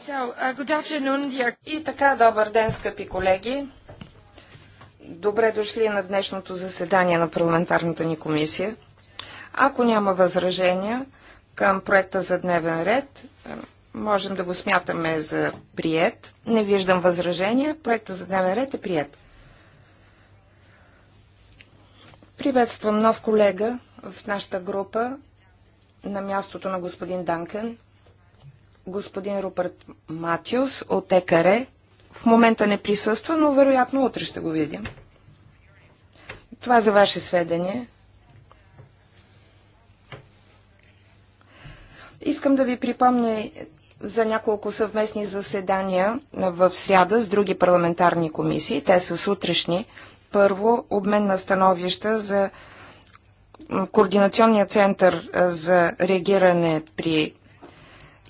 Uh, И така, добър ден, скъпи колеги. Добре дошли на днешното заседание на парламентарната ни комисия. Ако няма възражения към проекта за дневен ред, е, можем да го смятаме за прият. Не виждам възражения. Проекта за дневен ред е прият. Приветствам нов колега в нашата група на мястото на господин Данкен – господин Рупърт Матиус от ЕКР. В момента не присъства, но вероятно утре ще го видим. Това е за ваше сведение. Искам да ви припомня за няколко съвместни заседания в сряда с други парламентарни комисии. Те са сутрешни. Първо, обмен на становища за Координационния център за реагиране при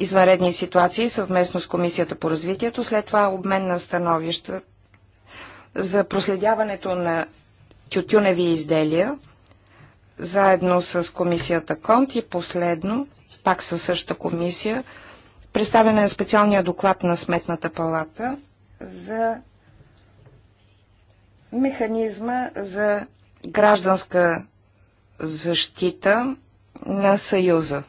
извънредни ситуации съвместно с Комисията по развитието, след това обмен на становища за проследяването на тютюневи изделия, заедно с комисията Конт и последно, пак със същата комисия, представяне на специалния доклад на Сметната палата за механизма за гражданска защита на Съюза.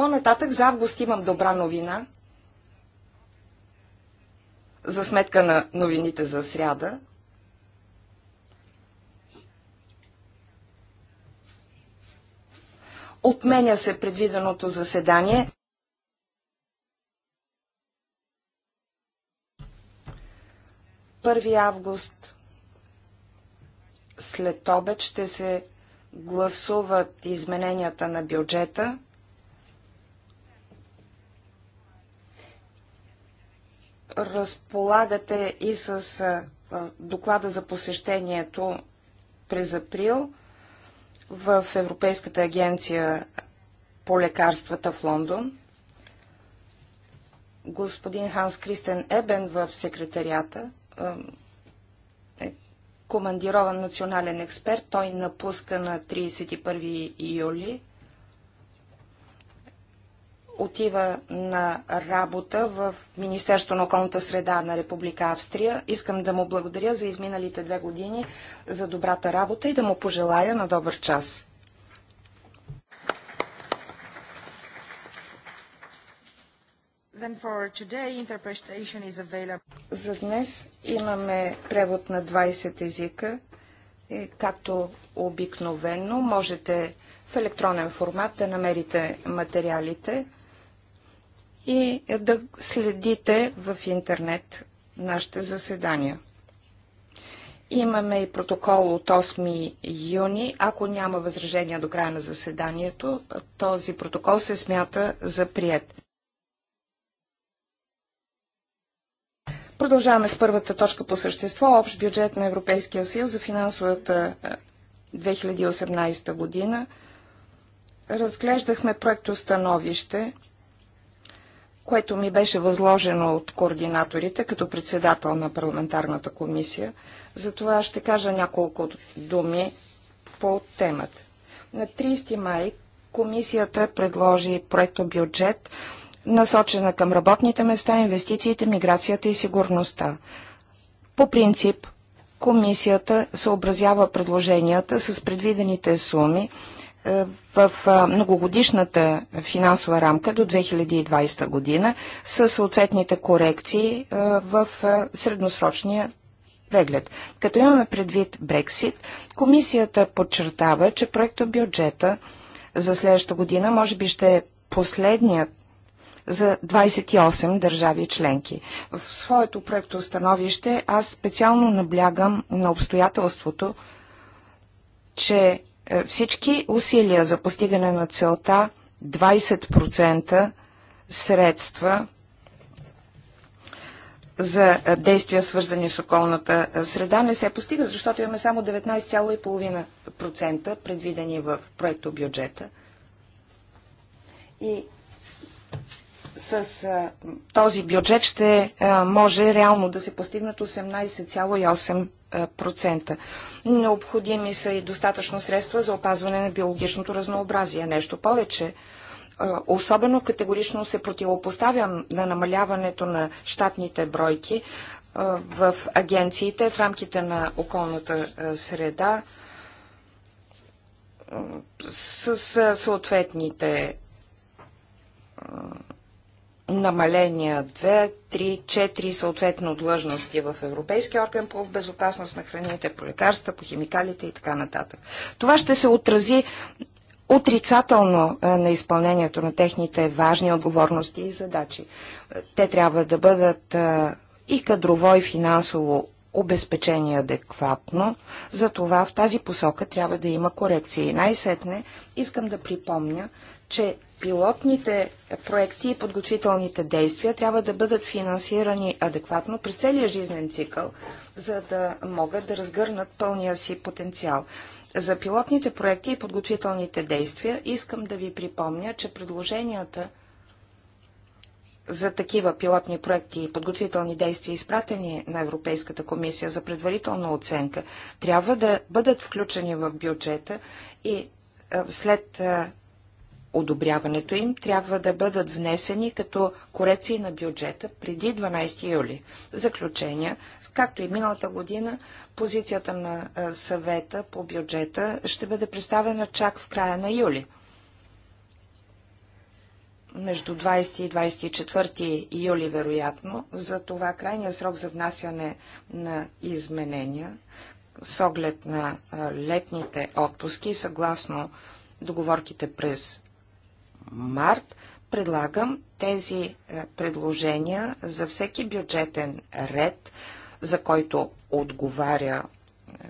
По-нататък за август имам добра новина. За сметка на новините за сряда. Отменя се предвиденото заседание. Първи август след обед ще се гласуват измененията на бюджета. разполагате и с доклада за посещението през април в Европейската агенция по лекарствата в Лондон. Господин Ханс Кристен Ебен в секретарията е командирован национален експерт. Той напуска на 31 юли отива на работа в Министерство на околната среда на Република Австрия. Искам да му благодаря за изминалите две години, за добрата работа и да му пожелая на добър час. за днес имаме превод на 20 езика. Както обикновено, можете в електронен формат да намерите материалите и да следите в интернет нашите заседания. Имаме и протокол от 8 юни. Ако няма възражения до края на заседанието, този протокол се смята за прият. Продължаваме с първата точка по същество. Общ бюджет на Европейския съюз за финансовата 2018 е, година. Разглеждахме проекто становище което ми беше възложено от координаторите като председател на парламентарната комисия. Затова ще кажа няколко думи по темата. На 30 май комисията предложи проекто бюджет, насочена към работните места, инвестициите, миграцията и сигурността. По принцип, комисията съобразява предложенията с предвидените суми е, в е, многогодишната финансова рамка до 2020 година с съответните корекции е, в средносрочния преглед. Като имаме предвид Брексит, комисията подчертава, че проектът бюджета за следващата година може би ще е последният за 28 държави членки. В своето проекто становище аз специално наблягам на обстоятелството, че е, всички усилия за постигане на целта 20% средства за е, действия, свързани с околната е, среда, не се постига, защото имаме само 19,5% предвидени в проекто бюджета. И с а, този бюджет ще а, може реално да се постигнат 18,8 2%. Необходими са и достатъчно средства за опазване на биологичното разнообразие. Нещо повече, особено категорично се противопоставям на намаляването на щатните бройки в агенциите в рамките на околната среда с съответните намаления 2, 3, 4 съответно длъжности в Европейския орган по безопасност на храните, по лекарства, по химикалите и така нататък. Това ще се отрази отрицателно е, на изпълнението на техните важни отговорности и задачи. Те трябва да бъдат е, и кадрово, и финансово обезпечени адекватно. Затова в тази посока трябва да има корекции. Най-сетне искам да припомня, че пилотните проекти и подготвителните действия трябва да бъдат финансирани адекватно през целия жизнен цикъл, за да могат да разгърнат пълния си потенциал. За пилотните проекти и подготвителните действия искам да ви припомня, че предложенията за такива пилотни проекти и подготвителни действия, изпратени на Европейската комисия за предварителна оценка, трябва да бъдат включени в бюджета и след одобряването им трябва да бъдат внесени като корекции на бюджета преди 12 юли. Заключения, както и миналата година, позицията на съвета по бюджета ще бъде представена чак в края на юли. Между 20 и 24 юли, вероятно, за това крайният срок за внасяне на изменения с оглед на летните отпуски, съгласно договорките през март предлагам тези е, предложения за всеки бюджетен ред, за който отговаря е,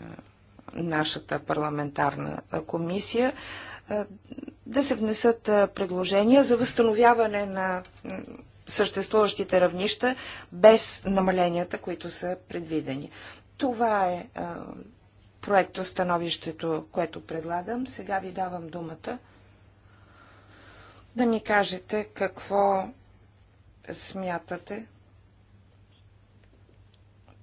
нашата парламентарна е, комисия, да се внесат предложения за възстановяване на съществуващите равнища без намаленията, които са предвидени. Това е проекто становището, което предлагам. Сега ви давам думата да ми кажете какво смятате.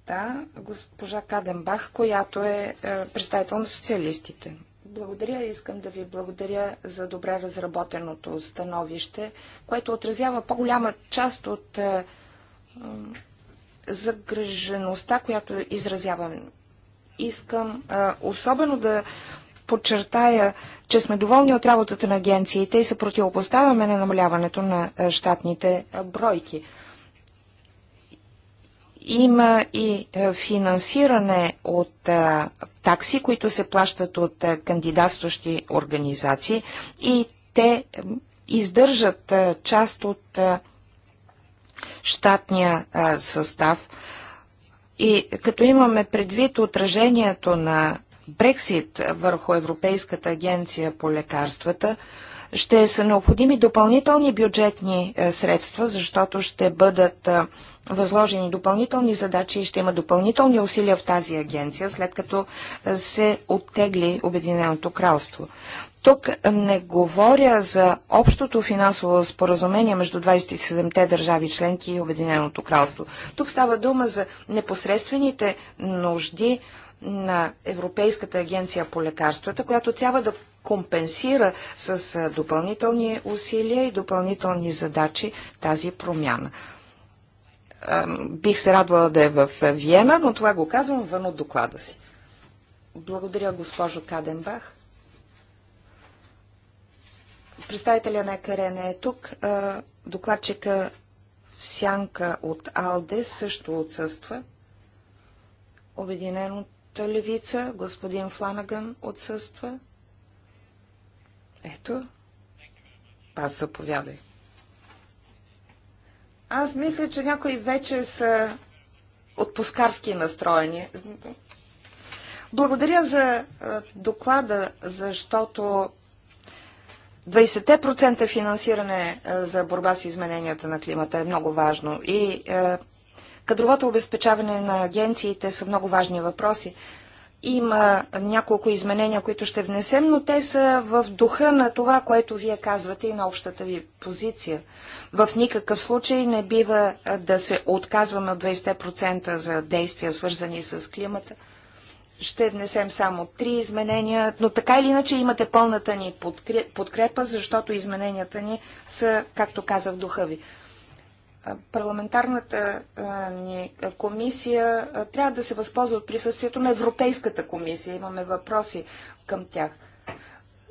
Да, госпожа Каденбах, която е, е представител на социалистите. Благодаря. Искам да ви благодаря за добре разработеното становище, което отразява по-голяма част от е, загрежеността, която изразявам. Искам е, особено да подчертая, че сме доволни от работата на агенциите и се противопоставяме на намаляването на е, щатните е, бройки. Има и е, финансиране от такси, които се плащат от кандидатстващи организации и те издържат част от щатния състав. И като имаме предвид отражението на Брексит върху Европейската агенция по лекарствата, ще са необходими допълнителни бюджетни е, средства, защото ще бъдат е, възложени допълнителни задачи и ще има допълнителни усилия в тази агенция, след като е, се оттегли Обединеното кралство. Тук не говоря за общото финансово споразумение между 27-те държави членки и Обединеното кралство. Тук става дума за непосредствените нужди на Европейската агенция по лекарствата, която трябва да компенсира с допълнителни усилия и допълнителни задачи тази промяна. Бих се радвала да е в Виена, но това го казвам вън от доклада си. Благодаря, госпожо Каденбах. Представителя на Карена е тук. Докладчика в сянка от Алде също отсъства. Обединеното левица, господин Фланаган отсъства. Ето, аз заповядай. Аз мисля, че някои вече са отпускарски настроени. Благодаря за доклада, защото 20% финансиране за борба с измененията на климата е много важно и Кадровото обезпечаване на агенциите са много важни въпроси. Има няколко изменения, които ще внесем, но те са в духа на това, което вие казвате и на общата ви позиция. В никакъв случай не бива да се отказваме от 20% за действия, свързани с климата. Ще внесем само три изменения, но така или иначе имате пълната ни подкрепа, защото измененията ни са, както казах, духа ви парламентарната ни комисия трябва да се възползва от присъствието на Европейската комисия. Имаме въпроси към тях.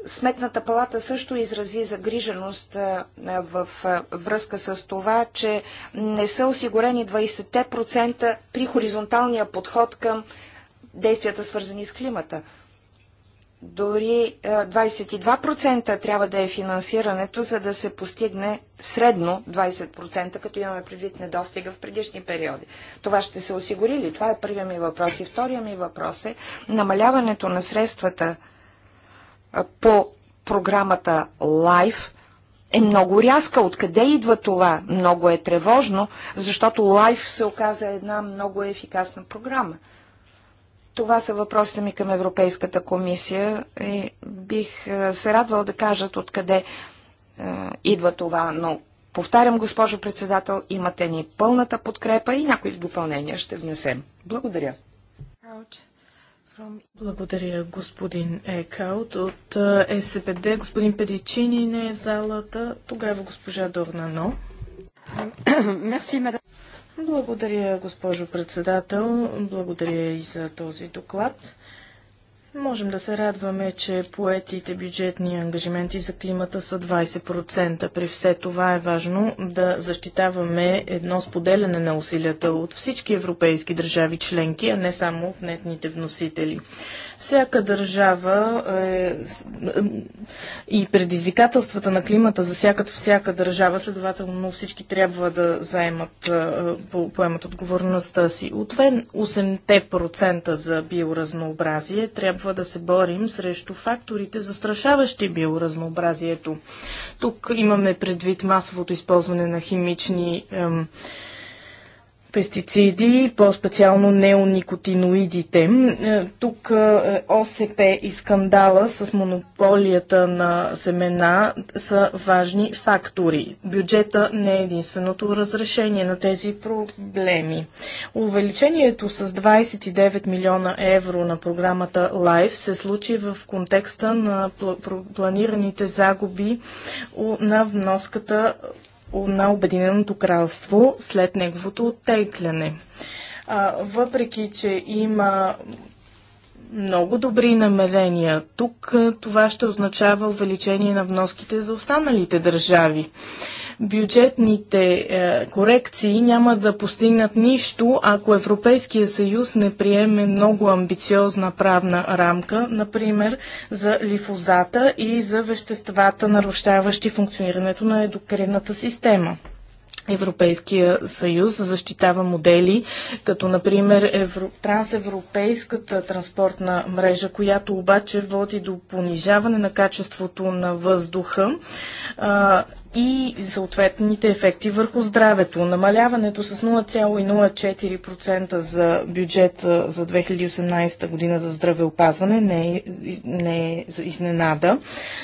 Сметната палата също изрази загриженост в връзка с това, че не са осигурени 20% при хоризонталния подход към действията свързани с климата дори 22% е, трябва да е финансирането, за да се постигне средно 20%, като имаме предвид недостига в предишни периоди. Това ще се осигури ли? Това е първия ми въпрос. И втория ми въпрос е намаляването на средствата е, по програмата LIFE е много рязка. Откъде идва това? Много е тревожно, защото LIFE се оказа една много ефикасна програма. Това са въпросите ми към Европейската комисия и бих е, се радвал да кажат откъде е, идва това, но повтарям, госпожо председател, имате ни пълната подкрепа и някои допълнения ще внесем. Благодаря. Благодаря, господин Екаут. От е, СПД господин Педичини не е в залата. Тогава госпожа Дорнано. Мерси, мадам. Благодаря, госпожо председател. Благодаря и за този доклад. Можем да се радваме, че поетите бюджетни ангажименти за климата са 20%. При все това е важно да защитаваме едно споделяне на усилията от всички европейски държави членки, а не само от нетните вносители. Всяка държава е, и предизвикателствата на климата засякат всяка държава, следователно всички трябва да заемат, е, поемат отговорността си. Отвен 8% за биоразнообразие, трябва да се борим срещу факторите, застрашаващи биоразнообразието. Тук имаме предвид масовото използване на химични пестициди, по-специално неоникотиноидите. Е, тук е, ОСП и скандала с монополията на семена са важни фактори. Бюджета не е единственото разрешение на тези проблеми. Увеличението с 29 милиона евро на програмата LIFE се случи в контекста на планираните загуби на вноската на Обединеното кралство след неговото оттегляне. Въпреки, че има много добри намерения тук, това ще означава увеличение на вноските за останалите държави бюджетните е, корекции няма да постигнат нищо, ако Европейския съюз не приеме много амбициозна правна рамка, например за лифозата и за веществата, нарушаващи функционирането на едокринната система. Европейския съюз защитава модели, като например евро... трансевропейската транспортна мрежа, която обаче води до понижаване на качеството на въздуха а, и съответните ефекти върху здравето. Намаляването с 0,04% за бюджета за 2018 година за здравеопазване не е, не е изненада.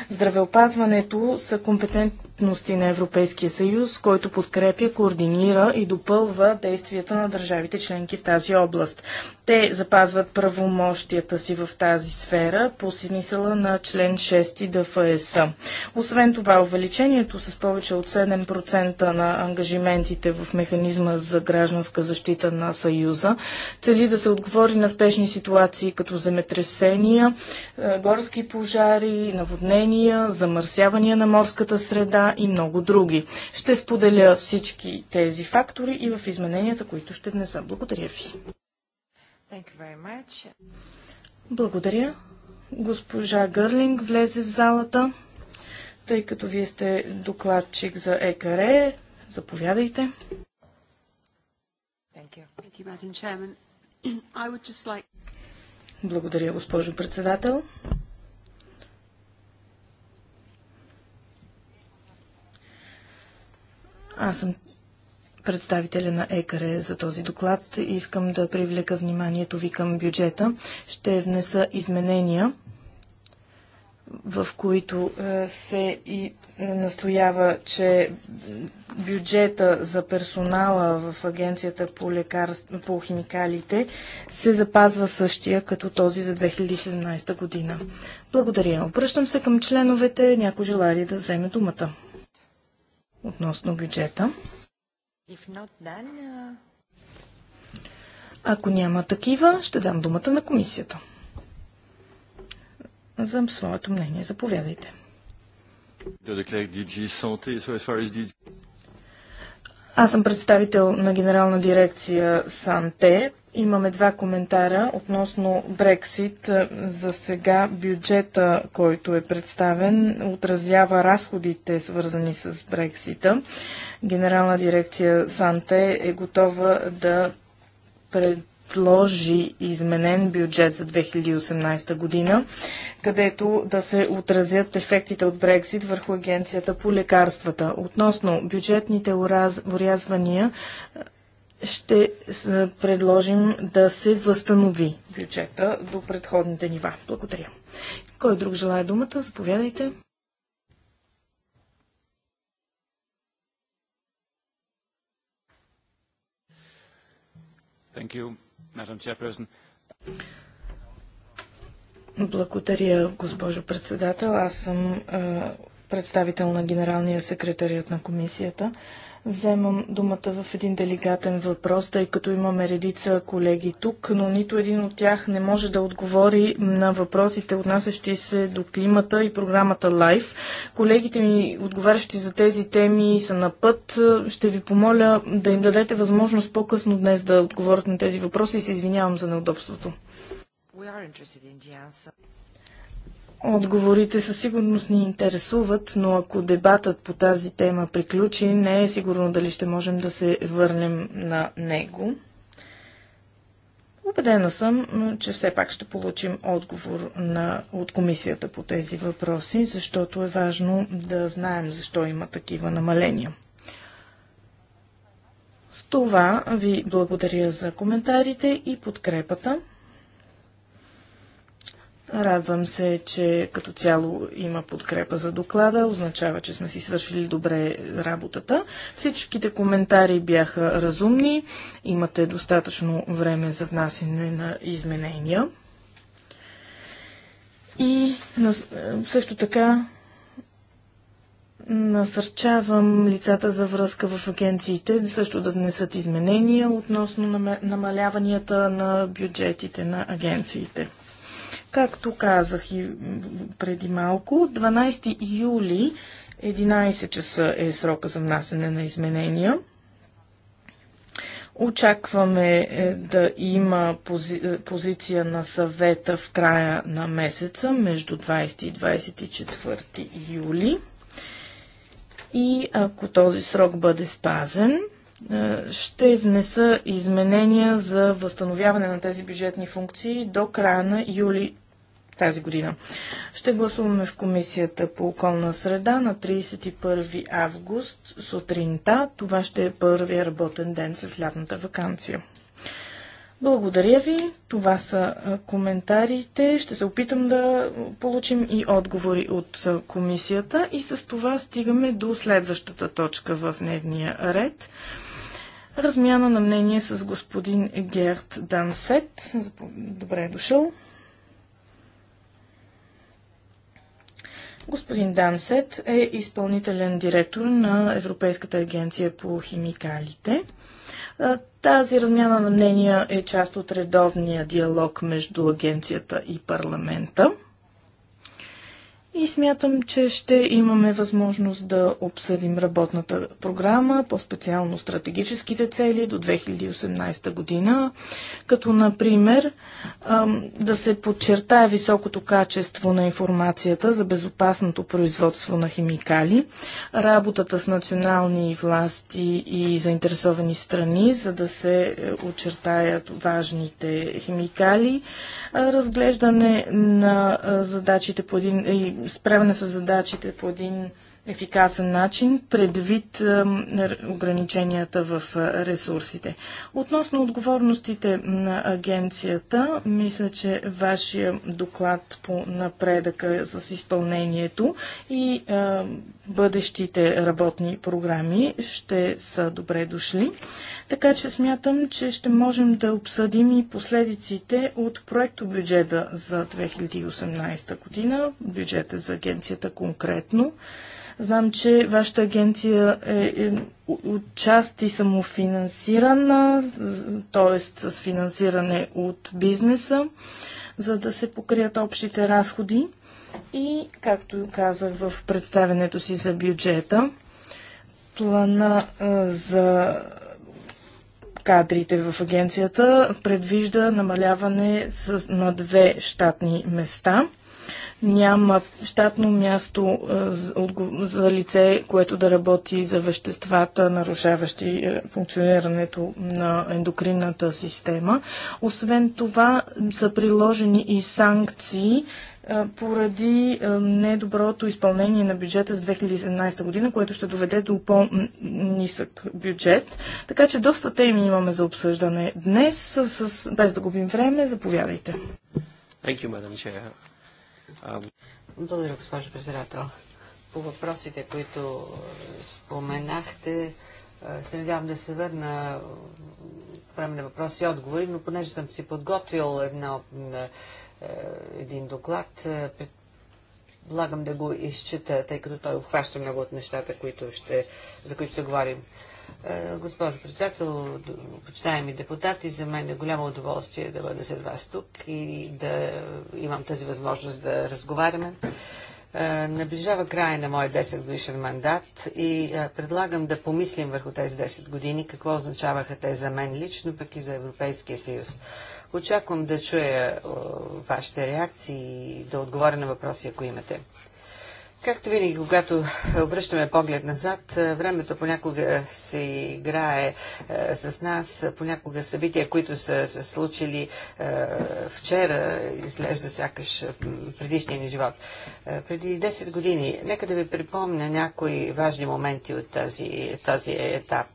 Здравеопазването са компетентности на Европейския съюз, който подкрепя, координира и допълва действията на държавите членки в тази област. Те запазват правомощията си в тази сфера по смисъла на член 6 ДФС. Освен това, увеличението с повече от 7% на ангажиментите в механизма за гражданска защита на Съюза. Цели да се отговори на спешни ситуации като земетресения, е, горски пожари, наводнения, замърсявания на морската среда и много други. Ще споделя всички тези фактори и в измененията, които ще внеса. Благодаря ви. Благодаря. Госпожа Гърлинг влезе в залата. Тъй като вие сте докладчик за ЕКР, заповядайте. Благодаря, госпожо председател. Аз съм представителя на ЕКАРЕ за този доклад. Искам да привлека вниманието ви към бюджета. Ще внеса изменения в които е, се и е, настоява, че бюджета за персонала в Агенцията по, лекар... по химикалите се запазва същия като този за 2017 година. Благодаря. Обръщам се към членовете. Някой желая ли да вземе думата? Относно бюджета. Uh, Ако няма такива, ще дам думата на комисията за своето мнение. Заповядайте. Аз съм представител на Генерална дирекция Санте. Имаме два коментара относно Брексит. За сега бюджета, който е представен, отразява разходите, свързани с Брексита. Генерална дирекция Санте е готова да пред предложи изменен бюджет за 2018 година, където да се отразят ефектите от Брекзит върху агенцията по лекарствата. Относно бюджетните урязвания, ще предложим да се възстанови бюджета до предходните нива. Благодаря. Кой друг желая думата? Заповядайте. Thank you. Madam Chairperson. Благодаря, госпожо председател. Аз съм а, представител на генералния секретарият на комисията. Вземам думата в един деликатен въпрос, тъй като имаме редица колеги тук, но нито един от тях не може да отговори на въпросите, отнасящи се до климата и програмата LIFE. Колегите ми, отговарящи за тези теми, са на път. Ще ви помоля да им дадете възможност по-късно днес да отговорят на тези въпроси и се извинявам за неудобството. Отговорите със сигурност ни интересуват, но ако дебатът по тази тема приключи, не е сигурно дали ще можем да се върнем на него. Убедена съм, че все пак ще получим отговор на, от комисията по тези въпроси, защото е важно да знаем защо има такива намаления. С това ви благодаря за коментарите и подкрепата. Радвам се, че като цяло има подкрепа за доклада. Означава, че сме си свършили добре работата. Всичките коментари бяха разумни. Имате достатъчно време за внасяне на изменения. И също така насърчавам лицата за връзка в агенциите също да внесат изменения относно намаляванията на бюджетите на агенциите. Както казах и преди малко, 12 юли 11 часа е срока за внасене на изменения. Очакваме е, да има пози, е, позиция на съвета в края на месеца, между 20 и 24 юли. И ако този срок бъде спазен, е, ще внеса изменения за възстановяване на тези бюджетни функции до края на юли тази година. Ще гласуваме в Комисията по околна среда на 31 август сутринта. Това ще е първия работен ден с лятната вакансия. Благодаря ви. Това са коментарите. Ще се опитам да получим и отговори от комисията. И с това стигаме до следващата точка в дневния ред. Размяна на мнение с господин Герт Дансет. Добре е дошъл. Господин Дансет е изпълнителен директор на Европейската агенция по химикалите. Тази размяна на мнения е част от редовния диалог между агенцията и парламента. И смятам, че ще имаме възможност да обсъдим работната програма, по-специално стратегическите цели до 2018 година, като например да се подчертае високото качество на информацията за безопасното производство на химикали, работата с национални власти и заинтересовани страни, за да се е, очертаят важните химикали, разглеждане на задачите по един справяне с задачите по един ефикасен начин, предвид ограниченията в ресурсите. Относно отговорностите на агенцията, мисля, че вашия доклад по напредъка с изпълнението и бъдещите работни програми ще са добре дошли. Така че смятам, че ще можем да обсъдим и последиците от проекто бюджета за 2018 година, бюджета за агенцията конкретно. Знам, че вашата агенция е, е отчасти самофинансирана, т.е. с финансиране от бизнеса, за да се покрият общите разходи. И, както казах в представенето си за бюджета, плана е, за кадрите в агенцията предвижда намаляване с, на две щатни места – няма щатно място е, за лице, което да работи за веществата, нарушаващи е, функционирането на ендокринната система. Освен това са приложени и санкции е, поради недоброто изпълнение на бюджета за 2017 година, което ще доведе до по-нисък бюджет. Така че доста теми имаме за обсъждане днес, с, без да губим време. Заповядайте. Thank you, Madam Chair. Благодаря, госпожо председател. По въпросите, които е, споменахте, е, се надявам да се върна е, време на въпроси и отговори, но понеже съм си подготвил една, един доклад, предлагам да го изчита, тъй като той обхваща много от нещата, които ще, за които ще говорим. Е, госпожо председател, почитаеми депутати, за мен е голямо удоволствие да бъда след вас тук и да имам тази възможност да разговаряме. Е, наближава края на моя 10 годишен мандат и е, предлагам да помислим върху тези 10 години, какво означаваха те за мен лично, пък и за Европейския съюз. Очаквам да чуя вашите реакции и да отговоря на въпроси, ако имате. Както винаги, когато обръщаме поглед назад, е, времето понякога се играе е, с нас, понякога събития, които са се случили е, вчера, изглежда сякаш е, предишния ни живот. Е, преди 10 години, нека да ви припомня някои важни моменти от тази, този етап.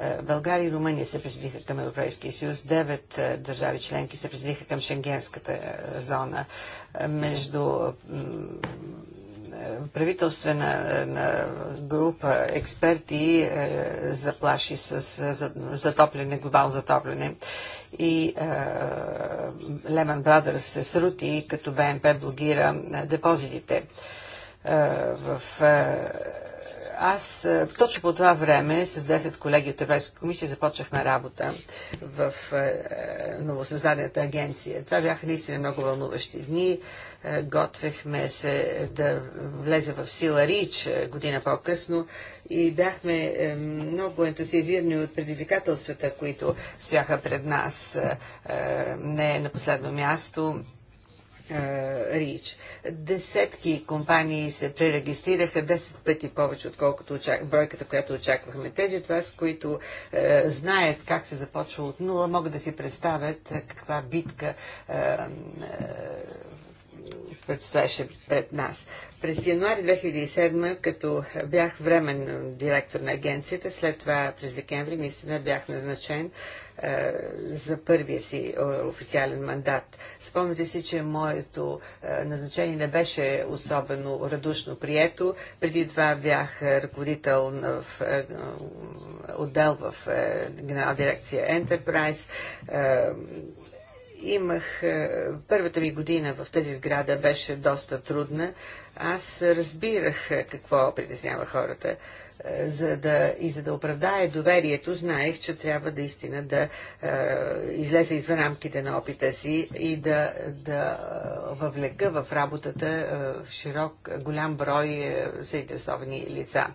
Е, България и Румъния се присъединиха към Европейския съюз, девет държави членки се присъединиха към Шенгенската зона. Между правителствена на група експерти е, заплаши с е, затопляне, глобално затопляне и Леман Brothers се срути, като БНП блогира е, депозитите в аз е, точно по това време с 10 колеги от Европейската комисия започнахме работа в е, е, новосъздадената агенция. Това бяха наистина много вълнуващи дни. Готвехме се да влезе в сила Рич година по-късно и бяхме много ентусиазирани от предизвикателствата, които стояха пред нас. Не на последно място е, РИЧ. Десетки компании се пререгистрираха 10 пъти повече, отколкото очак... бройката, която очаквахме. Тези от вас, които е, знаят как се започва от нула, могат да си представят е, каква битка е, е, предстояше пред нас. През януари 2007, като бях времен директор на агенцията, след това през декември наистина бях назначен е, за първия си официален мандат. Спомняте си, че моето е, назначение не беше особено радушно прието. Преди това бях ръководител на, е, отдел в генерал дирекция Enterprise имах... Е, първата ми година в тази сграда беше доста трудна. Аз разбирах е, какво притеснява хората за да, и за да оправдае доверието, знаех, че трябва да истина да е, излезе извън рамките на опита си и да, да е, въвлека в работата е, в широк, голям брой е, заинтересовани лица.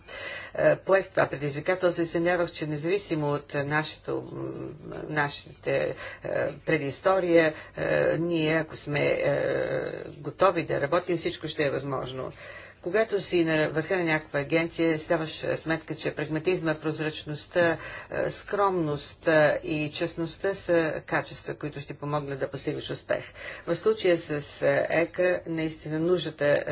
Е, поех това предизвикателство и се нервах, че независимо от нашето, нашите е, предистория, е, ние, ако сме е, готови да работим, всичко ще е възможно. Е, когато си на върха на някаква агенция, ставаш сметка, че прагматизма, прозрачността, скромност и честността са качества, които ще помогнат да постигнеш успех. В случая с ЕКА, наистина нуждата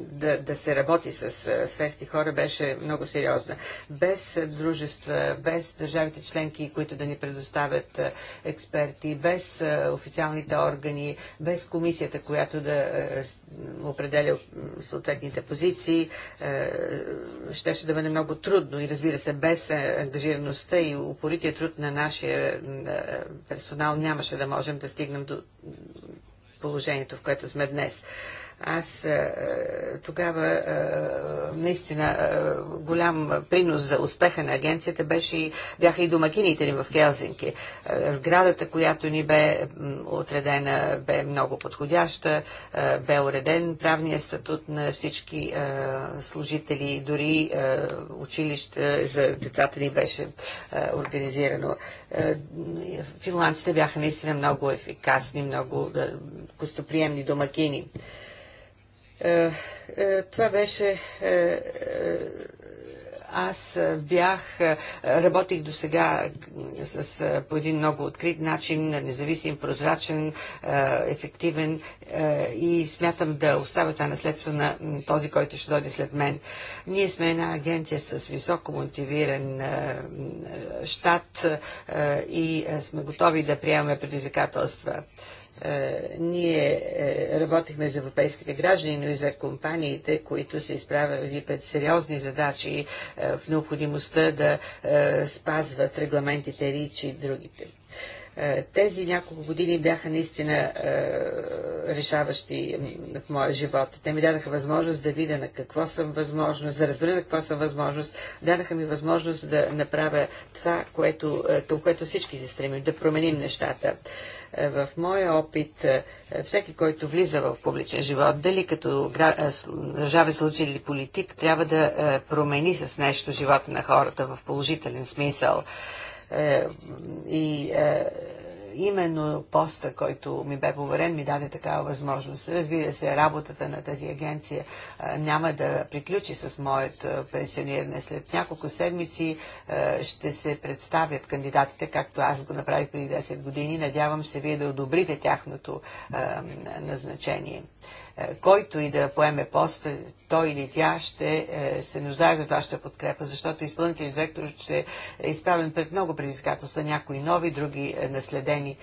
да, да се работи с свести хора беше много сериозна. Без дружества, без държавите членки, които да ни предоставят експерти, без официалните органи, без комисията, която да определя съответните техните позиции е, щеше да бъде много трудно и разбира се, без е, ангажираността и упорития труд на нашия е, персонал нямаше да можем да стигнем до положението, в което сме днес. Аз е, тогава е, наистина е, голям принос за успеха на агенцията беше бяха и домакините ни в Хелзинки. Сградата, която ни бе отредена, бе много подходяща, бе уреден правния статут на всички служители, дори училище за децата ни беше организирано. Финландците бяха наистина много ефикасни, много гостоприемни домакини. Е, е, това беше е, аз бях, работих до сега с, по един много открит начин, независим, прозрачен, ефективен и смятам да оставя това наследство на този, който ще дойде след мен. Ние сме една агенция с високо мотивиран щат и сме готови да приемаме предизвикателства. Е, ние е, работихме за европейските граждани, но и за компаниите, които се изправили пред сериозни задачи е, в необходимостта да спазват регламентите РИЧ и другите тези няколко години бяха наистина е, решаващи в моя живот. Те ми дадаха възможност да видя на какво съм възможност, да разбера на какво съм възможност. Дадаха ми възможност да направя това, което, към което всички се стремим, да променим нещата. Е, в моя опит е, всеки, който влиза в публичен живот, дали като е, държавен случай или политик, трябва да промени с нещо живота на хората в положителен смисъл. И именно поста, който ми бе поверен, ми даде такава възможност. Разбира се, работата на тази агенция няма да приключи с моят пенсиониране. След няколко седмици ще се представят кандидатите, както аз го направих преди 10 години. Надявам се вие да одобрите тяхното назначение. Е, който и да поеме пост, той или тя ще е, се нуждае от вашата подкрепа, защото изпълнителният директор ще е изправен пред много предизвикателства, някои нови, други е, наследени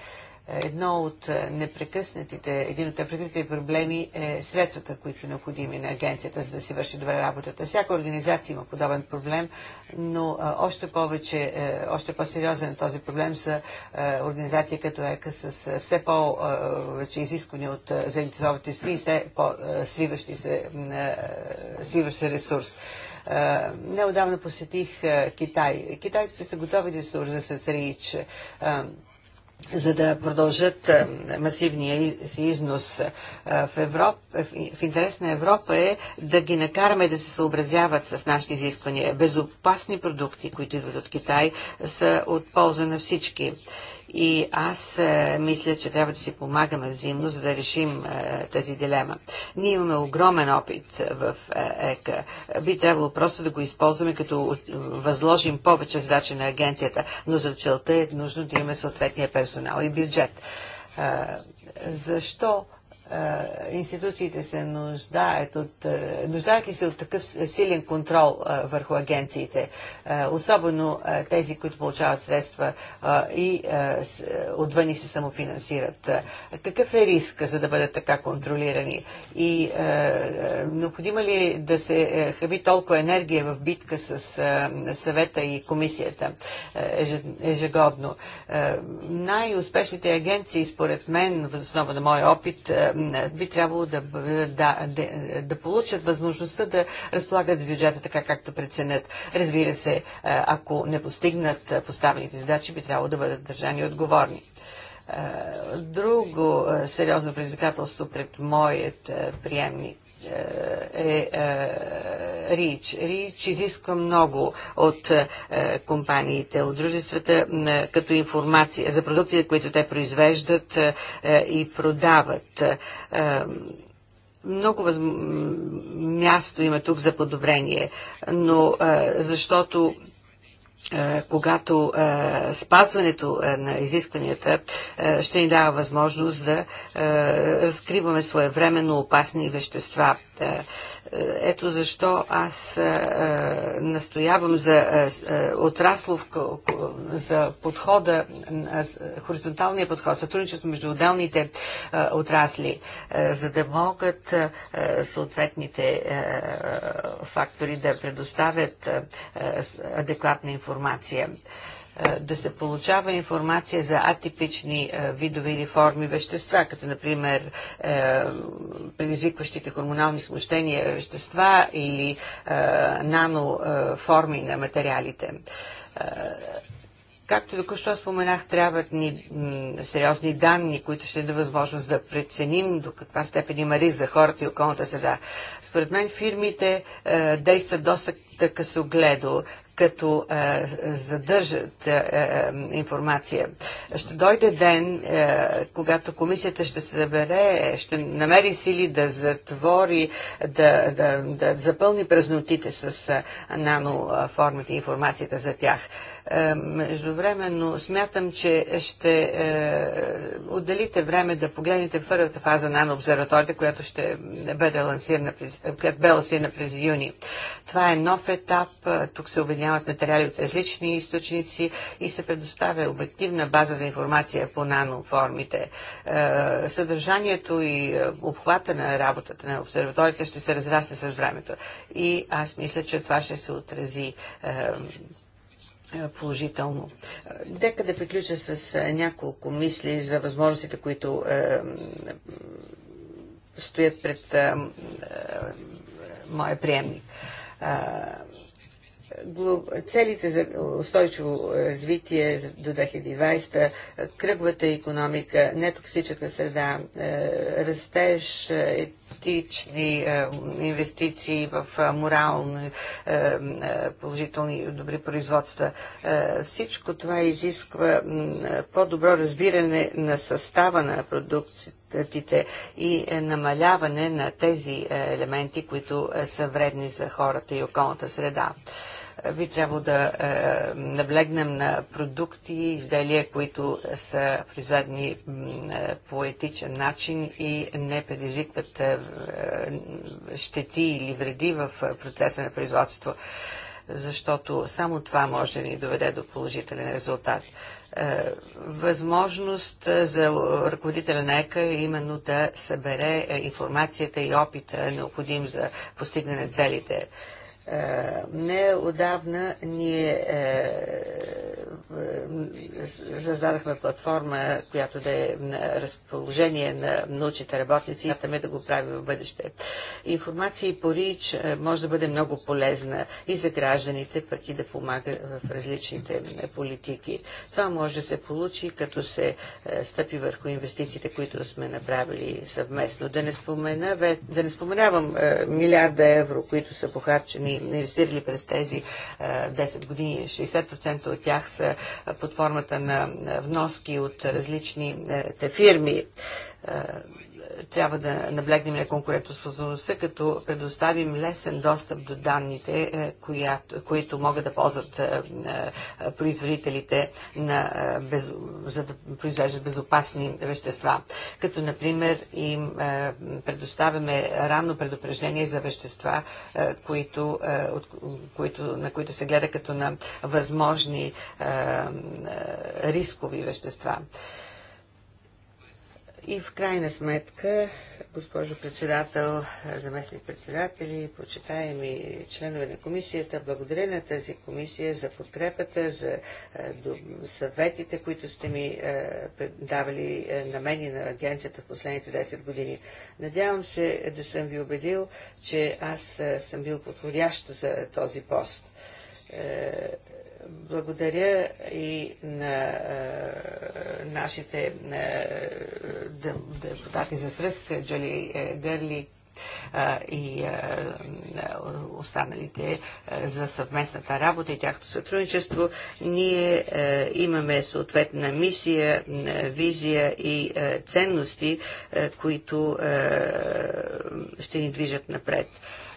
едно от е, непрекъснатите, един от непрекъснатите проблеми е средствата, които са необходими на агенцията, за да си върши добре работата. Всяка организация има подобен проблем, но е, още повече, е, още по-сериозен този проблем са организации като ЕКА с все по-вече изискване от заинтересованите сви и все по-свиващи се, свиващ се ресурс. Неодавна посетих Китай. Китайците са готови да се свързат с РИЧ за да продължат е, масивния си износ е, в Европа, в интерес на Европа е да ги накараме да се съобразяват с нашите изисквания. Безопасни продукти, които идват от Китай, са от полза на всички. И аз е, мисля, че трябва да си помагаме взаимно, за да решим е, тази дилема. Ние имаме огромен опит в е, ЕКА. Би трябвало просто да го използваме, като възложим повече задачи на агенцията, но за целта е нужно да имаме съответния персонал и бюджет. Е, защо институциите се нуждаят от, нуждаят се от такъв силен контрол върху агенциите, особено тези, които получават средства и отвън и се самофинансират. Какъв е риск за да бъдат така контролирани? И необходимо ли е да се хаби толкова енергия в битка с съвета и комисията ежегодно? Най-успешните агенции, според мен, възоснова на моя опит, би трябвало да, да, да, да получат възможността да разполагат с бюджета така, както преценят. Разбира се, ако не постигнат поставените задачи, би трябвало да бъдат държани отговорни. Друго сериозно предизвикателство пред моят приемник е, е, е РИЧ. РИЧ изисква много от е, компаниите, от дружествата, като информация за продуктите, които те произвеждат и продават много възм... място има тук за подобрение, но защото е, когато е, спазването е, на изискванията ще ни дава възможност да разкриваме своевременно опасни вещества ето защо аз е, е, настоявам за е, отраслов, за подхода, хоризонталния подход, сътрудничество между отделните отрасли, за да могат съответните фактори да предоставят адекватна информация. Е, да се получава информация за атипични е, видове или форми вещества, като например е, предизвикващите хормонални смущения вещества или наноформи на материалите. Както току-що споменах, трябват ни сериозни данни, които ще дадат възможност да преценим до каква степен има риск за хората и околната среда. Според мен фирмите действат доста късогледо като е, задържат е, е, информация. Ще дойде ден, е, когато комисията ще се забере, ще намери сили да затвори, да, да, да запълни празнотите с е, наноформите и информацията за тях. Е, междувременно смятам, че ще е, отделите време да погледнете първата фаза на обсерваторията, която ще бъде лансирана през, която бе лансирана през юни. Това е нов етап. Е, тук се обединяват материали от различни източници и се предоставя обективна база за информация по наноформите. Съдържанието и обхвата на работата на обсерваторията ще се разрасне с времето. И аз мисля, че това ще се отрази е, положително. Дека е, да приключа с е, няколко мисли за възможностите, които е, стоят пред е, е, моя приемник. Целите за устойчиво развитие до 2020, кръговата економика, нетоксичната среда, растеж, реалистични е, инвестиции в е, морални е, положителни и добри производства. Всичко това изисква по-добро разбиране на състава на продукцията продуктите и намаляване на тези елементи, които са вредни за хората и околната среда. Би трябвало да наблегнем на продукти и изделия, които са произведени по етичен начин и не предизвикват е, щети или вреди в е, процеса на производство, защото само това може да ни доведе до положителен резултат. Е, възможност за ръководителя на ЕКА е именно да събере информацията и опита, необходим за постигане на целите е, не отдавна ние е, е, създадахме платформа, която да е на разположение на научните работници и да го правим в бъдеще. Информация по РИЧ може да бъде много полезна и за гражданите, пък и да помага в различните политики. Това може да се получи, като се стъпи върху инвестициите, които сме направили съвместно. Да не, спомена, да не споменавам милиарда евро, които са похарчени сме инвестирали през тези 10 години. 60% от тях са под формата на вноски от различните фирми трябва да наблегнем на конкурентоспособността, като предоставим лесен достъп до данните, е, която, които могат да ползват е, е, производителите, на, без, за да произвеждат безопасни вещества. Като, например, им предоставяме ранно предупреждение за вещества, които, от, които, на които се гледа като на възможни рискови вещества. И в крайна сметка, госпожо председател, заместник председатели, почитаеми членове на комисията, благодаря на тази комисия за подкрепата, за е, съветите, които сте ми е, давали е, на мен и на агенцията в последните 10 години. Надявам се да съм ви убедил, че аз съм бил подходящ за този пост благодаря и на е, нашите е, депутати за сръзка, Джоли е, Дърли, и останалите за съвместната работа и тяхното сътрудничество. Ние имаме съответна мисия, визия и ценности, които ще ни движат напред.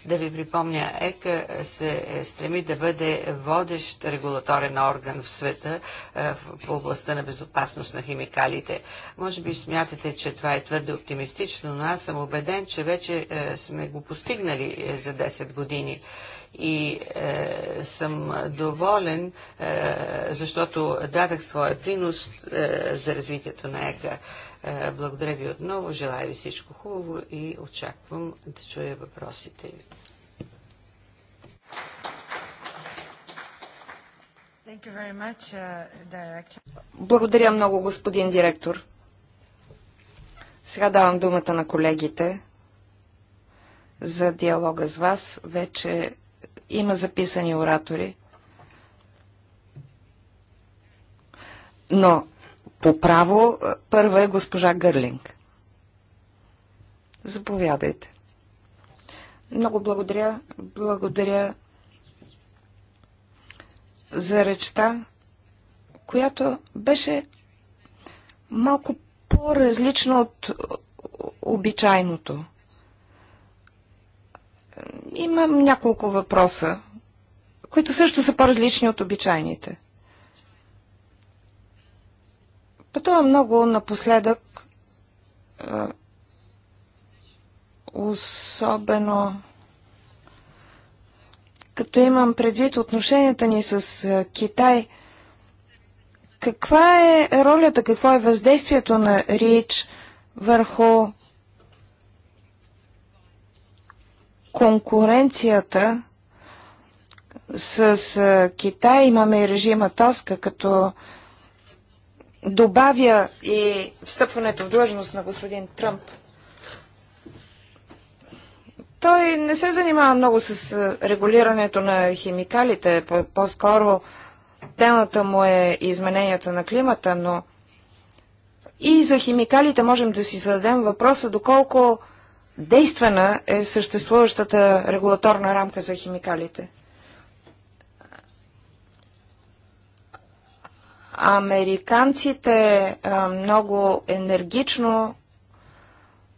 Да ви припомня, ЕКА се стреми да бъде водещ регулаторен орган в света е, в областта на безопасност на химикалите. Може би смятате, че това е твърде оптимистично, но аз съм убеден, че вече е, сме го постигнали е, за 10 години и е, съм доволен, е, защото дадах своя принос е, за развитието на ЕКА. Е, благодаря ви отново, желая ви всичко хубаво и очаквам да чуя въпросите ви. Much, uh, Благодаря много, господин директор. Сега давам думата на колегите за диалога с вас. Вече има записани оратори. Но по право е, първа е госпожа Гърлинг. Заповядайте. Много благодаря. Благодаря за речта, която беше малко по-различна от обичайното. Имам няколко въпроса, които също са по-различни от обичайните. Пътува много напоследък, особено като имам предвид отношенията ни с Китай. Каква е ролята, какво е въздействието на РИЧ върху конкуренцията с Китай? Имаме и режима Тоска като добавя и встъпването в длъжност на господин Тръмп. Той не се занимава много с регулирането на химикалите, по-скоро темата му е измененията на климата, но и за химикалите можем да си зададем въпроса доколко действена е съществуващата регулаторна рамка за химикалите. Американците много енергично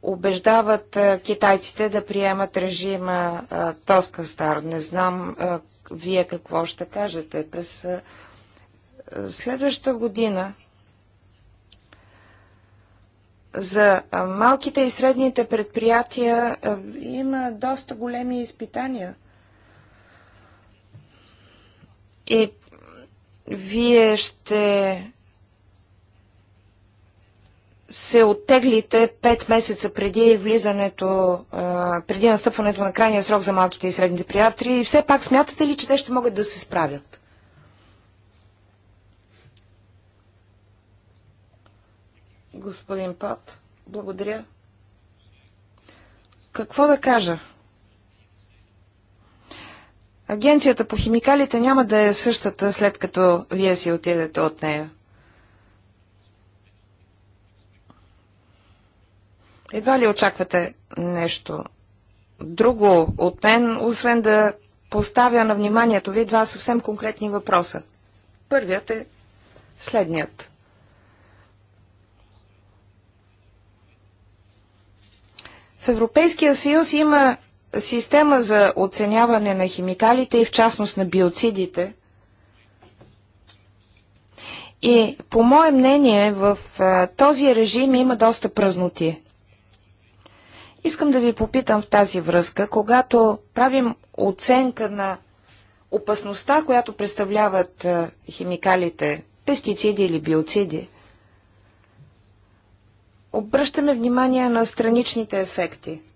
убеждават китайците да приемат режима Тоска Стар. Не знам вие какво ще кажете. През следващата година за малките и средните предприятия има доста големи изпитания. И вие ще се оттеглите 5 месеца преди влизането, преди настъпването на крайния срок за малките и средните приятели и все пак смятате ли, че те ще могат да се справят? Господин Пат, благодаря. Какво да кажа? Агенцията по химикалите няма да е същата след като вие си отидете от нея. Едва ли очаквате нещо друго от мен, освен да поставя на вниманието ви два съвсем конкретни въпроса. Първият е следният. В Европейския съюз има система за оценяване на химикалите и в частност на биоцидите. И по мое мнение в този режим има доста празноти. Искам да ви попитам в тази връзка, когато правим оценка на опасността, която представляват химикалите, пестициди или биоциди, обръщаме внимание на страничните ефекти –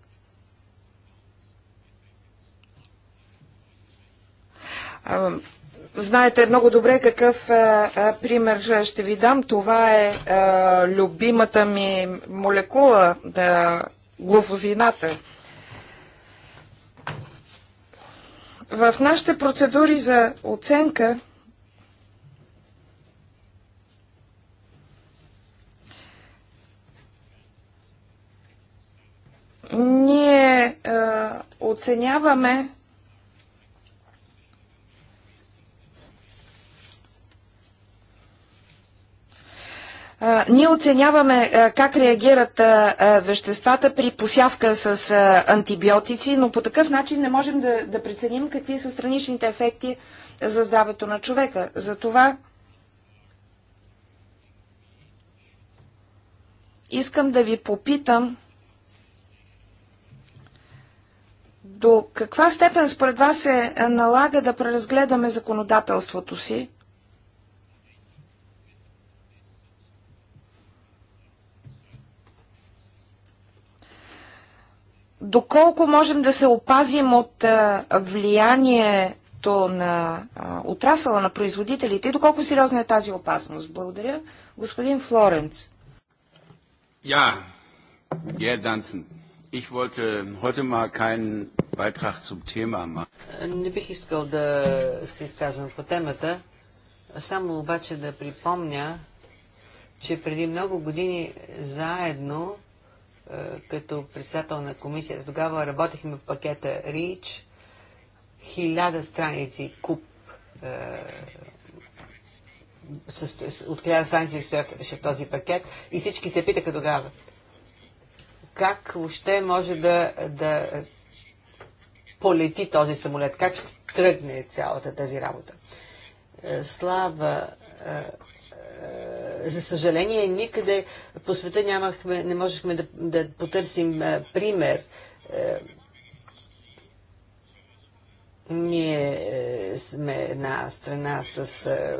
Знаете много добре какъв а, а, пример ще ви дам. Това е а, любимата ми молекула, да, глуфозината. В нашите процедури за оценка ние а, оценяваме Ние оценяваме как реагират веществата при посявка с антибиотици, но по такъв начин не можем да, да преценим какви са страничните ефекти за здравето на човека. Затова искам да ви попитам до каква степен според вас се налага да преразгледаме законодателството си доколко можем да се опазим от влиянието на отрасъла на производителите и доколко сериозна е тази опасност? Благодаря. Господин Флоренц. Ja, Herr Danzen, ich wollte heute mal keinen Beitrag zum Thema machen. Не бих искал да се изказвам по темата, само обаче да припомня, че преди много години заедно е, като председател на комисията. Тогава работихме в пакета РИЧ, хиляда страници куп е, от хиляда страници стояше в този пакет и всички се питаха тогава как въобще може да, да полети този самолет, как ще тръгне цялата тази работа. Е, слава е, за съжаление, никъде по света нямахме, не можехме да, да потърсим а, е, пример. А, е, ние сме една страна с а,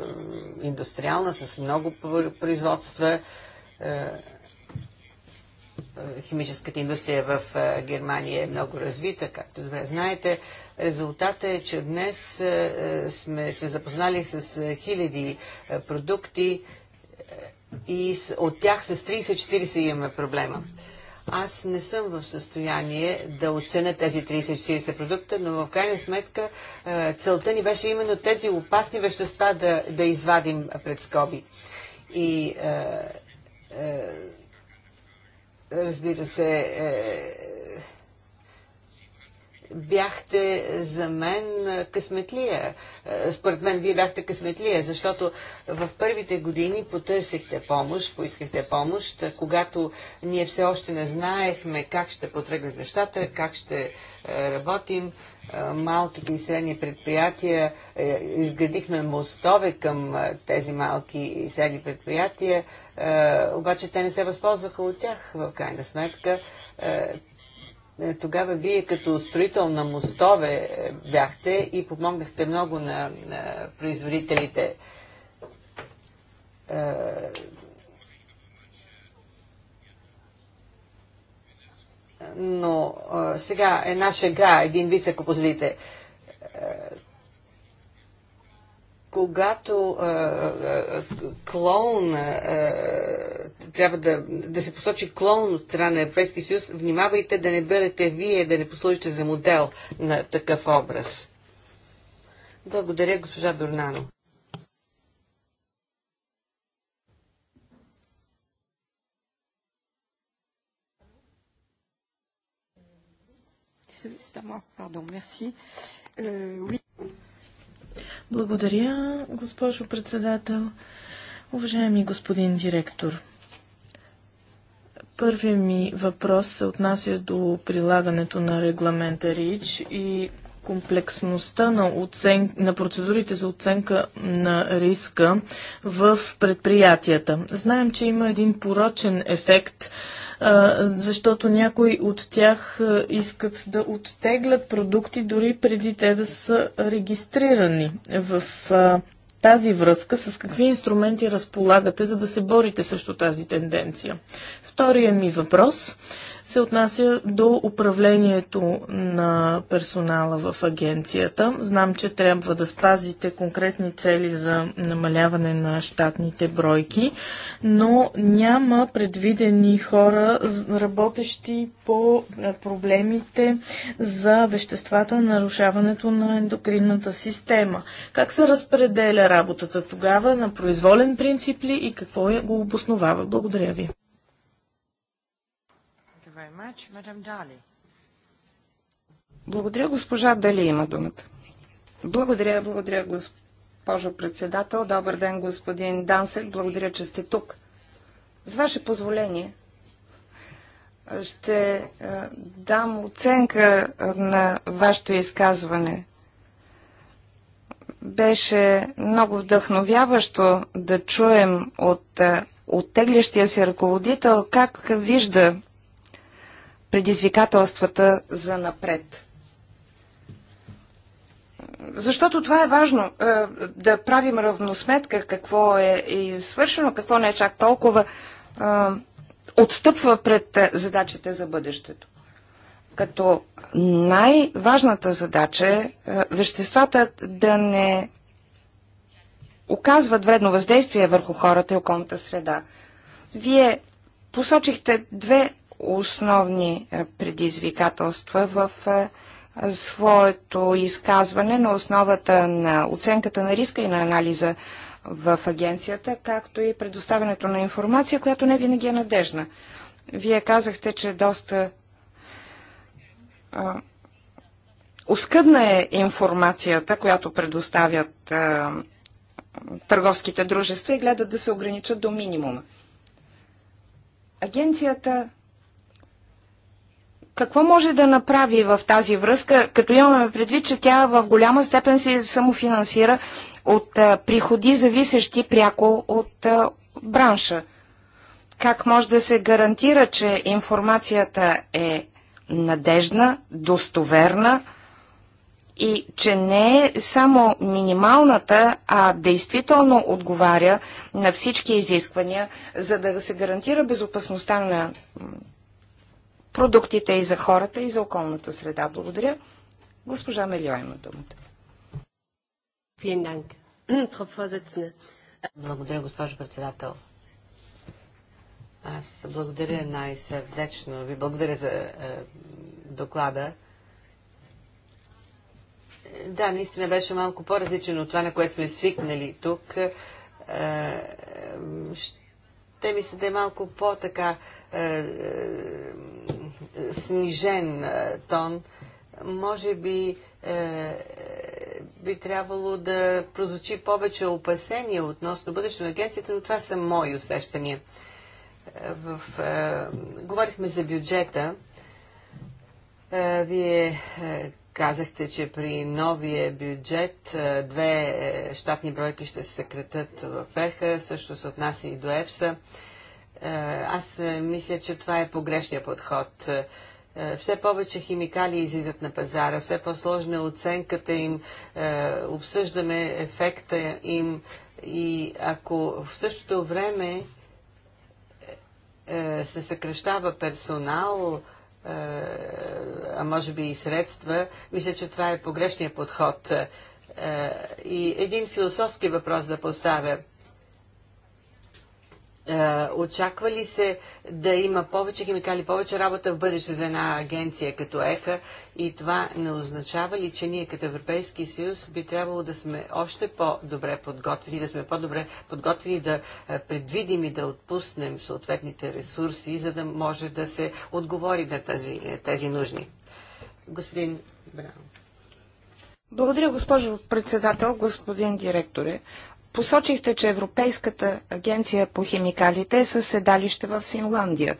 индустриална, с много производства. А, химическата индустрия в Германия е много развита, както добре знаете. Резултатът е, че днес сме се запознали с хиляди продукти и от тях с 30-40 имаме проблема. Аз не съм в състояние да оценя тези 30-40 продукта, но в крайна сметка целта ни беше именно тези опасни вещества да, да извадим пред скоби. И е, е, разбира се, е, бяхте за мен късметлия. Е, според мен вие бяхте късметлия, защото в първите години потърсихте помощ, поискахте помощ, когато ние все още не знаехме как ще потръгнат нещата, как ще е, работим. Е, малките и средни предприятия, изградихме мостове към тези малки и средни предприятия, е, обаче те не се възползваха от тях в крайна сметка. Е, е, тогава вие като строител на мостове бяхте и помогнахте много на, на производителите. Но сега е наша га, един вид, ако позволите когато а, а, клоун а, трябва да, да се посочи клоун от страна на Европейския съюз, внимавайте да не бъдете вие, да не послужите за модел на такъв образ. Благодаря, госпожа Дорнано. merci. Euh, oui. Благодаря, госпожо председател. Уважаеми господин директор, първият ми въпрос се отнася до прилагането на регламента РИЧ и комплексността на, оцен... на процедурите за оценка на риска в предприятията. Знаем, че има един порочен ефект защото някои от тях искат да оттеглят продукти дори преди те да са регистрирани. В тази връзка с какви инструменти разполагате, за да се борите срещу тази тенденция? Втория ми въпрос се отнася до управлението на персонала в агенцията. Знам, че трябва да спазите конкретни цели за намаляване на щатните бройки, но няма предвидени хора, работещи по е, проблемите за веществата, нарушаването на ендокринната система. Как се разпределя работата тогава на произволен принцип ли и какво го обосновава? Благодаря ви much, Dali. Благодаря, госпожа Дали има думата. Благодаря, благодаря, госпожо председател. Добър ден, господин Дансет. Благодаря, че сте тук. С ваше позволение ще е, дам оценка на вашето изказване. Беше много вдъхновяващо да чуем от е, оттеглящия се ръководител как вижда предизвикателствата за напред. Защото това е важно, е, да правим равносметка какво е извършено, какво не е чак толкова е, отстъпва пред задачите за бъдещето. Като най-важната задача е, е веществата да не оказват вредно въздействие върху хората и околната среда. Вие посочихте две основни е, предизвикателства в е, своето изказване на основата на оценката на риска и на анализа в агенцията, както и предоставянето на информация, която не винаги е надежна. Вие казахте, че доста е, оскъдна е информацията, която предоставят търговските дружества и гледат да се ограничат до минимума. Агенцията какво може да направи в тази връзка, като имаме предвид, че тя в голяма степен се самофинансира от а, приходи, зависещи пряко от а, бранша? Как може да се гарантира, че информацията е надежна, достоверна и че не е само минималната, а действително отговаря на всички изисквания, за да се гарантира безопасността на продуктите и за хората, и за околната среда. Благодаря. Госпожа Мелио има думата. Благодаря, госпожо председател. Аз благодаря най-сърдечно. Ви благодаря за е, доклада. Да, наистина беше малко по-различен от това, на което сме свикнали тук. Е, е, ще ми се да е малко по-така е, е, снижен е, тон, може би би трябвало да прозвучи повече опасения относно бъдещето на агенцията, но това са мои усещания. В, е, говорихме за бюджета. Е, вие казахте, че при новия бюджет две щатни бройки ще се съкретат в ЕХА, също се отнася и до ЕФСА. Е, е, аз е, мисля, че това е погрешния подход. Е, все повече химикали излизат на пазара, все по-сложна е оценката им, обсъждаме ефекта им и ако в същото време се съкрещава персонал, а може би и средства, мисля, че това е погрешния подход. И един философски въпрос да поставя – очаква ли се да има повече химикали, повече работа в бъдеще за една агенция като ЕХА и това не означава ли, че ние като Европейски съюз би трябвало да сме още по-добре подготвени, да сме по-добре подготвени да предвидим и да отпуснем съответните ресурси, за да може да се отговори на тази, тези нужни? Господин Браун. Благодаря, госпожо председател, господин директоре. Посочихте, че Европейската агенция по химикалите е със седалище в Финландия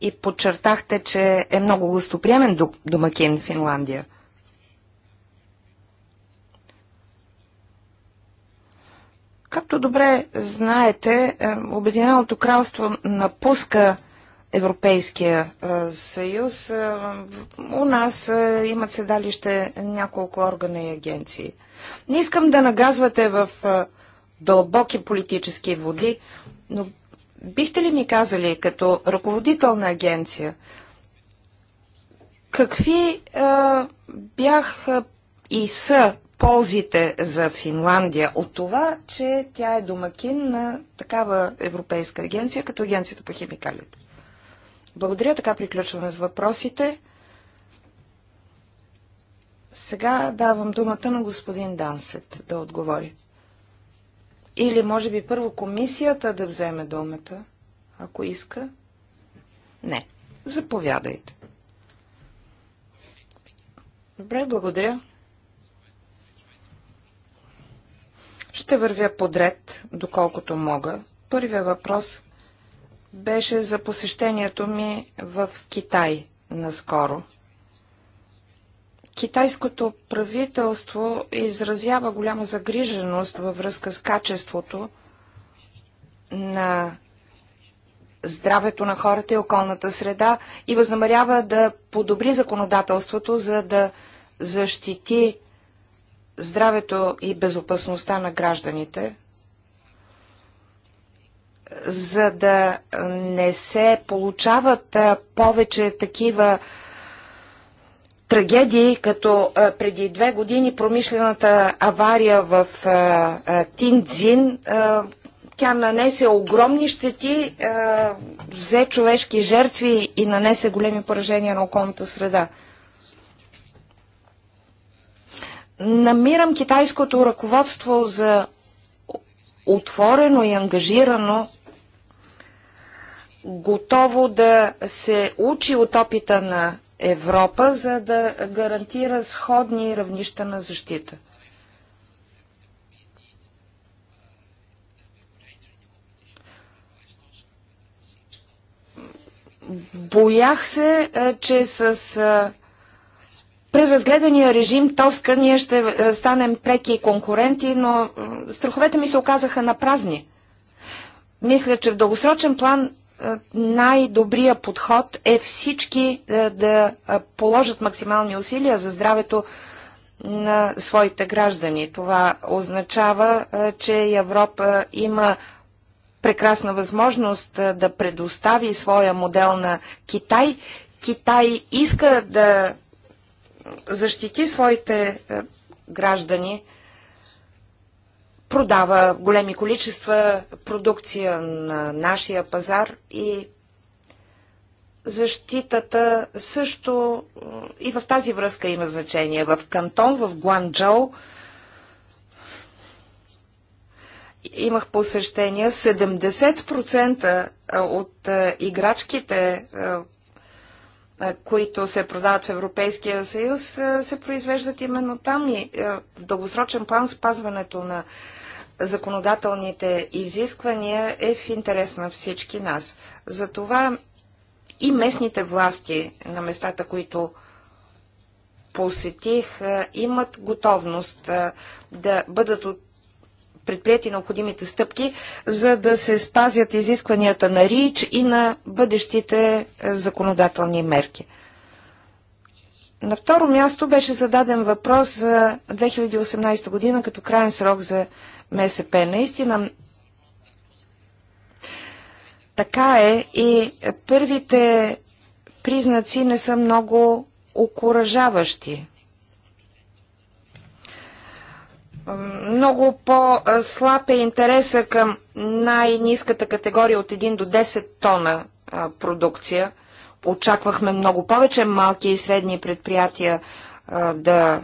и подчертахте, че е много гостоприемен домакин Финландия. Както добре знаете, е, Обединеното кралство напуска Европейския е, съюз. Е, у нас имат седалище няколко органа и агенции. Не искам да нагазвате в дълбоки политически води, но бихте ли ми казали, като ръководител на агенция, какви а, бяха и са ползите за Финландия от това, че тя е домакин на такава европейска агенция, като Агенцията по химикалите? Благодаря, така приключваме с въпросите. Сега давам думата на господин Дансет да отговори. Или може би първо комисията да вземе думата, ако иска? Не. Заповядайте. Добре, благодаря. Ще вървя подред, доколкото мога. Първия въпрос беше за посещението ми в Китай наскоро. Китайското правителство изразява голяма загриженост във връзка с качеството на здравето на хората и околната среда и възнамерява да подобри законодателството, за да защити здравето и безопасността на гражданите, за да не се получават повече такива трагедии, като преди две години промишлената авария в Тиндзин, тя нанесе огромни щети, взе човешки жертви и нанесе големи поражения на околната среда. Намирам китайското ръководство за отворено и ангажирано, готово да се учи от опита на Европа, за да гарантира сходни равнища на защита. Боях се, е, че с е, преразгледания режим Тоска ние ще е, станем преки конкуренти, но страховете ми се оказаха на празни. Мисля, че в дългосрочен план най-добрия подход е всички е, да е, положат максимални усилия за здравето на своите граждани. Това означава, е, че Европа има прекрасна възможност да предостави своя модел на Китай. Китай иска да защити своите граждани продава големи количества продукция на нашия пазар и защитата също и в тази връзка има значение. В Кантон, в Гуанчжоу, имах посещение 70% от играчките, които се продават в Европейския съюз, се произвеждат именно там и в дългосрочен план спазването на законодателните изисквания е в интерес на всички нас. Затова и местните власти на местата, които посетих, имат готовност да бъдат от предприяти необходимите стъпки, за да се спазят изискванията на РИЧ и на бъдещите законодателни мерки. На второ място беше зададен въпрос за 2018 година като крайен срок за МСП. Наистина, така е и първите признаци не са много окоръжаващи. Много по-слаб е интереса към най-низката категория от 1 до 10 тона продукция. Очаквахме много повече малки и средни предприятия да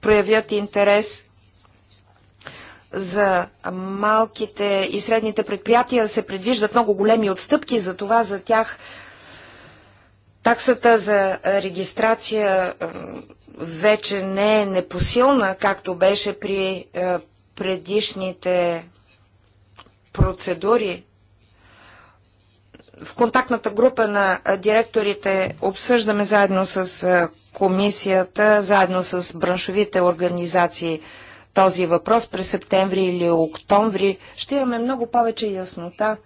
проявят интерес за малките и средните предприятия се предвиждат много големи отстъпки, за това за тях таксата за регистрация вече не е непосилна, както беше при е, предишните процедури. В контактната група на директорите обсъждаме заедно с е, комисията, заедно с браншовите организации – този въпрос през септември или октомври, ще имаме много повече яснота.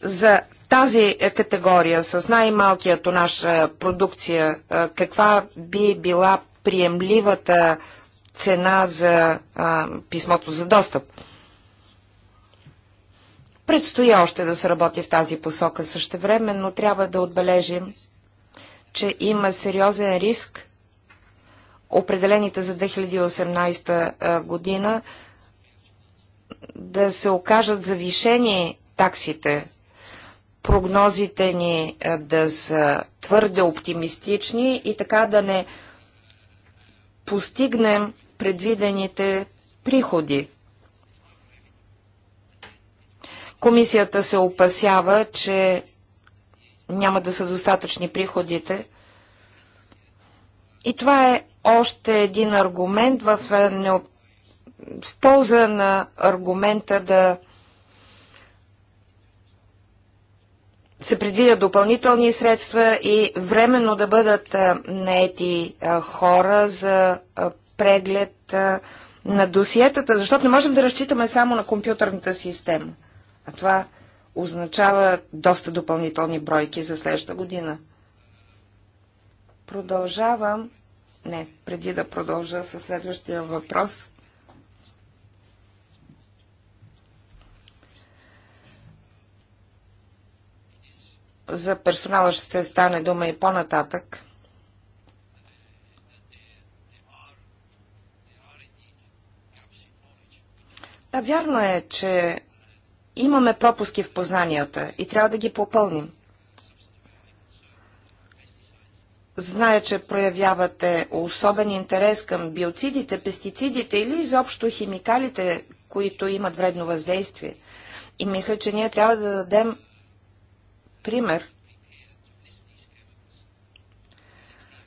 За тази е, категория с най-малкия тонаж е, продукция, е, каква би била приемливата цена за а, писмото за достъп? Предстои още да се работи в тази посока също време, но трябва да отбележим, че има сериозен риск определените за 2018 година да се окажат завишени таксите. Прогнозите ни да са твърде оптимистични и така да не постигнем предвидените приходи. Комисията се опасява, че няма да са достатъчни приходите. И това е още един аргумент в, е, неоп... в полза на аргумента да се предвидят допълнителни средства и временно да бъдат е, наети е, хора за преглед на досиетата, защото не можем да разчитаме само на компютърната система. А това означава доста допълнителни бройки за следващата година. Продължавам. Не, преди да продължа със следващия въпрос. За персонала ще стане дума и по-нататък. Да, вярно е, че имаме пропуски в познанията и трябва да ги попълним. Зная, че проявявате особен интерес към биоцидите, пестицидите или изобщо химикалите, които имат вредно въздействие. И мисля, че ние трябва да дадем пример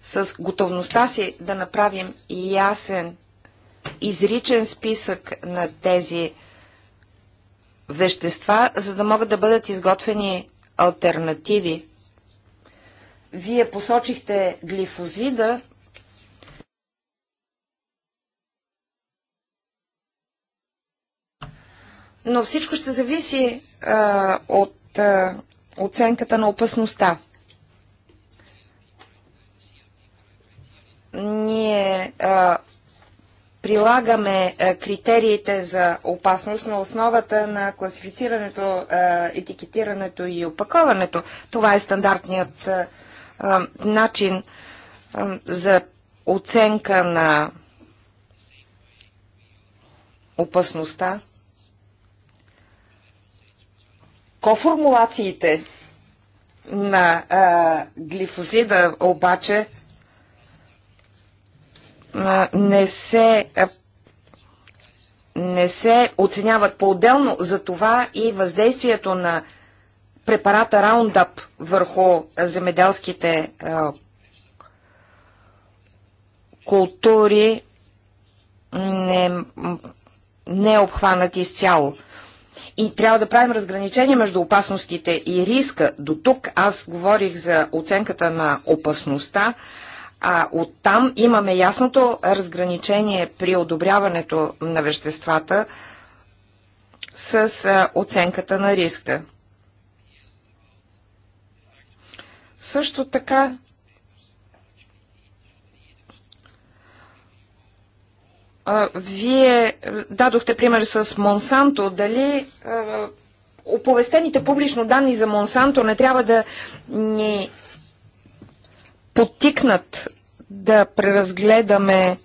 с готовността си да направим ясен, изричен списък на тези вещества, за да могат да бъдат изготвени альтернативи. Вие посочихте глифозида. Но всичко ще зависи а, от а, оценката на опасността. Ние а, прилагаме е, критериите за опасност на основата на класифицирането, е, етикетирането и опаковането. Това е стандартният е, начин за оценка на опасността. Коформулациите на глифозида обаче не се не се оценяват по-отделно, затова и въздействието на препарата Roundup върху земеделските култури не, не е обхванат изцяло. И трябва да правим разграничение между опасностите и риска. До тук аз говорих за оценката на опасността, а оттам имаме ясното разграничение при одобряването на веществата с оценката на риска. Също така Вие дадохте пример с Монсанто. Дали оповестените публично данни за Монсанто не трябва да ни подтикнат да преразгледаме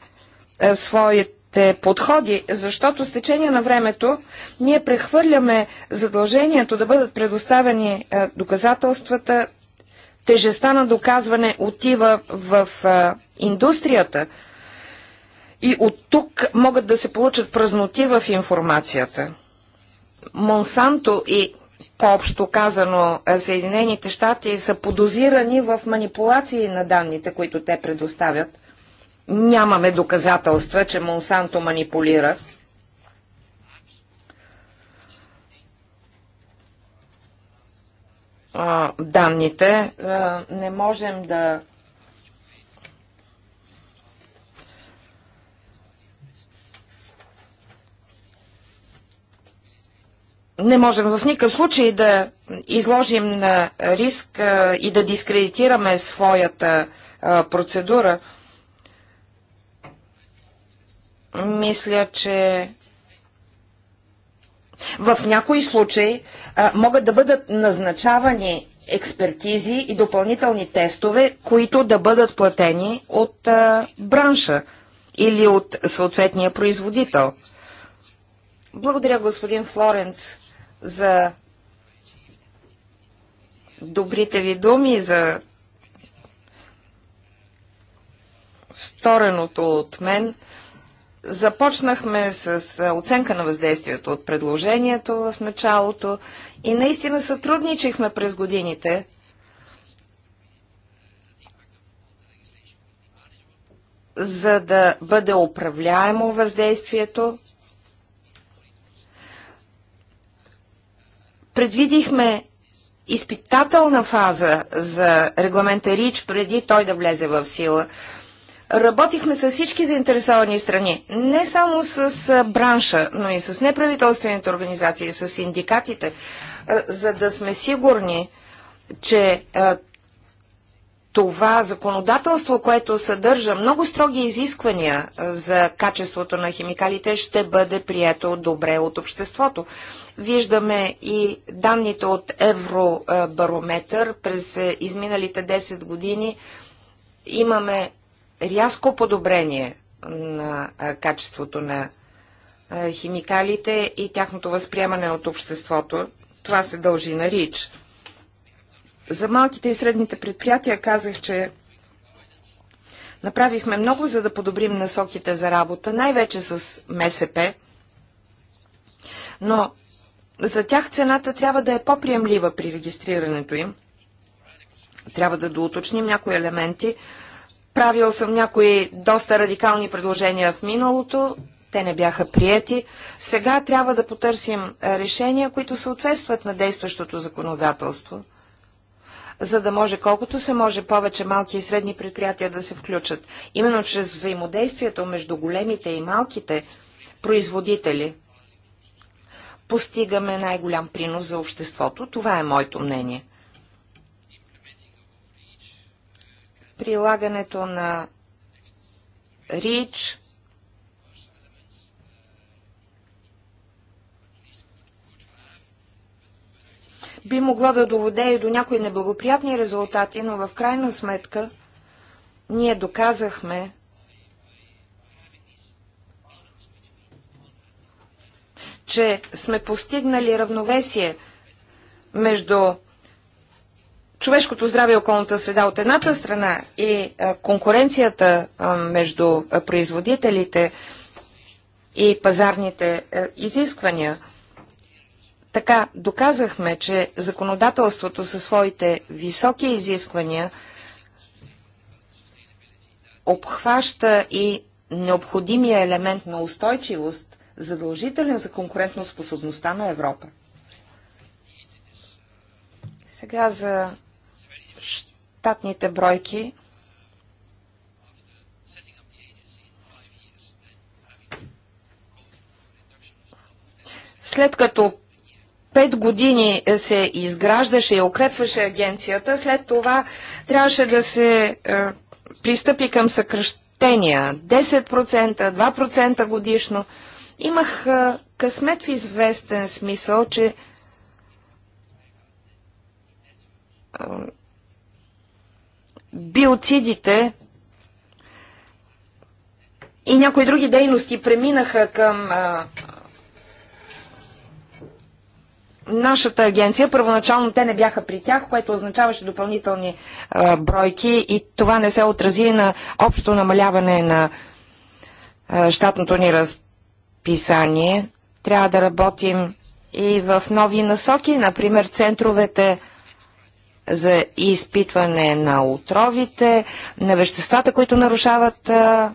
е, своите подходи, защото с течение на времето ние прехвърляме задължението да бъдат предоставени е, доказателствата, тежестта на доказване отива в е, индустрията и от тук могат да се получат празноти в информацията. Монсанто и по-общо казано, е, Съединените щати са подозирани в манипулации на данните, които те предоставят. Нямаме доказателства, че Монсанто манипулира. данните. Не можем да не можем в никакъв случай да изложим на риск и да дискредитираме своята процедура. Мисля, че в някои случаи могат да бъдат назначавани експертизи и допълнителни тестове, които да бъдат платени от а, бранша или от съответния производител. Благодаря, господин Флоренц за добрите ви думи, за стореното от мен. Започнахме с оценка на въздействието от предложението в началото и наистина сътрудничихме през годините. за да бъде управляемо въздействието Предвидихме изпитателна фаза за регламента РИЧ преди той да влезе в сила. Работихме с всички заинтересовани страни, не само с бранша, но и с неправителствените организации, с синдикатите, за да сме сигурни, че това законодателство, което съдържа много строги изисквания за качеството на химикалите, ще бъде прието добре от обществото. Виждаме и данните от Евробарометър през е, изминалите 10 години. Имаме рязко подобрение на качеството на химикалите и тяхното възприемане от обществото. Това се дължи на РИЧ. За малките и средните предприятия казах, че направихме много, за да подобрим насоките за работа, най-вече с МСП, но за тях цената трябва да е по-приемлива при регистрирането им. Трябва да доуточним някои елементи. Правил съм някои доста радикални предложения в миналото, те не бяха приети. Сега трябва да потърсим решения, които съответстват на действащото законодателство за да може колкото се може повече малки и средни предприятия да се включат. Именно чрез взаимодействието между големите и малките производители постигаме най-голям принос за обществото. Това е моето мнение. Прилагането на РИЧ би могло да доведе и до някои неблагоприятни резултати, но в крайна сметка ние доказахме, че сме постигнали равновесие между човешкото здраве и околната среда от едната страна и конкуренцията между производителите и пазарните изисквания – така доказахме, че законодателството със своите високи изисквания обхваща и необходимия елемент на устойчивост, задължителен за конкурентоспособността на Европа. Сега за щатните бройки. След като пет години е, се изграждаше и укрепваше агенцията, след това трябваше да се е, пристъпи към съкръщения 10%, 2% годишно. Имах е, късмет в известен смисъл, че е, биоцидите и някои други дейности преминаха към е, нашата агенция, първоначално те не бяха при тях, което означаваше допълнителни а, бройки и това не се отрази на общо намаляване на а, щатното ни разписание. Трябва да работим и в нови насоки, например центровете за изпитване на отровите, на веществата, които нарушават а,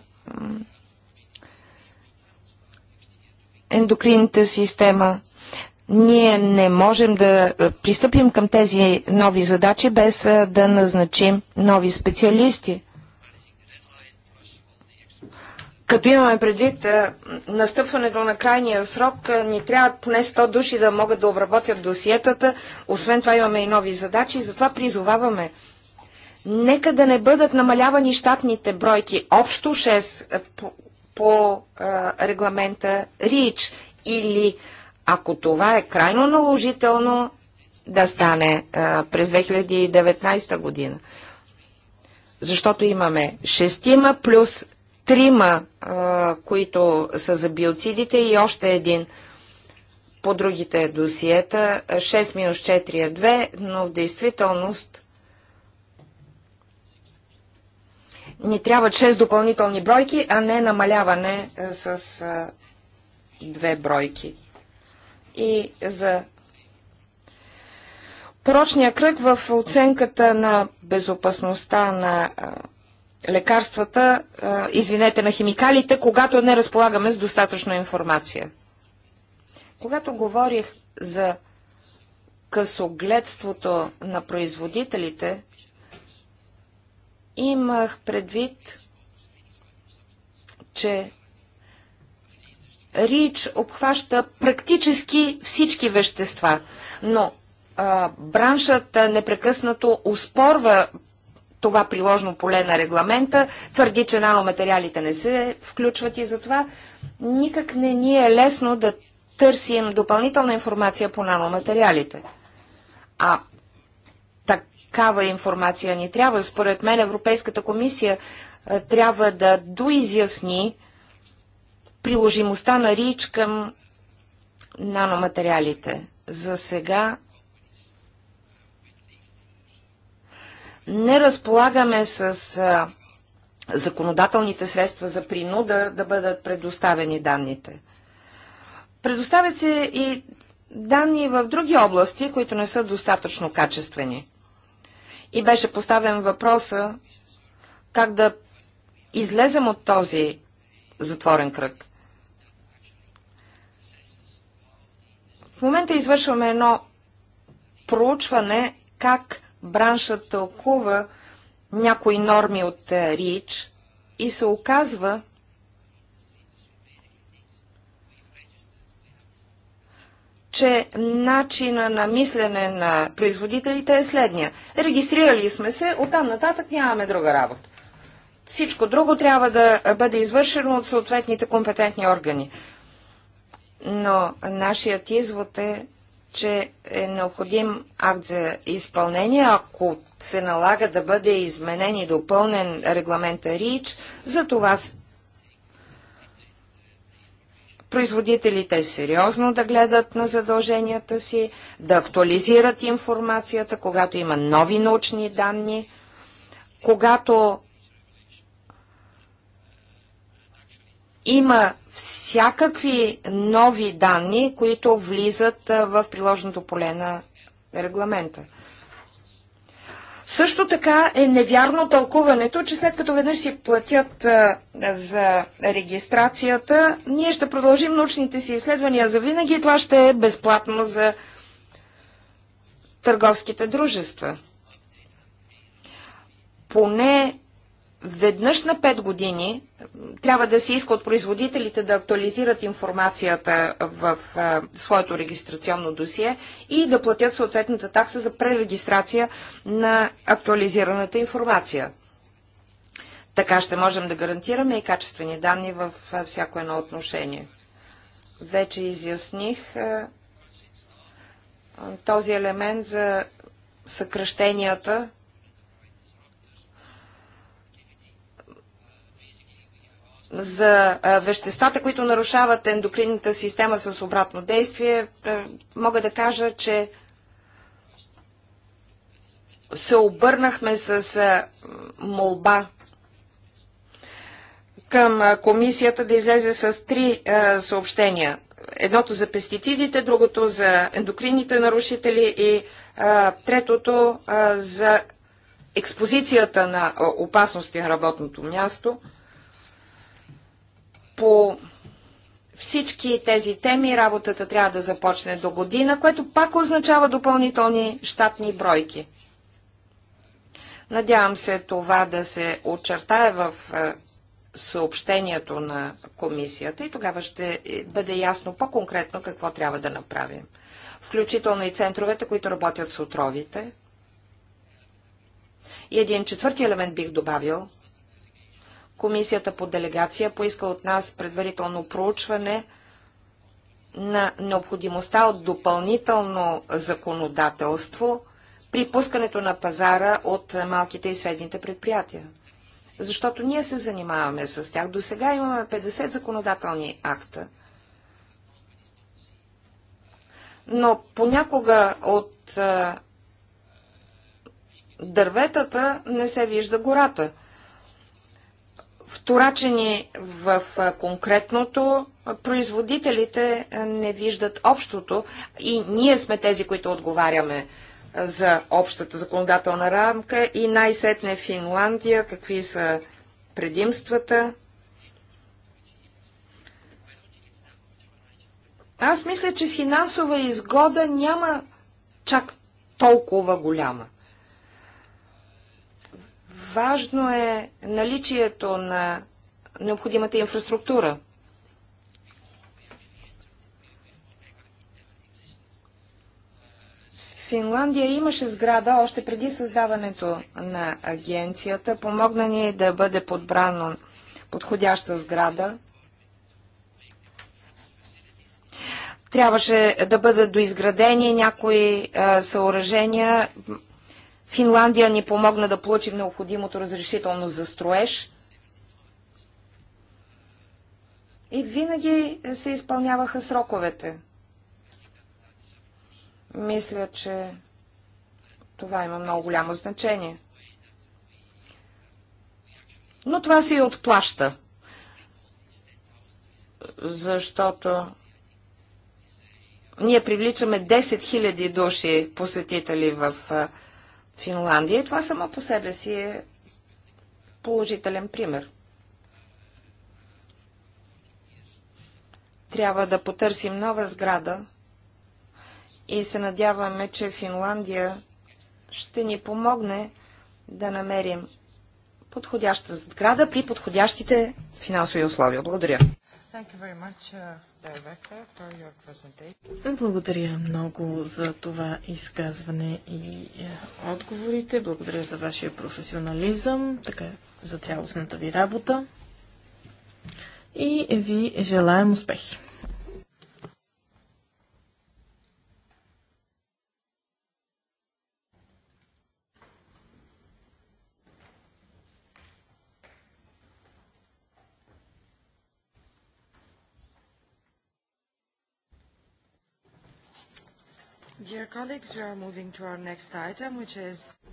ендокринната система. Ние не можем да е, пристъпим към тези нови задачи без е, да назначим нови специалисти. Като имаме предвид е, настъпването на крайния срок, ни трябват поне 100 души да могат да обработят досиетата. Освен това имаме и нови задачи, затова призоваваме. Нека да не бъдат намалявани щатните бройки, общо 6 по, по а, регламента РИЧ или ако това е крайно наложително да стане а, през 2019 година. Защото имаме шестима плюс трима, които са за биоцидите и още един по другите досиета. 6 минус 4 е 2, но в действителност ни трябват 6 допълнителни бройки, а не намаляване с две бройки и за порочния кръг в оценката на безопасността на лекарствата, извинете, на химикалите, когато не разполагаме с достатъчно информация. Когато говорих за късогледството на производителите, имах предвид, че РИЧ обхваща практически всички вещества, но а, браншът непрекъснато успорва това приложно поле на регламента, твърди, че наноматериалите не се включват и затова никак не ни е лесно да търсим допълнителна информация по наноматериалите. А такава информация ни трябва. Според мен Европейската комисия трябва да доизясни приложимостта на РИЧ към наноматериалите. За сега не разполагаме с а, законодателните средства за принуда да бъдат предоставени данните. Предоставят се и данни в други области, които не са достатъчно качествени. И беше поставен въпроса как да излезем от този затворен кръг. момента извършваме едно проучване как браншът тълкува някои норми от е, РИЧ и се оказва, че начина на мислене на производителите е следния. Регистрирали сме се, оттам нататък нямаме друга работа. Всичко друго трябва да бъде извършено от съответните компетентни органи но нашият извод е, че е необходим акт за изпълнение, ако се налага да бъде изменен и допълнен регламента РИЧ, за това производителите сериозно да гледат на задълженията си, да актуализират информацията, когато има нови научни данни, когато има всякакви нови данни, които влизат в приложното поле на регламента. Също така е невярно тълкуването, че след като веднъж си платят за регистрацията, ние ще продължим научните си изследвания за винаги и това ще е безплатно за търговските дружества. Поне веднъж на 5 години трябва да се иска от производителите да актуализират информацията в а, своето регистрационно досие и да платят съответната такса за пререгистрация на актуализираната информация. Така ще можем да гарантираме и качествени данни в всяко едно отношение. Вече изясних а, този елемент за съкръщенията за веществата, които нарушават ендокринната система с обратно действие, е, мога да кажа, че се обърнахме с молба към комисията да излезе с три съобщения. Едното за пестицидите, другото за ендокринните нарушители и третото за експозицията на опасности на работното място – по всички тези теми работата трябва да започне до година, което пак означава допълнителни щатни бройки. Надявам се това да се очертае в е, съобщението на комисията и тогава ще е, бъде ясно по-конкретно какво трябва да направим. Включително и центровете, които работят с отровите. И един четвърти елемент бих добавил. Комисията по делегация поиска от нас предварително проучване на необходимостта от допълнително законодателство при пускането на пазара от малките и средните предприятия. Защото ние се занимаваме с тях. До сега имаме 50 законодателни акта. Но понякога от дърветата не се вижда гората – вторачени в конкретното, производителите не виждат общото и ние сме тези, които отговаряме за общата законодателна рамка и най-сетне Финландия, какви са предимствата. Аз мисля, че финансова изгода няма чак толкова голяма. Важно е наличието на необходимата инфраструктура. Финландия имаше сграда още преди създаването на агенцията. Помогна ни да бъде подбрано подходяща сграда. Трябваше да бъдат доизградени някои а, съоръжения, Финландия ни помогна да получим необходимото разрешително за строеж. И винаги се изпълняваха сроковете. Мисля, че това има много голямо значение. Но това се и отплаща, защото ние привличаме 10 000 души посетители в Финландия. И това само по себе си е положителен пример. Трябва да потърсим нова сграда и се надяваме, че Финландия ще ни помогне да намерим подходяща сграда при подходящите финансови условия. Благодаря. Uh, Благодаря много за това изказване и е, отговорите. Благодаря за вашия професионализъм, така за цялостната ви работа. И ви желаем успехи!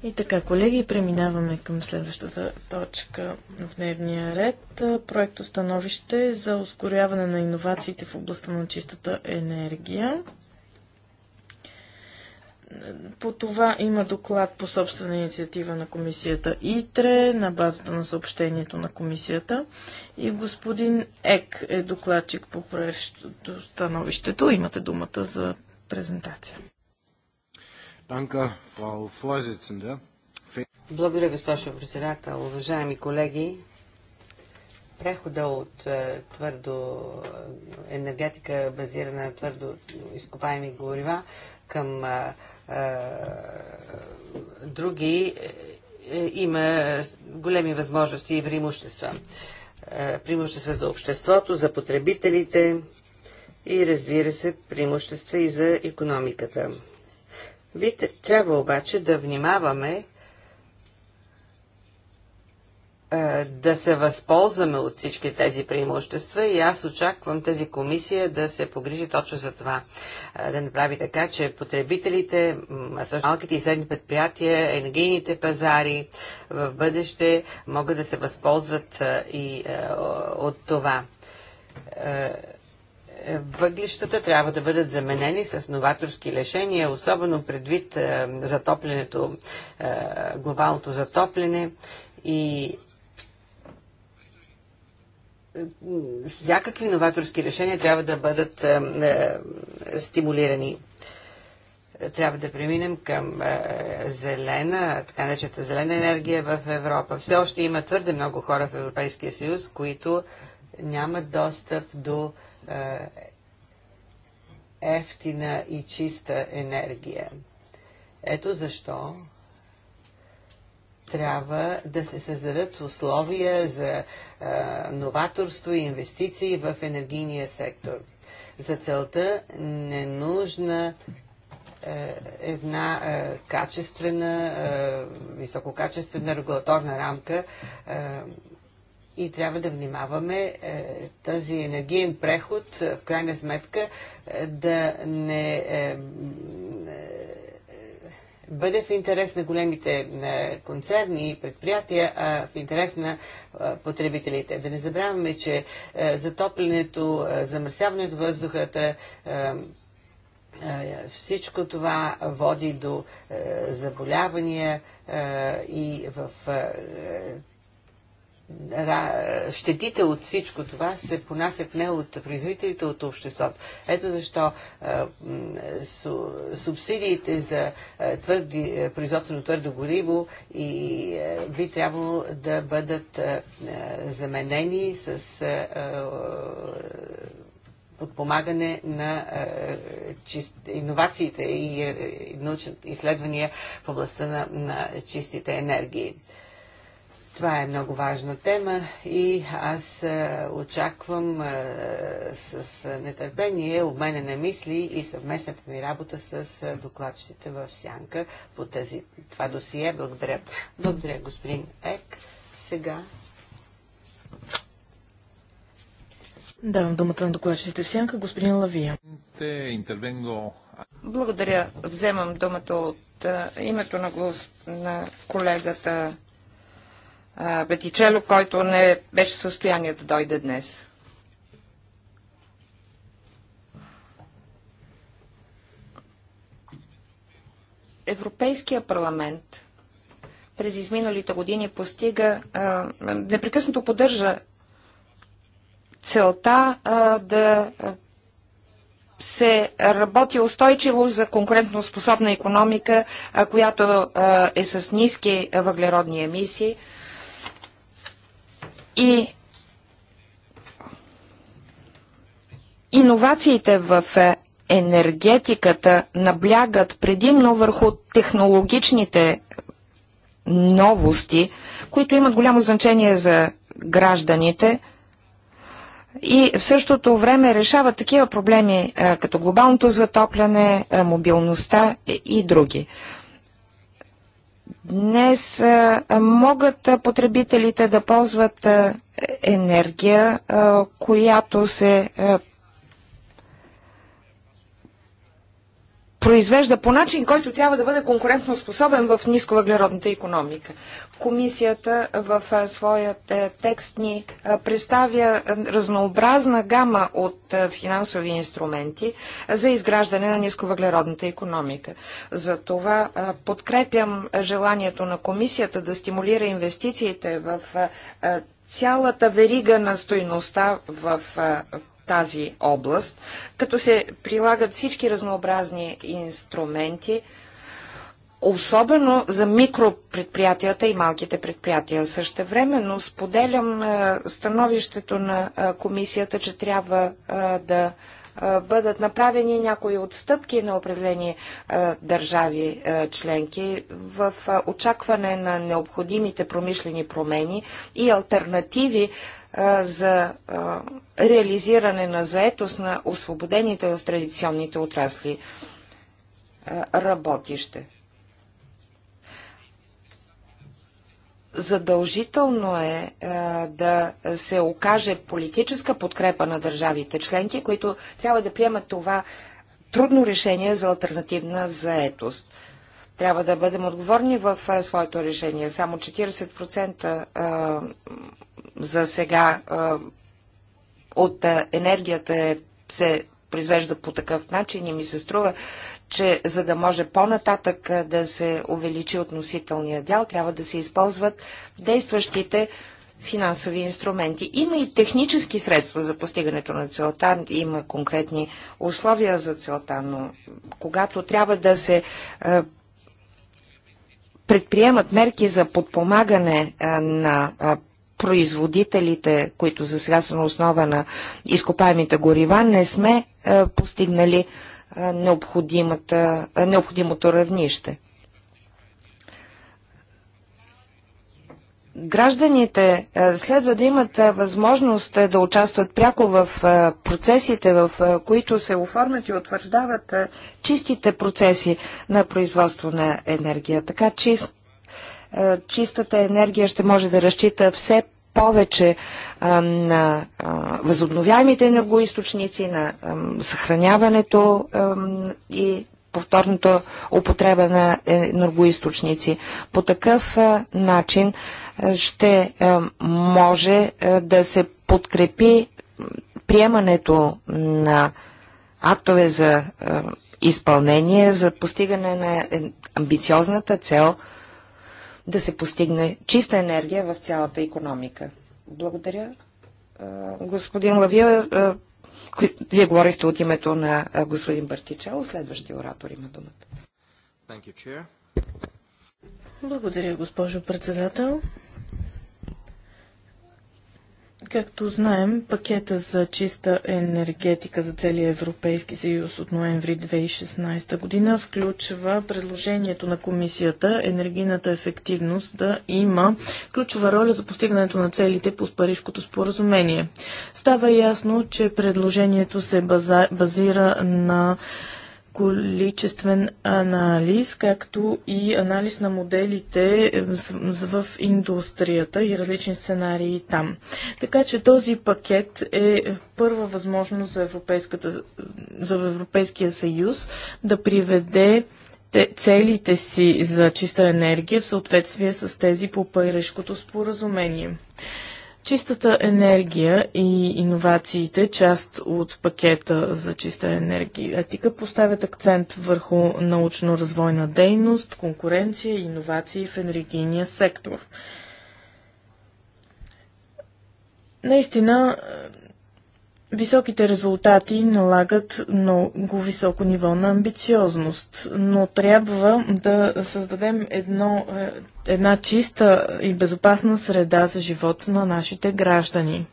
И така, колеги, преминаваме към следващата точка в дневния ред. Проект установище за ускоряване на иновациите в областта на чистата енергия. По това има доклад по собствена инициатива на комисията ИТРЕ на базата на съобщението на комисията. И господин Ек е докладчик по проектостановището. Имате думата за презентация. Благодаря, госпожо председател. Уважаеми колеги, прехода от е, твърдо е, енергетика, базирана на твърдо изкопаеми горива, към е, други има големи възможности и преимущества. Преимущества за обществото, за потребителите и разбира се, преимущества и за економиката. Би, трябва обаче да внимаваме е, да се възползваме от всички тези преимущества и аз очаквам тази комисия да се погрижи точно за това. Е, да направи така, че потребителите, малките и средни предприятия, енергийните пазари в бъдеще могат да се възползват е, и от това въглищата трябва да бъдат заменени с новаторски решения, особено предвид е, затоплянето, е, глобалното затопляне и е, всякакви новаторски решения трябва да бъдат стимулирани трябва да преминем към зелена, така наречената зелена енергия в Европа. Все още има твърде много хора в Европейския съюз, които нямат достъп до е, ефтина и чиста енергия. Ето защо трябва да се създадат условия за а, е, новаторство и инвестиции в енергийния сектор. За целта не нужна е, една е, качествена, е, висококачествена регулаторна рамка, е, и трябва да внимаваме е, този енергиен преход, е, в крайна сметка, е, да не е, е бъде в интерес на големите е, концерни и предприятия, а в интерес на потребителите. Да не забравяме, че затоплянето, замърсяването въздухата, всичко това води до заболявания и в щетите от всичко това се понасят не от производителите, а от обществото. Ето защо а, субсидиите за твърди, производство на твърдо гориво и а, би трябвало да бъдат а, заменени с подпомагане на чист, иновациите и научните изследвания в областта на, на чистите енергии. Това е много важна тема и аз е, очаквам е, с нетърпение обмене на мисли и съвместната ни работа с е, докладчите в Сянка по тази, това досие. Благодаря. Благодаря, господин Ек. Сега Давам думата на докладчиците в сянка, господин Лавия. Благодаря. Вземам думата от името на, глас, на колегата Бетичело, който не беше в състояние да дойде днес. Европейския парламент през изминалите години постига, а, непрекъснато поддържа целта а, да се работи устойчиво за конкурентно способна економика, а, която а, е с ниски въглеродни емисии – и иновациите в е, енергетиката наблягат предимно върху технологичните новости, които имат голямо значение за гражданите и в същото време решават такива проблеми е, като глобалното затопляне, е, мобилността и други. Днес могат потребителите да ползват е-, енергия, която се произвежда по начин, който трябва да бъде конкурентно способен в нисковъглеродната економика. Комисията в своят е, текст ни представя разнообразна гама от финансови инструменти за изграждане на нисковъглеродната економика. За това подкрепям желанието на комисията да стимулира инвестициите в цялата верига на стойността в тази област, като се прилагат всички разнообразни инструменти, особено за микропредприятията и малките предприятия. също време, но споделям е, становището на е, комисията, че трябва е, да бъдат направени някои отстъпки на определени държави членки в очакване на необходимите промишлени промени и альтернативи за реализиране на заетост на освободените в традиционните отрасли работище. Задължително е, е да се окаже политическа подкрепа на държавите членки, които трябва да приемат това трудно решение за альтернативна заетост. Трябва да бъдем отговорни в е, своето решение. Само 40% е, за сега от енергията е, се произвежда по такъв начин и ми се струва, че за да може по-нататък да се увеличи относителния дял, трябва да се използват действащите финансови инструменти. Има и технически средства за постигането на целта, има конкретни условия за целта, но когато трябва да се предприемат мерки за подпомагане на производителите, които за сега са на основа на изкопаемите горива, не сме постигнали необходимото равнище. Гражданите следва да имат възможност да участват пряко в процесите, в които се оформят и утвърждават чистите процеси на производство на енергия. Така чистата енергия ще може да разчита все повече а, на а, възобновяемите енергоисточници, на а, съхраняването а, и повторното употреба на енергоисточници. По такъв а, начин а, ще а, може а, да се подкрепи приемането на актове за а, изпълнение, за постигане на амбициозната цел – да се постигне чиста енергия в цялата економика. Благодаря. Господин Лавия, вие говорихте от името на господин Бартичало. Следващия оратор има думата. Благодаря, госпожо председател. Както знаем, пакета за чиста енергетика за целия Европейски съюз от ноември 2016 година включва предложението на комисията енергийната ефективност да има ключова роля за постигането на целите по Парижкото споразумение. Става ясно, че предложението се базира на количествен анализ, както и анализ на моделите в индустрията и различни сценарии там. Така че този пакет е първа възможност за, за Европейския съюз да приведе целите си за чиста енергия в съответствие с тези по Пайрешкото споразумение. Чистата енергия и иновациите, част от пакета за чиста енергетика, поставят акцент върху научно-развойна дейност, конкуренция и иновации в енергийния сектор. Наистина, Високите резултати налагат много високо ниво на амбициозност, но трябва да създадем едно, е, една чиста и безопасна среда за живот на нашите граждани.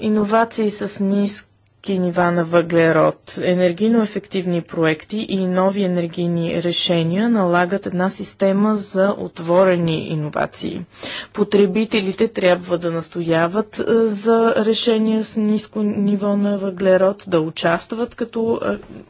Иновации с ниск ниски нива на въглерод. Енергийно ефективни проекти и нови енергийни решения налагат една система за отворени иновации. Потребителите трябва да настояват е, за решения с ниско ниво на въглерод, да участват като е,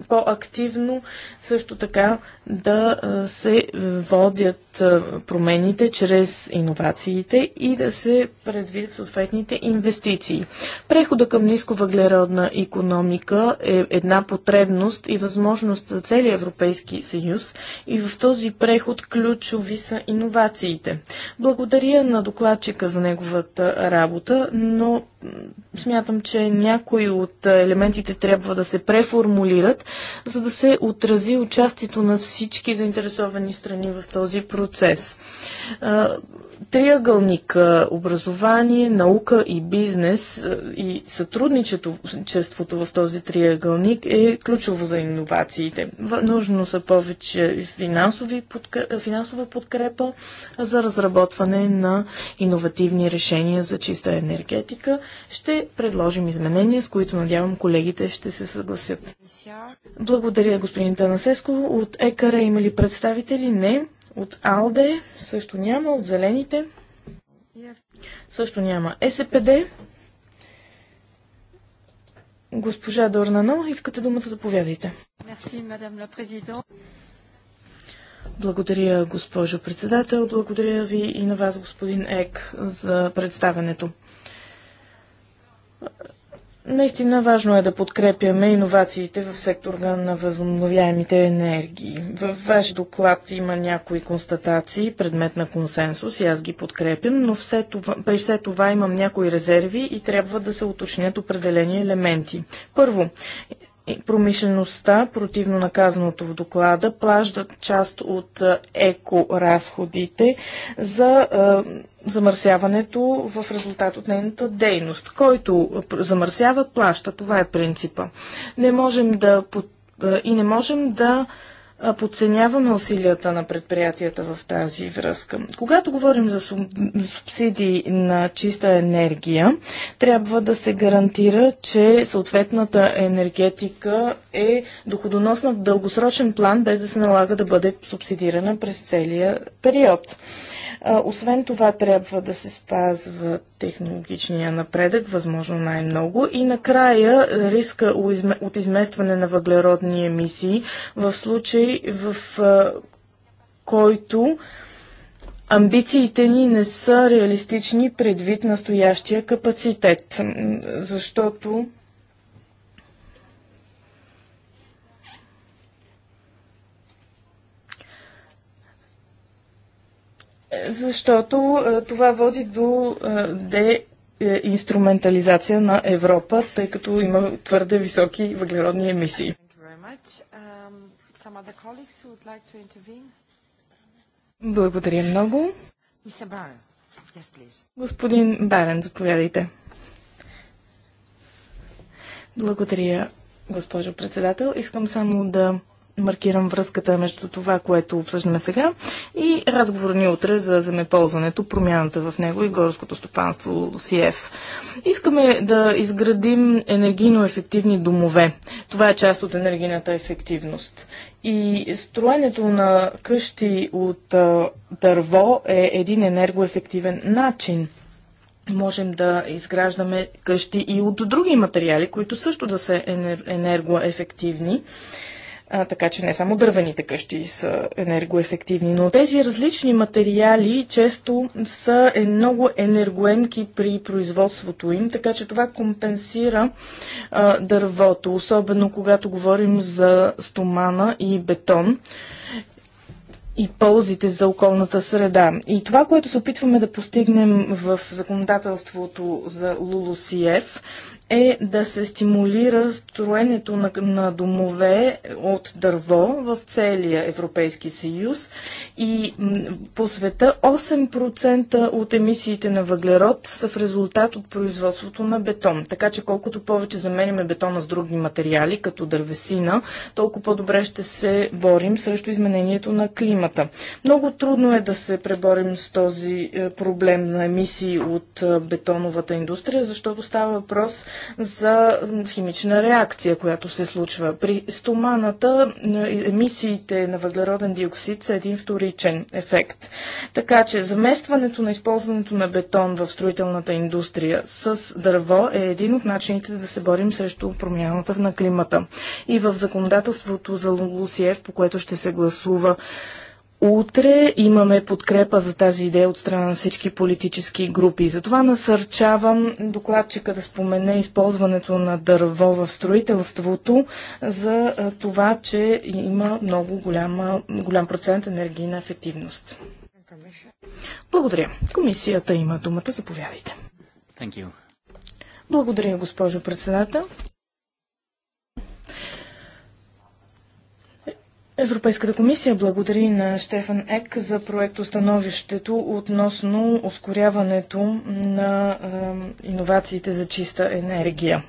по-активно, също така да е, се водят промените чрез иновациите и да се предвидят съответните инвестиции. Прехода към ниско въглеродна економика е една потребност и възможност за целия Европейски съюз и в този преход ключови са иновациите. Благодаря на докладчика за неговата работа, но смятам, че някои от елементите трябва да се преформулират, за да се отрази участието на всички заинтересовани страни в този процес триъгълник образование, наука и бизнес е, и сътрудничеството в този триъгълник е ключово за иновациите. Нужно са повече финансови финансова подкрепа за разработване на иновативни решения за чиста енергетика. Ще предложим изменения, с които надявам колегите ще се съгласят. Благодаря, господин Танасеско. От ЕКАРА има ли представители? Не. От АЛДЕ също няма, от Зелените също няма. СПД. Е Госпожа Дорнано, искате думата, заповядайте. Благодаря, госпожо председател. Благодаря ви и на вас, господин Ек, за представенето. Наистина важно е да подкрепяме иновациите в сектора на възобновяемите енергии. В ваш доклад има някои констатации, предмет на консенсус и аз ги подкрепям, но все това, при все това имам някои резерви и трябва да се уточнят определени елементи. Първо, промишлеността, противно наказаното в доклада, плаждат част от екоразходите за замърсяването в резултат от нейната дейност. Който замърсява, плаща. Това е принципа. Не можем да и не можем да подценяваме усилията на предприятията в тази връзка. Когато говорим за субсидии на чиста енергия, трябва да се гарантира, че съответната енергетика е доходоносна в дългосрочен план, без да се налага да бъде субсидирана през целия период. Освен това, трябва да се спазва технологичния напредък, възможно най-много. И накрая риска от изместване на въглеродни емисии в случай, в а, който амбициите ни не са реалистични предвид настоящия капацитет, защото защото това води до де е, инструментализация на Европа, тъй като има твърде високи въглеродни емисии. Благодаря много. Господин Барен, заповядайте. Благодаря, госпожо председател. Искам само да маркирам връзката между това, което обсъждаме сега и разговор ни утре за земеползването, промяната в него и горското стопанство СИЕФ. Искаме да изградим енергийно ефективни домове. Това е част от енергийната ефективност. И строенето на къщи от дърво е един енергоефективен начин. Можем да изграждаме къщи и от други материали, които също да са енергоефективни а, така че не само дървените къщи са енергоефективни, но тези различни материали често са е много енергоемки при производството им, така че това компенсира а, дървото, особено когато говорим за стомана и бетон и ползите за околната среда. И това, което се опитваме да постигнем в законодателството за Лулусиев е да се стимулира строенето на, на домове от дърво в целия Европейски съюз и по света 8% от емисиите на въглерод са в резултат от производството на бетон. Така че колкото повече заменяме бетона с други материали, като дървесина, толкова по-добре ще се борим срещу изменението на климата. Много трудно е да се преборим с този е, проблем на емисии от е, бетоновата индустрия, защото става въпрос за химична реакция, която се случва. При стоманата е, емисиите на въглероден диоксид са един вторичен ефект. Така че заместването на използването на бетон в строителната индустрия с дърво е един от начините да се борим срещу промяната на климата. И в законодателството за Лусиев, по което ще се гласува Утре имаме подкрепа за тази идея от страна на всички политически групи. Затова насърчавам докладчика да спомене използването на дърво в строителството за това, че има много голяма, голям процент енергийна ефективност. Благодаря. Комисията има думата. Заповядайте. Благодаря, госпожо председател. Европейската комисия благодари на Штефан Ек за проектостановището относно ускоряването на е, иновациите за чиста енергия.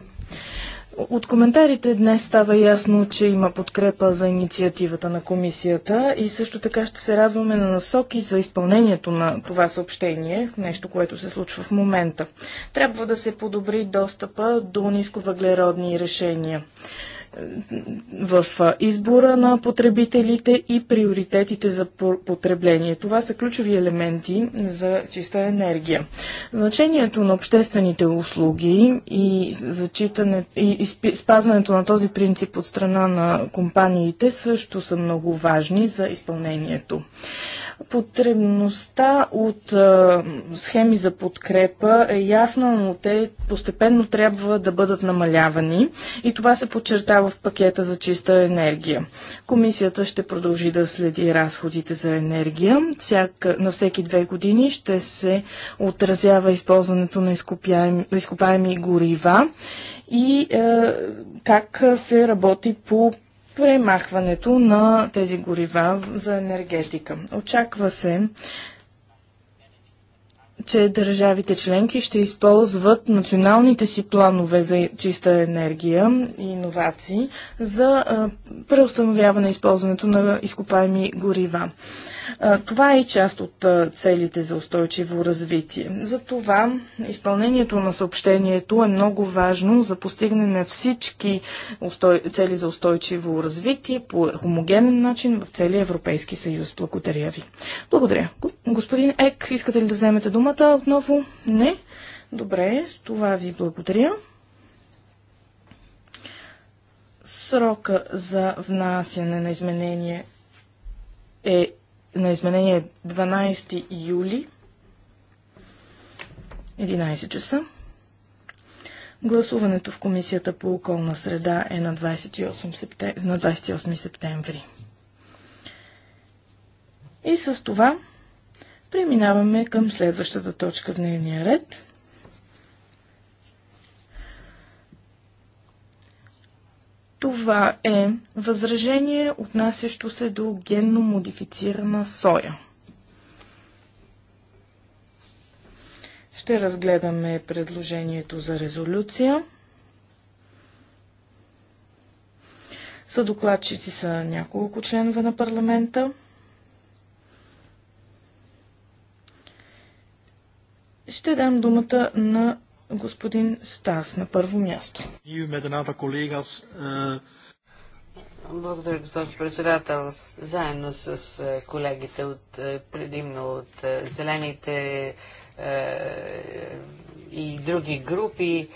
От коментарите днес става ясно, че има подкрепа за инициативата на комисията и също така ще се радваме на насоки за изпълнението на това съобщение, нещо, което се случва в момента. Трябва да се подобри достъпа до нисковъглеродни решения в избора на потребителите и приоритетите за потребление. Това са ключови елементи за чиста енергия. Значението на обществените услуги и, зачитане, и спазването на този принцип от страна на компаниите също са много важни за изпълнението. Потребността от а, схеми за подкрепа е ясна, но те постепенно трябва да бъдат намалявани и това се подчертава в пакета за чиста енергия. Комисията ще продължи да следи разходите за енергия. Всяка, на всеки две години ще се отразява използването на изкопаеми, изкопаеми горива и е, как се работи по премахването на тези горива за енергетика. Очаква се че държавите членки ще използват националните си планове за чиста енергия и иновации за преустановяване използването на изкопаеми горива. Това е и част от целите за устойчиво развитие. Затова изпълнението на съобщението е много важно за постигане на всички цели за устойчиво развитие по хомогенен начин в целия Европейски съюз. Благодаря ви. Благодаря. Господин Ек, искате ли да вземете думата отново? Не? Добре, с това ви благодаря. Срока за внасяне на изменение е на изменение 12 юли 11 часа. Гласуването в Комисията по околна среда е на 28, септем... на 28 септември. И с това преминаваме към следващата точка в дневния ред – Това е възражение, отнасящо се до генно модифицирана соя. Ще разгледаме предложението за резолюция. Съдокладчици са няколко членове на парламента. Ще дам думата на господин Стас на първо място. Е, Благодаря, господин председател. Заедно с е, колегите от, е, предимно от зелените и други групи,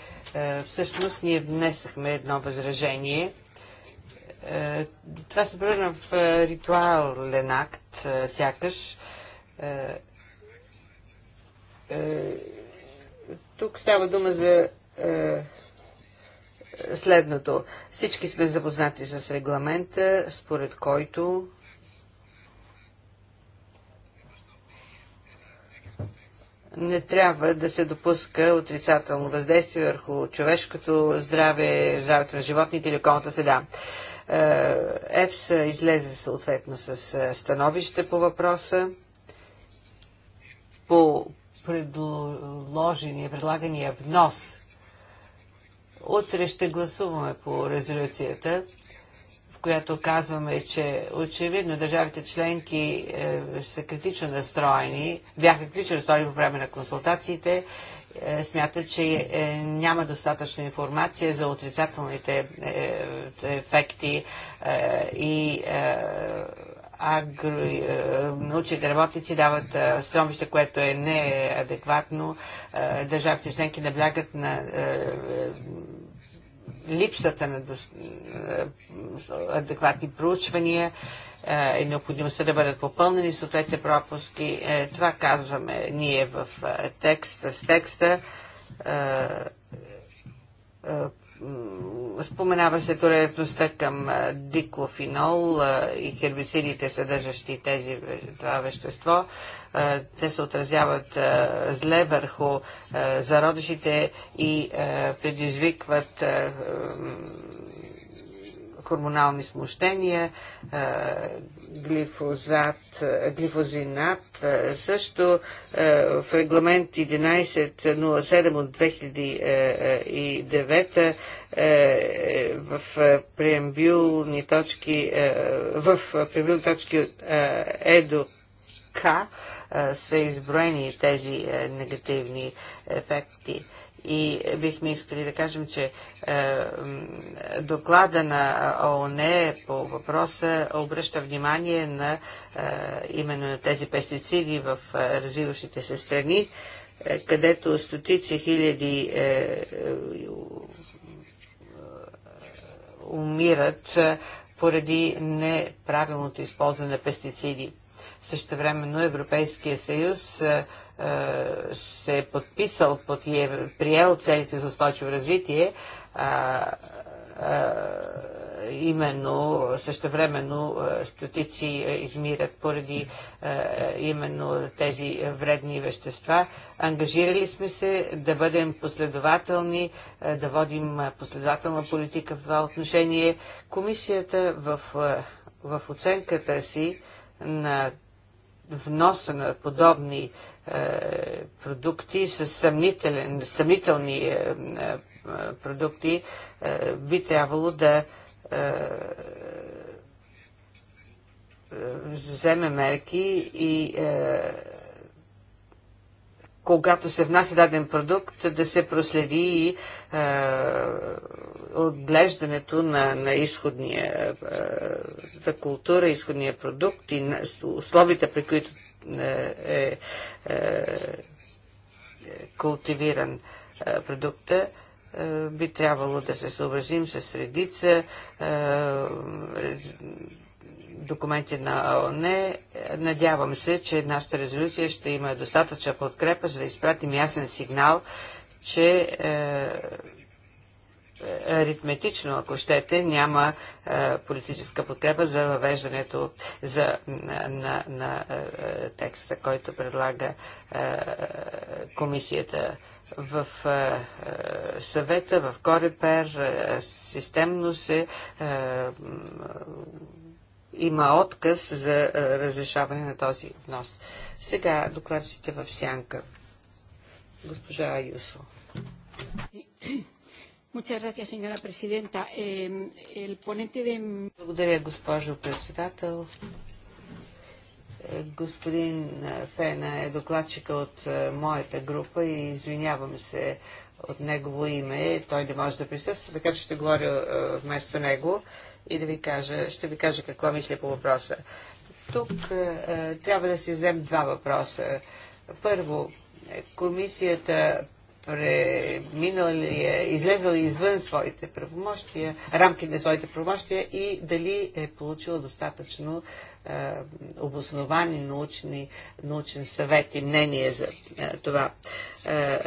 всъщност ние внесахме едно възражение. Това се превърна в ритуален акт, сякаш тук става дума за е, следното. Всички сме запознати с регламента, според който не трябва да се допуска отрицателно въздействие върху човешкото здраве, здравето на животните или околната седа. Е, ЕПС излезе съответно с е, становище по въпроса. По предложения, предлагания внос. Утре ще гласуваме по резолюцията, в която казваме, че очевидно държавите членки е, са критично настроени, бяха критично настроени по време на консултациите, е, смятат, че е, няма достатъчно информация за отрицателните е, ефекти е, и е, агро, е, е, научните работници дават е, стромище, което е неадекватно. Държавите членки наблягат на липсата на адекватни проучвания е необходимостта да бъдат попълнени съответните пропуски. Това казваме ние в текста, с текста Споменава се толерантността към диклофинол и хербицидите, съдържащи тези, това вещество. Те се отразяват зле върху зародишите и предизвикват хормонални смущения, е, глифозат, е, глифозинат. Е, също в регламент 1107 от 2009 в преамбюлни точки, в преамбюлни точки ЕДО са изброени тези негативни ефекти и бихме искали да кажем, че е, доклада на ООН по въпроса обръща внимание на е, именно на тези пестициди в е, развиващите се страни, е, където стотици хиляди е, е, умират е, поради неправилното използване на пестициди. Същевременно Европейския съюз е, се е подписал под е приел целите за устойчиво развитие, а, а, именно същевременно стотици измират поради а, именно тези вредни вещества. Ангажирали сме се да бъдем последователни, да водим последователна политика в това отношение. Комисията в, в оценката си на вноса на подобни е, продукти с съмнителни е, е, продукти би трябвало да вземе мерки и когато се внася даден продукт, да се проследи и е, отглеждането на, на изходния е, култура, изходния продукт и условията, при които е, е, е култивиран е, продукта, е, би трябвало да се съобразим с редица документи на ООН. Надявам се, че нашата резолюция ще има достатъчна подкрепа, за да изпратим ясен сигнал, че аритметично, ако щете, няма е, политическа подкрепа за въвеждането за, на, на, на е, е, текста, който предлага комисията в съвета, в Корепер, системно се има отказ за разрешаване на този внос. Сега докладчите в сянка. Госпожа Аюсо. Gracias, de... Благодаря, госпожо председател. Е, господин Фена е докладчика от е, моята група и извинявам се от негово име. Той не може да присъства, така че ще говоря е, вместо него и да ви кажа, ще ви кажа какво мисля по въпроса. Тук трябва да си взем два въпроса. Първо, комисията преминал ли е, ли извън своите правомощия, рамки на своите правомощия и дали е получил достатъчно е, обосновани научни, научен съвет и мнение за е, това. Е,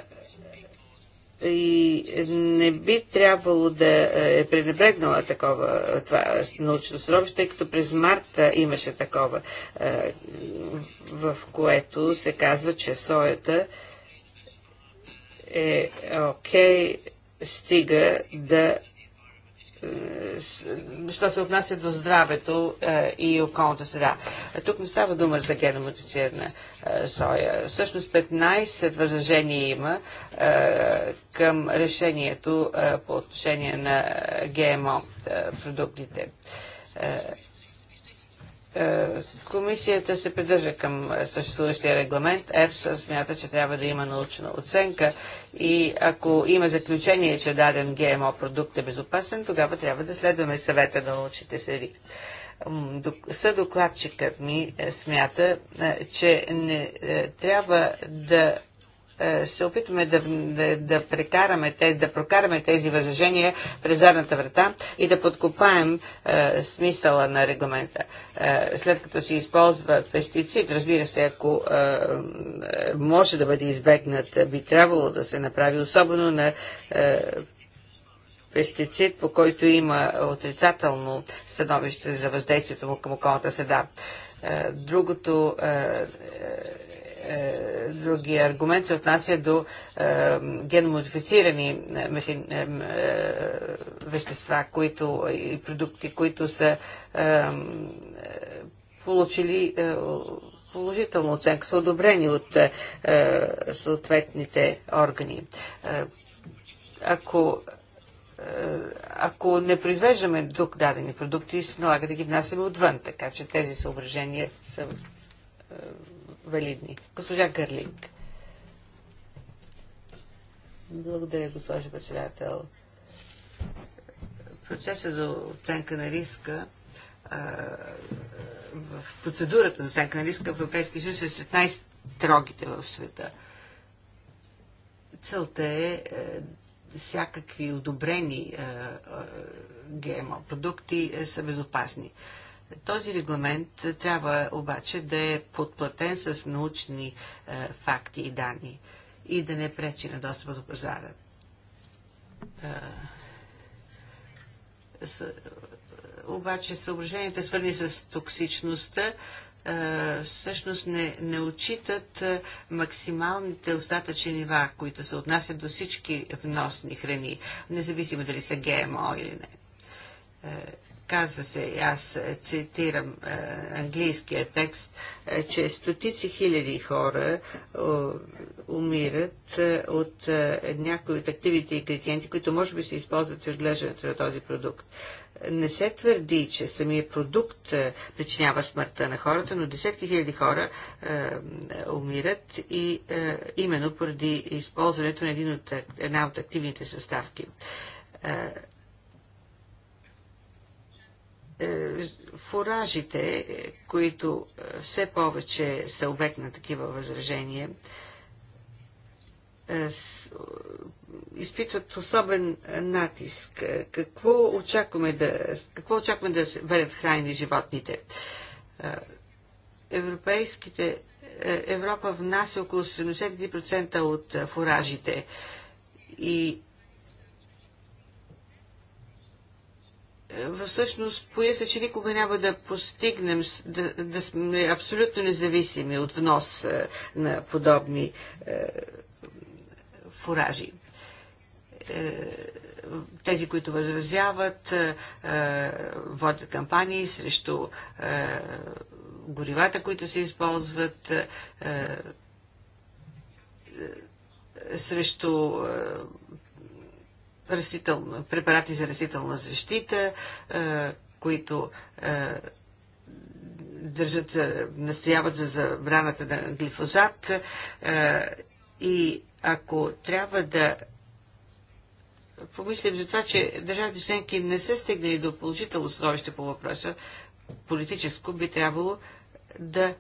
и не би трябвало да е, е пренебрегнала такова това научно съобщение, тъй като през март е, имаше такова, е, в което се казва, че соята е, е окей, okay, стига да е, що се отнася до здравето е, и околната среда. Тук не става дума за геномодифицирана е, соя. Всъщност 15 възражения има е, към решението е, по отношение на е, ГМО продуктите. Е, комисията се придържа към е, съществуващия регламент. ЕФСА смята, че трябва да има научна оценка и ако има заключение, че даден ГМО продукт е безопасен, тогава трябва да следваме съвета на научните среди. Съдокладчикът ми е, смята, че не трябва да е, се опитваме да, да, да, прекараме, те, да прокараме тези възражения през задната врата и да подкопаем е, смисъла на регламента. Е, след като се използва пестицид, разбира се, ако е, е може да бъде избегнат, би трябвало да се направи, особено на е, пестицид, по който има отрицателно становище за въздействието му към околната среда. Е, другото е, другия аргумент се отнася до е, геномодифицирани е, е, е, вещества които, и продукти, които са е, е, получили е, положителна оценка, са одобрени от е, съответните органи. Е, ако ако не произвеждаме друг дадени продукти, се налага да ги внасяме отвън, така че тези съображения са валидни. Госпожа Гърлинг. Благодаря, госпожо председател. Процеса за оценка на риска в процедурата за оценка на риска в Европейския съюз е сред най-строгите в света. Целта е, е всякакви одобрени е, е, ГМО продукти са безопасни. Този регламент трябва обаче да е подплатен с научни е, факти и данни и да не пречи на достъпа до пазара. Е, обаче съображенията, свързани с токсичността, е, всъщност не, не отчитат е, максималните остатъчни нива, които се отнасят до всички вносни храни, независимо дали са ГМО или не. Казва се, аз е, цитирам е, английския текст, е, че стотици хиляди хора умират от някои от активите ингредиенти, които може би се използват в отглеждането на този продукт. Не се твърди, че самия продукт причинява смъртта на хората, но десетки хиляди хора е, умират и е, именно поради използването на един от, една от активните съставки. Е, е, фуражите, които е, все повече са обект на такива възражения, е, изпитват особен натиск. Какво очакваме да, какво очакваме да бъдат храни животните? Европейските, Европа внася около 70% от фуражите и Е, всъщност пояса, че никога няма да постигнем да, да сме абсолютно независими от внос е, на подобни е, фуражи. Е, тези, които възразяват, е, е, водят кампании срещу е, горивата, които се използват, е, срещу препарати за растителна защита, е, които е, държат, настояват за забраната на глифозат е, и ако трябва да помислим за това, че държавите членки не са стигнали до положително становище по въпроса, политическо би трябвало да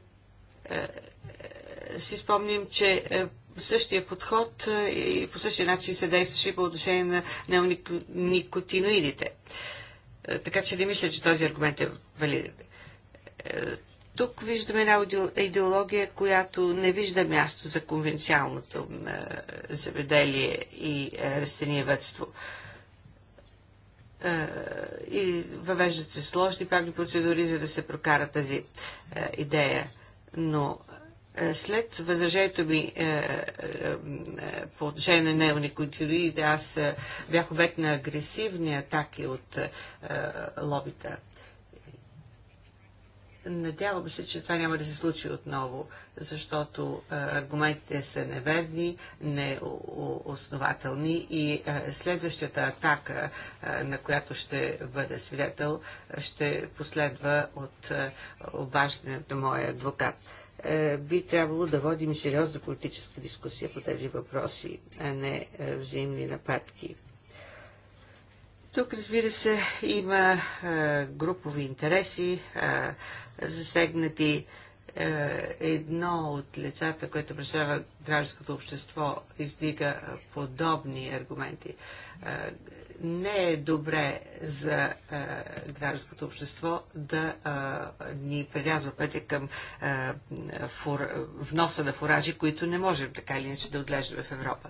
си спомним, че същия подход е, и по същия начин се действаше по отношение на неоникотиноидите. Е, така че не мисля, че този аргумент е валиден. Е, тук виждаме една идеология, която не вижда място за конвенциалното земеделие и растениевътство и въвеждат се сложни правни процедури, за да се прокара тази идея. Но е, след възражението ми е, е, е по отношение на неоникотироидите, аз е, бях обект на агресивни атаки от е, лобита. Надявам се, че това няма да се случи отново, защото аргументите са неверни, неоснователни и следващата атака, на която ще бъда свидетел, ще последва от обаждането на моя адвокат. Е, би трябвало да водим сериозна политическа дискусия по тези въпроси, а не е, взаимни нападки. Тук, разбира се, има е, групови интереси, засегнати едно от лицата, което представлява гражданското общество, издига подобни аргументи не е добре за а, гражданското общество да а, ни прерязва пътя към а, фур, вноса на фуражи, които не можем така или иначе да отглеждаме в Европа.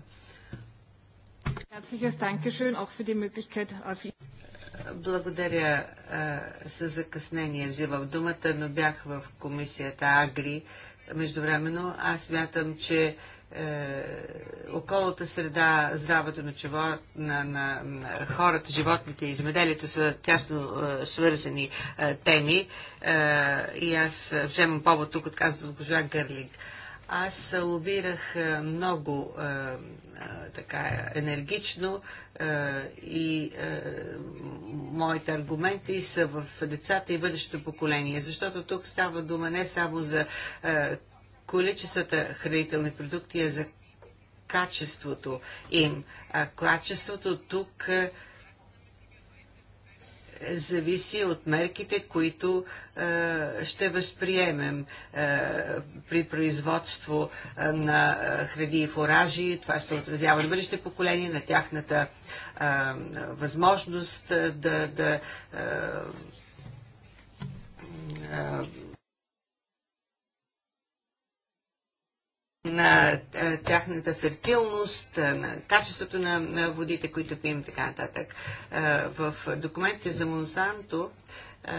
Благодаря а, с закъснение. Взимам думата, но бях в комисията Агри. Междувременно аз мятам, че е, околната среда, здравето на, на, на, на хората, животните и земеделието са тясно е, свързани е, теми. Е, и аз вземам повод тук от казва госпожа Гърлинг. Аз лобирах е, много е, е, така енергично е, и е, моите аргументи са в децата и бъдещето поколение, защото тук става дума не само за количествата хранителни продукти, а е за качеството им. А качеството тук зависи от мерките, които е, ще възприемем е, при производство е, на хради и фуражи. Това се отразява на бъдеще поколение, на тяхната е, възможност да, да е, е на тяхната фертилност, на качеството на водите, които пием и така нататък. В документите за Монсанто е,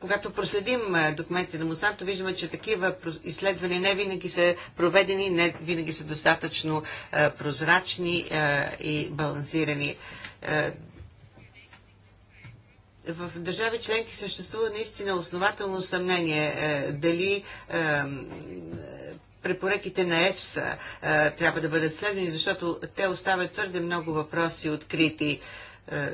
когато проследим документите на Монсанто, виждаме, че такива изследвания не винаги са проведени, не винаги са достатъчно прозрачни и балансирани в държави членки съществува наистина основателно съмнение е, дали е, препоръките на ЕФСА е, трябва да бъдат следвани, защото те оставят твърде много въпроси открити. Е,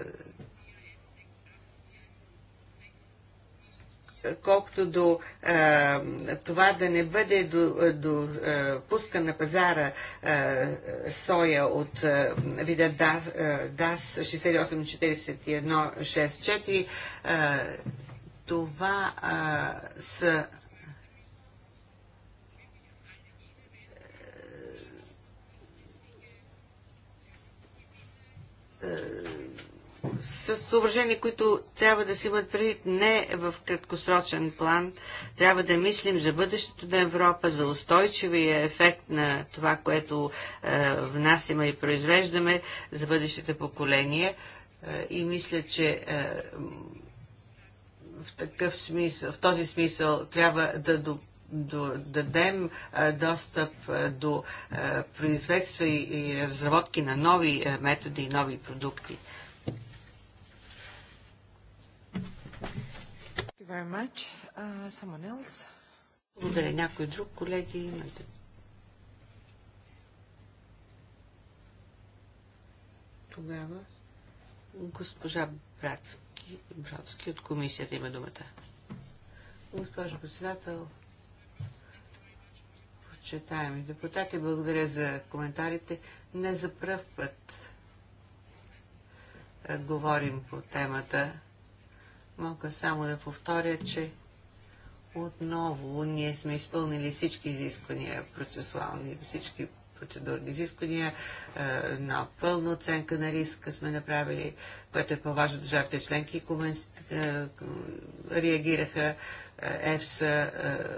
колкото до а, това да не бъде до, до а, пуска на пазара а, соя от а, вида DAS да, 684164, а, това а, са а, със съображения, които трябва да си имат предвид не в краткосрочен план. Трябва да мислим за бъдещето на Европа, за устойчивия ефект на това, което е, внасяме и произвеждаме за бъдещите поколения. Е, и мисля, че е, в, такъв смисъл, в този смисъл трябва да до до, дадем а, е, достъп а, е, до а, е, производства и, и разработки на нови методи и нови продукти. very much. Uh, someone else? Благодаря. Някой друг, колеги, имате. Тогава госпожа Братски, Братски от комисията има думата. Госпожо председател, почитаеми депутати, благодаря за коментарите. Не за пръв път говорим по темата Мога само да повторя, че отново ние сме изпълнили всички изисквания, процесуални, всички процедурни изисквания, е, на пълна оценка на риска сме направили, което е по-важно държавите членки, е, реагираха е, ЕФСА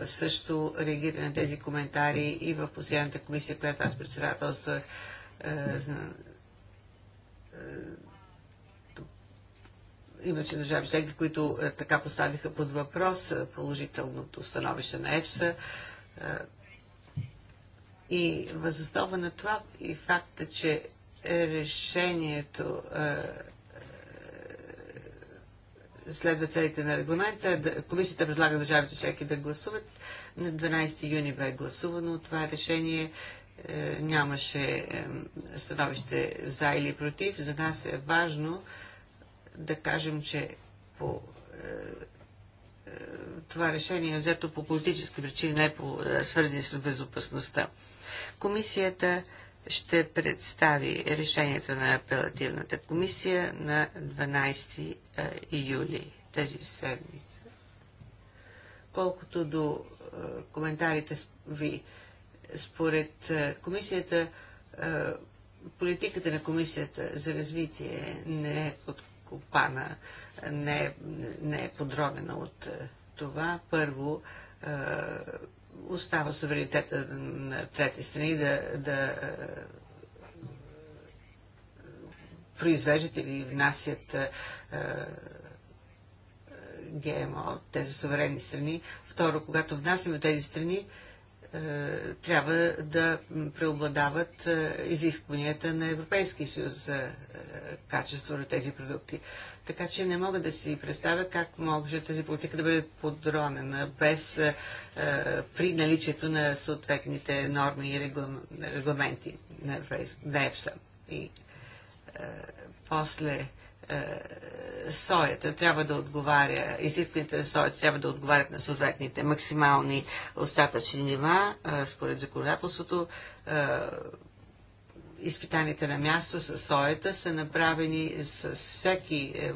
също реагира на тези коментари и в последната комисия, която аз председателствах, имаше държави членки, които е, така поставиха под въпрос е, положителното становище на ЕФСА. Е, и възоснова на това и факта, че решението е, е следва целите на регламента. Е комисията предлага държавите членки да гласуват. На 12 юни бе гласувано това решение. Е, нямаше е, становище за или против. За нас е важно е, да кажем, че по е, е, това решение е взето по политически причини, не по е, свързани с безопасността. Комисията ще представи решението на апелативната комисия на 12 июли тези седмица. Колкото до коментарите ви, според комисията, политиката на комисията за развитие не е под копана не, не е подронена от е, това. Първо, е, остава суверенитета на трети страни да, да е, произвеждат или внасят ГМО от тези суверенни страни. Второ, когато внасяме тези страни, е, трябва да преобладават е, изискванията на Европейския съюз за е, качество на тези продукти. Така че не мога да си представя как може тази политика да бъде подронена без при наличието на съответните норми и регламенти на, ЕФСА. И после соята трябва да отговаря, изискването на соята трябва да отговарят на съответните максимални остатъчни нива, според законодателството. Изпитаните на място с соята са направени с всеки, е,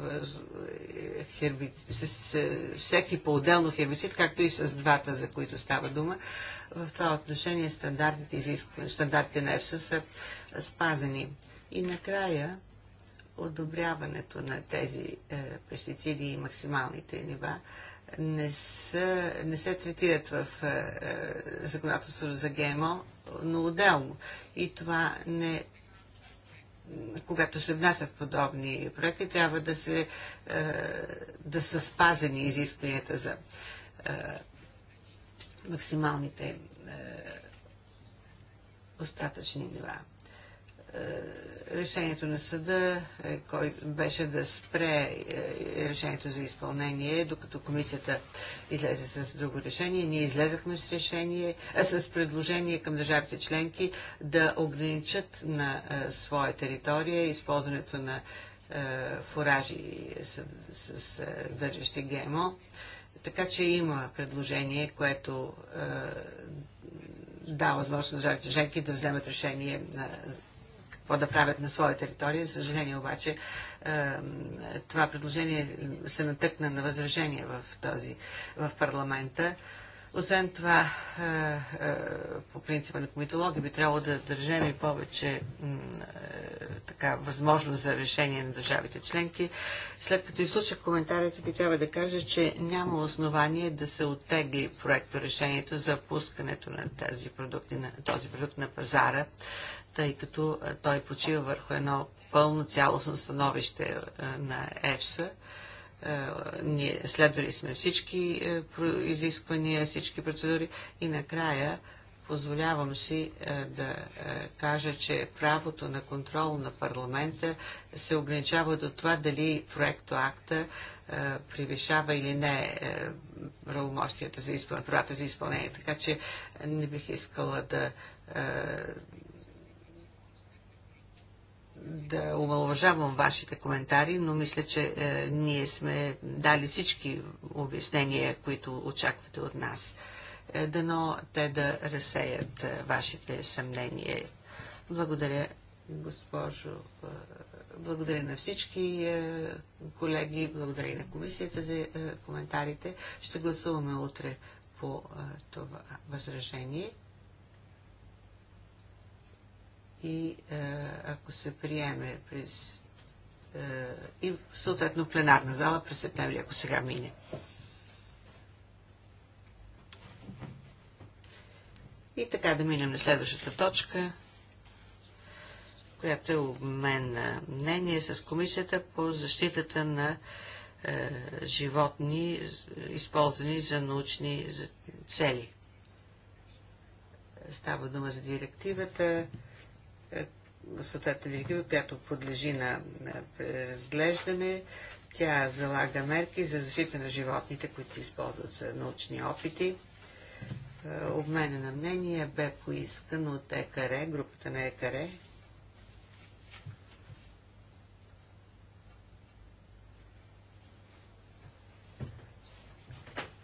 е, с всеки по-отделно хербицид, както и с двата, за които става дума. В това отношение стандартите, стандартите на ЕФСА са спазени. И накрая, одобряването на тези е, пестициди и максималните нива не, са, не се третират в е, е, законодателството за ГМО, но отделно. И това не когато се внася в подобни проекти, трябва да, се, е, да са спазени изискванията за е, максималните е, остатъчни нива. Е, решението на съда, е, кой беше да спре е, решението за изпълнение, докато комисията излезе с друго решение. Ние излезахме с решение, с предложение към държавите членки да ограничат на своя територия използването на фуражи с, държащи ГМО. Така че има предложение, което дава възможност държавите членки да вземат решение на какво да правят на своя територия. За съжаление обаче това предложение се натъкна на възражение в, този, в парламента. Освен това, е, е, по принципа на комитология би трябвало да държем и повече е, така, възможност за решение на държавите членки. След като изслушах коментарите, би трябва да кажа, че няма основание да се оттегли проекто решението за пускането на, тази продукти, на този продукт на пазара тъй като е, той почива върху едно пълно цялостно становище е, на ЕФСА. Е, ние следвали сме всички изисквания, всички процедури и накрая позволявам си да кажа, че правото на контрол на парламента се ограничава до това дали проектоакта превишава или не правомощията за изпълнение, правата за изпълнение. Така че не бих искала да да омалуважавам вашите коментари, но мисля, че е, ние сме дали всички обяснения, които очаквате от нас. Е, дано те да разсеят е, вашите съмнения. Благодаря, госпожо. Е, благодаря на всички е, колеги, благодаря и на комисията за е, коментарите. Ще гласуваме утре по е, това възражение и е, ако се приеме през е, и съответно пленарна зала през септември, ако сега мине. И така да минем на следващата точка, която е обмен на мнение с Комисията по защитата на е, животни, използвани за научни цели. Става дума за директивата съответна директива, която подлежи на, разглеждане. Тя залага мерки за защита на животните, които се използват за научни опити. Е, обмена на мнение бе поискан от ЕКР, групата на ЕКАРЕ.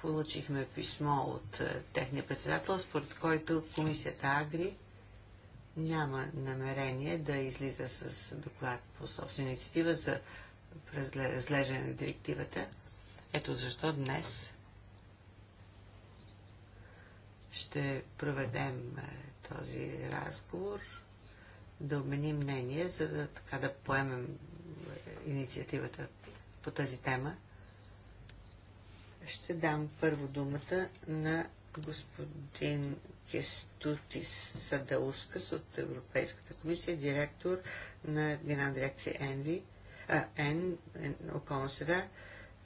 Получихме писмо от е, техния председател, според който комисията Агри няма намерение да излиза с доклад по собствена инициатива за разглеждане на директивата. Ето защо днес ще проведем е, този разговор, да обменим мнение, за да, така, да поемем е, инициативата по тази тема. Ще дам първо думата на господин Кестутис Садаускас от Европейската комисия, директор на Генерална дирекция Енви, а, Н, околна среда,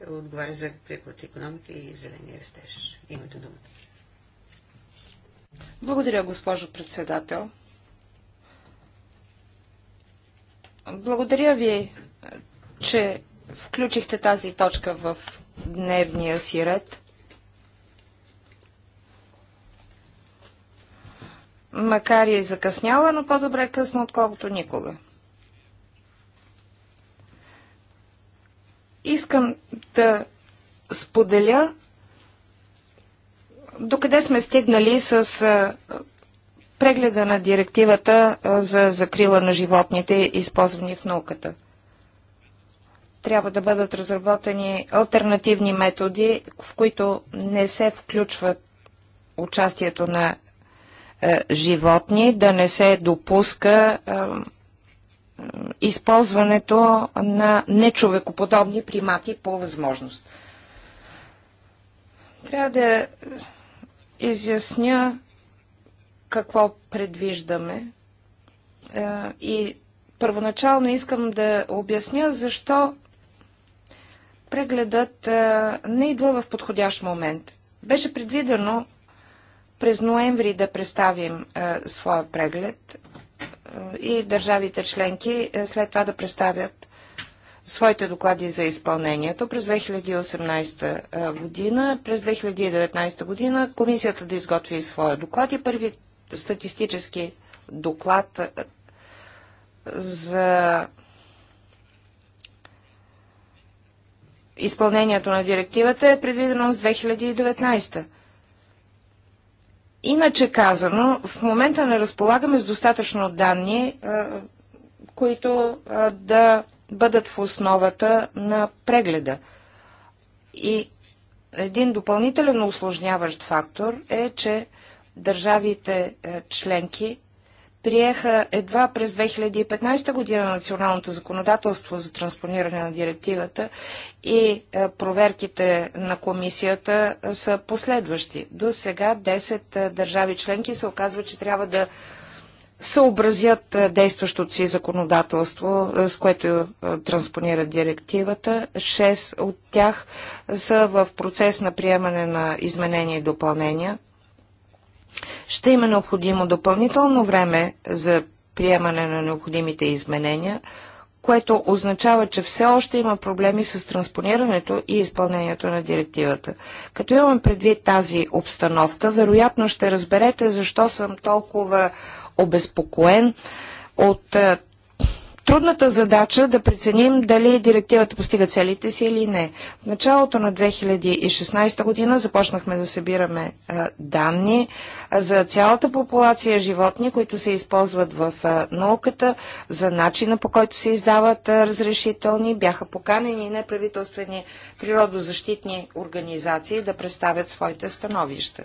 отговаря за прекота економика и зеления растеж. Имате думата. Благодаря, госпожо председател. Благодаря ви, че включихте тази точка в дневния си ред. макар и закъсняла, но по-добре късно, отколкото никога. Искам да споделя докъде сме стигнали с прегледа на директивата за закрила на животните, използвани в науката. Трябва да бъдат разработени альтернативни методи, в които не се включват участието на е, животни, да не се допуска е, използването на нечовекоподобни примати по възможност. Трябва да изясня какво предвиждаме е, и първоначално искам да обясня защо прегледът не идва в подходящ момент. Беше предвидено през ноември да представим а, е, своя преглед е, и държавите членки е, след това да представят своите доклади за изпълнението през 2018 година. През 2019 година комисията да изготви своя доклад и първи статистически доклад за изпълнението на директивата е предвидено с 2019. Иначе казано, в момента не разполагаме с достатъчно данни, които да бъдат в основата на прегледа. И един допълнителен усложняващ фактор е, че държавите е, членки приеха едва през 2015 година националното законодателство за транспониране на директивата и е, проверките на комисията е, са последващи. До сега 10 е, държави членки се оказва, че трябва да съобразят действащото си законодателство, с което транспонира директивата. Шест от тях са в процес на приемане на изменения и допълнения. Ще има необходимо допълнително време за приемане на необходимите изменения, което означава, че все още има проблеми с транспонирането и изпълнението на директивата. Като имам предвид тази обстановка, вероятно ще разберете защо съм толкова обезпокоен от трудната задача да преценим дали директивата постига целите си или не. В началото на 2016 година започнахме да събираме данни за цялата популация животни, които се използват в науката, за начина по който се издават разрешителни. Бяха поканени неправителствени природозащитни организации да представят своите становища.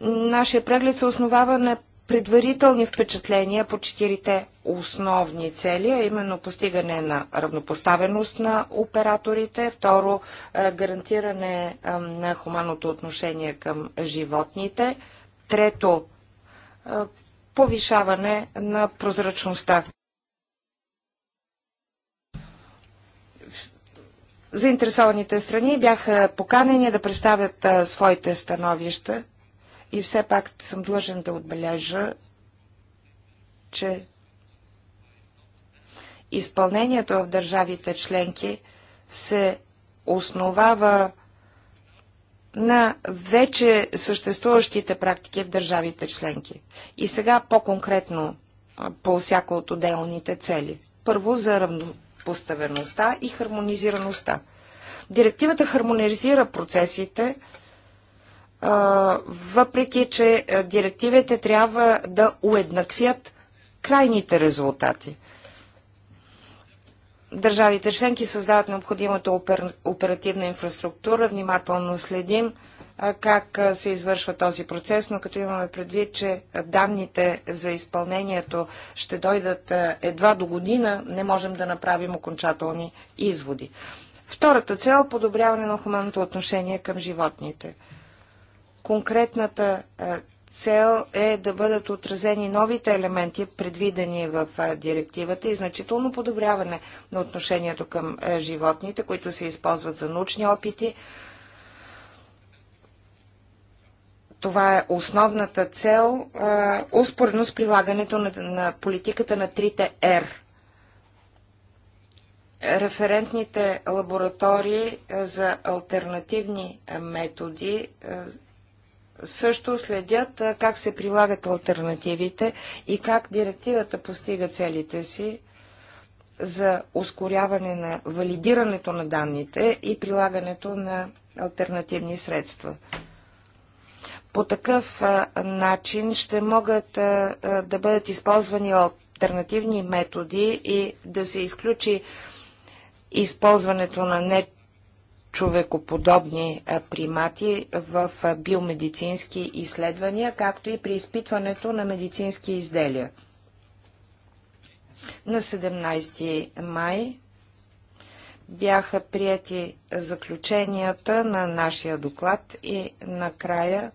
Нашия преглед се основава на предварителни впечатления по четирите основни цели, а именно постигане на равнопоставеност на операторите, второ е, гарантиране е, на хуманното отношение към животните, трето е, повишаване на прозрачността. Заинтересованите страни бяха поканени да представят своите становища и все пак съм длъжен да отбележа, че изпълнението в държавите членки се основава на вече съществуващите практики в държавите членки. И сега по-конкретно по всяко от отделните цели. Първо за равнопоставеността и хармонизираността. Директивата хармонизира процесите, въпреки че директивите трябва да уеднаквят крайните резултати. Държавите членки създават необходимата опер... оперативна инфраструктура, внимателно следим как се извършва този процес, но като имаме предвид, че данните за изпълнението ще дойдат едва до година, не можем да направим окончателни изводи. Втората цел – подобряване на хуманното отношение към животните – конкретната цел е да бъдат отразени новите елементи, предвидени в директивата и значително подобряване на отношението към животните, които се използват за научни опити. Това е основната цел, успоредно с прилагането на, на политиката на трите R. Референтните лаборатории за альтернативни методи също следят как се прилагат альтернативите и как директивата постига целите си за ускоряване на валидирането на данните и прилагането на альтернативни средства. По такъв начин ще могат да бъдат използвани альтернативни методи и да се изключи използването на не човекоподобни примати в биомедицински изследвания, както и при изпитването на медицински изделия. На 17 май бяха прияти заключенията на нашия доклад и накрая,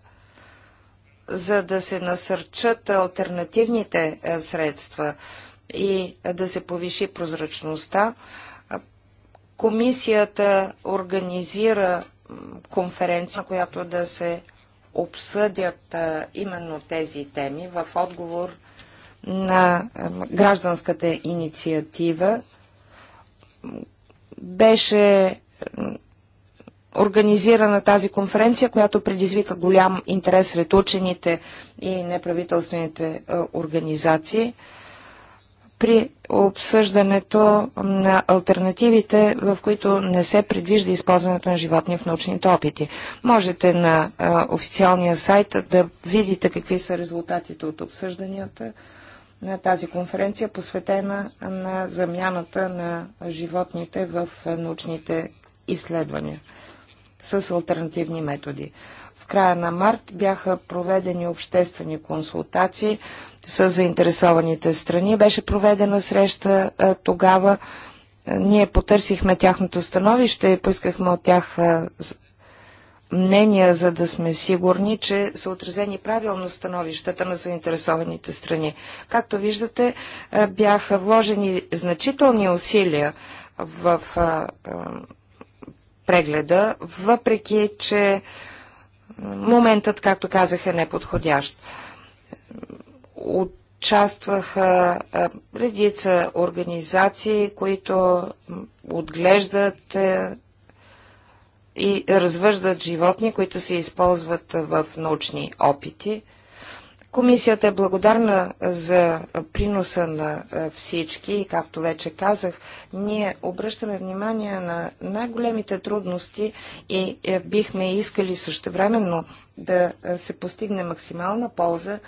за да се насърчат альтернативните средства и да се повиши прозрачността, Комисията организира конференция, на която да се обсъдят именно тези теми в отговор на гражданската инициатива. Беше организирана тази конференция, която предизвика голям интерес сред учените и неправителствените организации – при обсъждането на альтернативите, в които не се предвижда използването на животни в научните опити. Можете на а, официалния сайт да видите какви са резултатите от обсъжданията на тази конференция, посветена на замяната на животните в научните изследвания с альтернативни методи. В края на март бяха проведени обществени консултации с заинтересованите страни. Беше проведена среща тогава. Ние потърсихме тяхното становище и поискахме от тях мнения, за да сме сигурни, че са отразени правилно становищата на заинтересованите страни. Както виждате, бяха вложени значителни усилия в прегледа, въпреки че моментът, както казах, е неподходящ участваха редица организации, които отглеждат е, и развъждат животни, които се използват в научни опити. Комисията е благодарна за приноса на е, всички и, както вече казах, ние обръщаме внимание на най-големите трудности и е, бихме искали същевременно да се постигне максимална полза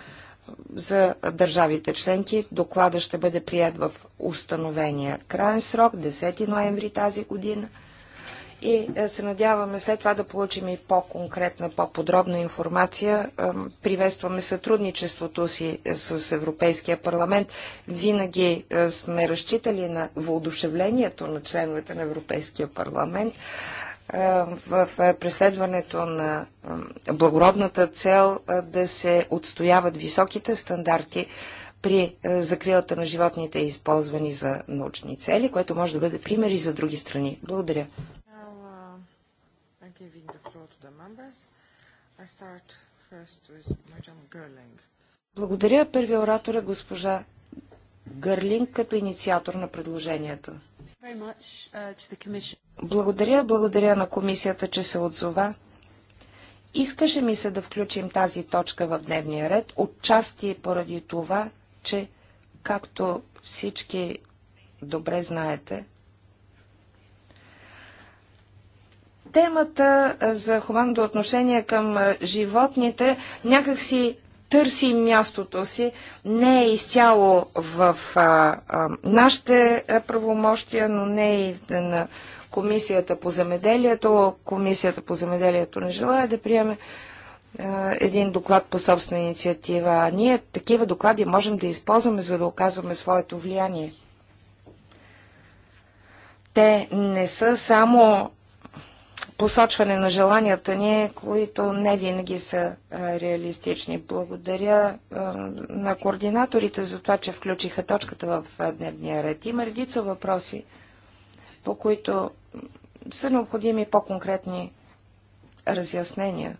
за държавите членки. Доклада ще бъде прият в установения крайен срок, 10 ноември тази година. И е, се надяваме след това да получим и по-конкретна, по-подробна информация. Е, приветстваме сътрудничеството си е, с Европейския парламент. Винаги сме разчитали на воодушевлението на членовете на Европейския парламент. Е, в е, преследването на е, благородната цел да се отстояват високите стандарти при закрилата на животните, използвани за научни цели, което може да бъде пример и за други страни. Благодаря. Uh, Благодаря първи оратора госпожа Гърлинг като инициатор на предложението. Uh, благодаря, благодаря на комисията, че се отзова. Искаше ми се да включим тази точка в дневния ред, отчасти е поради това, че, както всички добре знаете, темата за хуманното отношение към животните някакси търси мястото си, не е изцяло в а, а, нашите правомощия, но не и на Комисията по земеделието. Комисията по земеделието не желая да приеме а, един доклад по собствена инициатива. А ние такива доклади можем да използваме, за да оказваме своето влияние. Те не са само посочване на желанията ни, които не винаги са реалистични. Благодаря на координаторите за това, че включиха точката в дневния ред. Има редица въпроси, по които са необходими по-конкретни разяснения.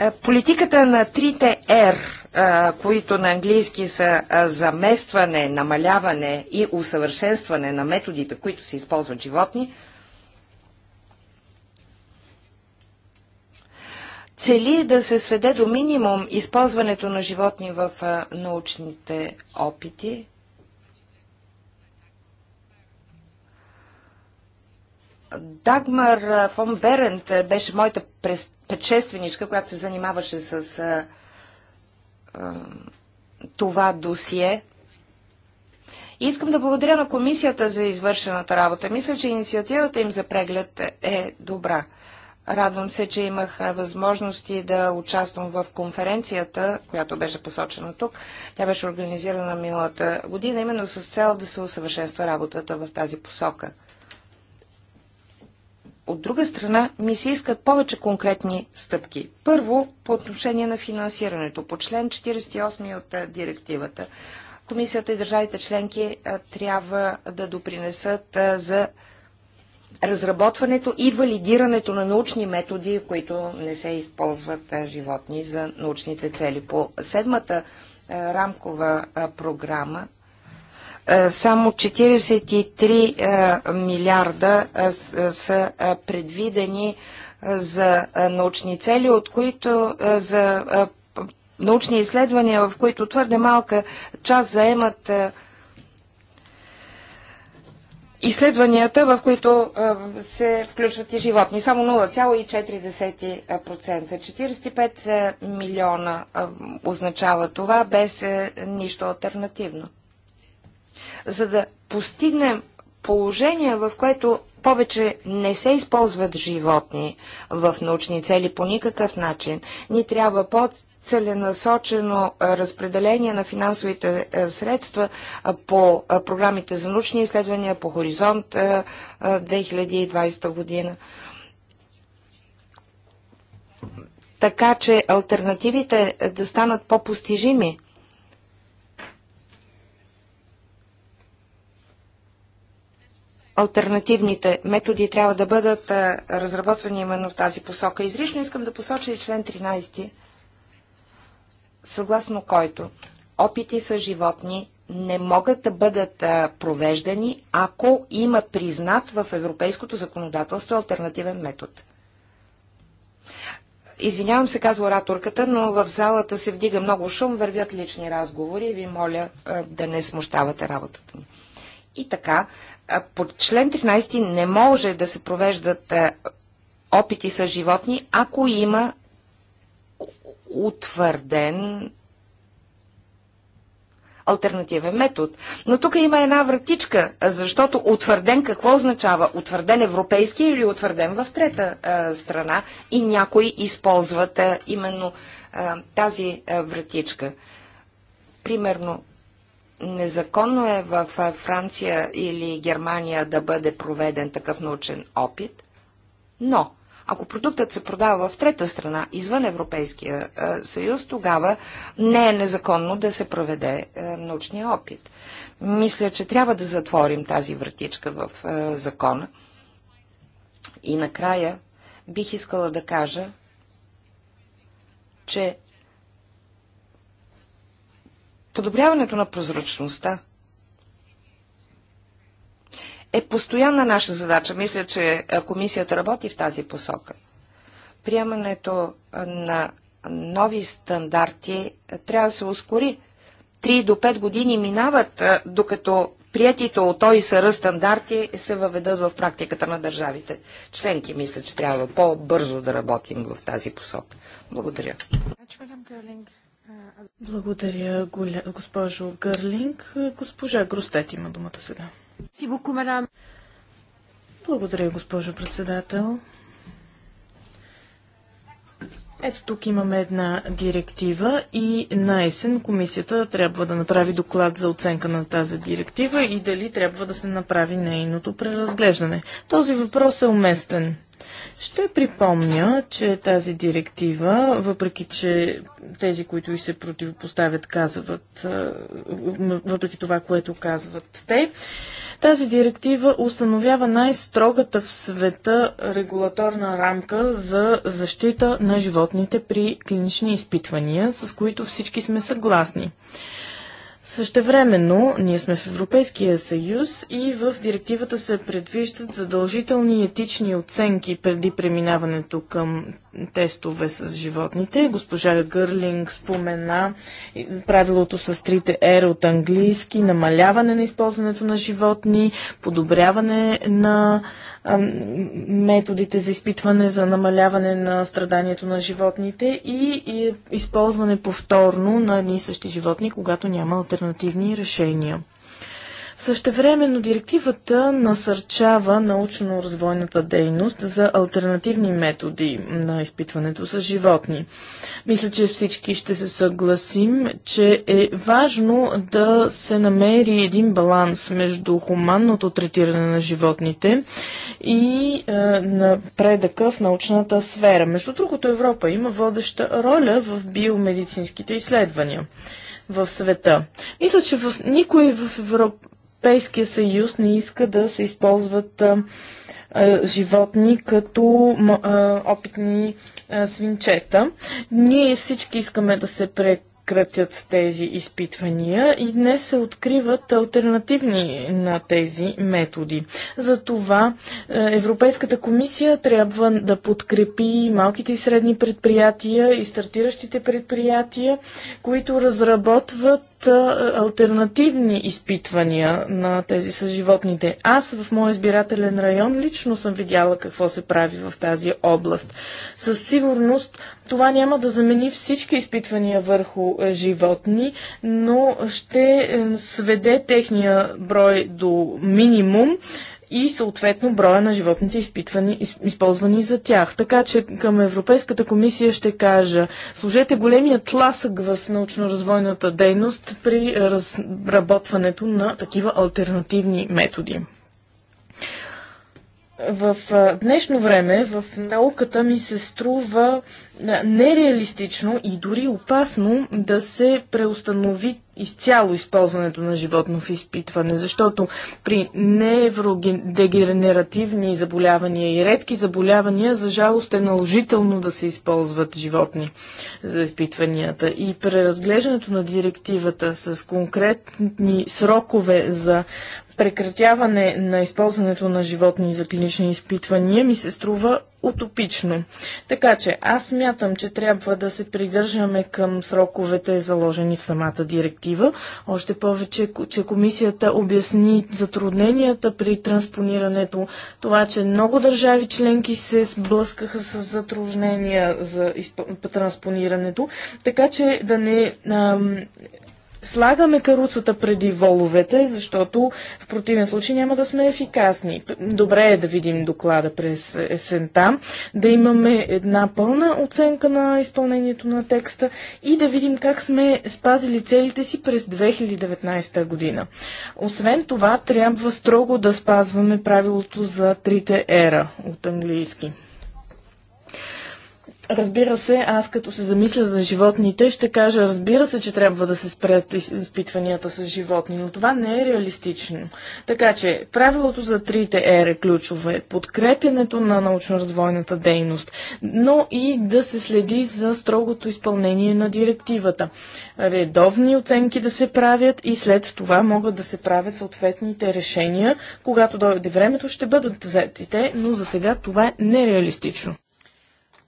Е, политиката на трите R, е, които на английски са е, заместване, намаляване и усъвършенстване на методите, които се използват животни, цели да се сведе до минимум използването на животни в научните опити, Дагмар фон Берент беше моята представителна предшественичка, която се занимаваше с а, а, това досие. И искам да благодаря на комисията за извършената работа. Мисля, че инициативата им за преглед е добра. Радвам се, че имах възможности да участвам в конференцията, която беше посочена тук. Тя беше организирана миналата година, именно с цел да се усъвършенства работата в тази посока от друга страна ми се искат повече конкретни стъпки. Първо, по отношение на финансирането. По член 48 от директивата, комисията и държавите членки трябва да допринесат за разработването и валидирането на научни методи, които не се използват животни за научните цели. По седмата рамкова програма е, само 43 е, милиарда е, са предвидени за научни цели, от които за научни изследвания, в които твърде малка част заемат изследванията, в които се включват и животни. Само 0,4%. 45 милиона означава това без нищо альтернативно за да постигнем положение, в което повече не се използват животни в научни цели по никакъв начин. Ни трябва по-целенасочено разпределение на финансовите средства по програмите за научни изследвания по Хоризонт 2020 година. Така че альтернативите да станат по-постижими. альтернативните методи трябва да бъдат разработвани именно в тази посока. Изрично искам да посоча и член 13, съгласно който опити с животни не могат да бъдат провеждани, ако има признат в европейското законодателство альтернативен метод. Извинявам се, казва ораторката, но в залата се вдига много шум, вървят лични разговори и ви моля да не смущавате работата ни. И така, по член 13 не може да се провеждат е, опити с животни, ако има утвърден альтернативен метод. Но тук има една вратичка, е, защото утвърден какво означава? Утвърден европейски или утвърден в трета а, е, страна и някои използват а, именно а, тази а, вратичка. Примерно Незаконно е в Франция или Германия да бъде проведен такъв научен опит, но ако продуктът се продава в трета страна, извън Европейския е, съюз, тогава не е незаконно да се проведе е, научния опит. Мисля, че трябва да затворим тази вратичка в е, закона. И накрая бих искала да кажа, че подобряването на прозрачността е постоянна наша задача. Мисля, че комисията работи в тази посока. Приемането на нови стандарти трябва да се ускори. Три до пет години минават, докато приятите от ОИСР стандарти се въведат в практиката на държавите. Членки мисля, че трябва по-бързо да работим в тази посока. Благодаря. Благодаря, госпожо Гърлинг. Госпожа Грустет има думата сега. Благодаря, госпожо председател. Ето тук имаме една директива и на есен комисията трябва да направи доклад за оценка на тази директива и дали трябва да се направи нейното преразглеждане. Този въпрос е уместен. Ще припомня, че тази директива, въпреки че тези, които и се противопоставят, казват, въпреки това, което казват те, тази директива установява най-строгата в света регулаторна рамка за защита на животните при клинични изпитвания, с които всички сме съгласни. Същевременно, ние сме в Европейския съюз и в директивата се предвиждат задължителни етични оценки преди преминаването към тестове с животните. Госпожа Гърлинг спомена правилото с трите ера от английски, намаляване на използването на животни, подобряване на методите за изпитване за намаляване на страданието на животните и, и използване повторно на едни и същи животни, когато няма альтернативни решения. Същевременно директивата насърчава научно-развойната дейност за альтернативни методи на изпитването с животни. Мисля, че всички ще се съгласим, че е важно да се намери един баланс между хуманното третиране на животните и е, напредъка в научната сфера. Между другото, Европа има водеща роля в биомедицинските изследвания в света. Мисля, че в никой в Европа Европейския съюз не иска да се използват а, а, животни като а, опитни свинчета. Ние всички искаме да се прекратят тези изпитвания и днес се откриват альтернативни на тези методи. Затова Европейската комисия трябва да подкрепи малките и средни предприятия и стартиращите предприятия, които разработват альтернативни изпитвания на тези с животните. Аз в моя избирателен район лично съм видяла какво се прави в тази област. Със сигурност това няма да замени всички изпитвания върху животни, но ще сведе техния брой до минимум и съответно броя на животните изпитвани, използвани за тях. Така че към Европейската комисия ще кажа, служете големият тласък в научно-развойната дейност при разработването на такива альтернативни методи. В днешно време в науката ми се струва нереалистично и дори опасно да се преустанови изцяло използването на животно в изпитване, защото при невродегенеративни заболявания и редки заболявания, за жалост е наложително да се използват животни за изпитванията. И преразглеждането на директивата с конкретни срокове за прекратяване на използването на животни за клинични изпитвания ми се струва утопично. Така че аз смятам, че трябва да се придържаме към сроковете заложени в самата директива. Още повече, че комисията обясни затрудненията при транспонирането, това, че много държави членки се сблъскаха с затруднения за изп... транспонирането, така че да не ам, слагаме каруцата преди воловете, защото в противен случай няма да сме ефикасни. Добре е да видим доклада през есента, да имаме една пълна оценка на изпълнението на текста и да видим как сме спазили целите си през 2019 година. Освен това, трябва строго да спазваме правилото за трите ера от английски. Разбира се, аз като се замисля за животните, ще кажа, разбира се, че трябва да се спрят изпитванията с животни, но това не е реалистично. Така че, правилото за трите е ключове, е подкрепянето на научно-развойната дейност, но и да се следи за строгото изпълнение на директивата. Редовни оценки да се правят и след това могат да се правят съответните решения. Когато дойде времето, ще бъдат взетите, но за сега това е нереалистично.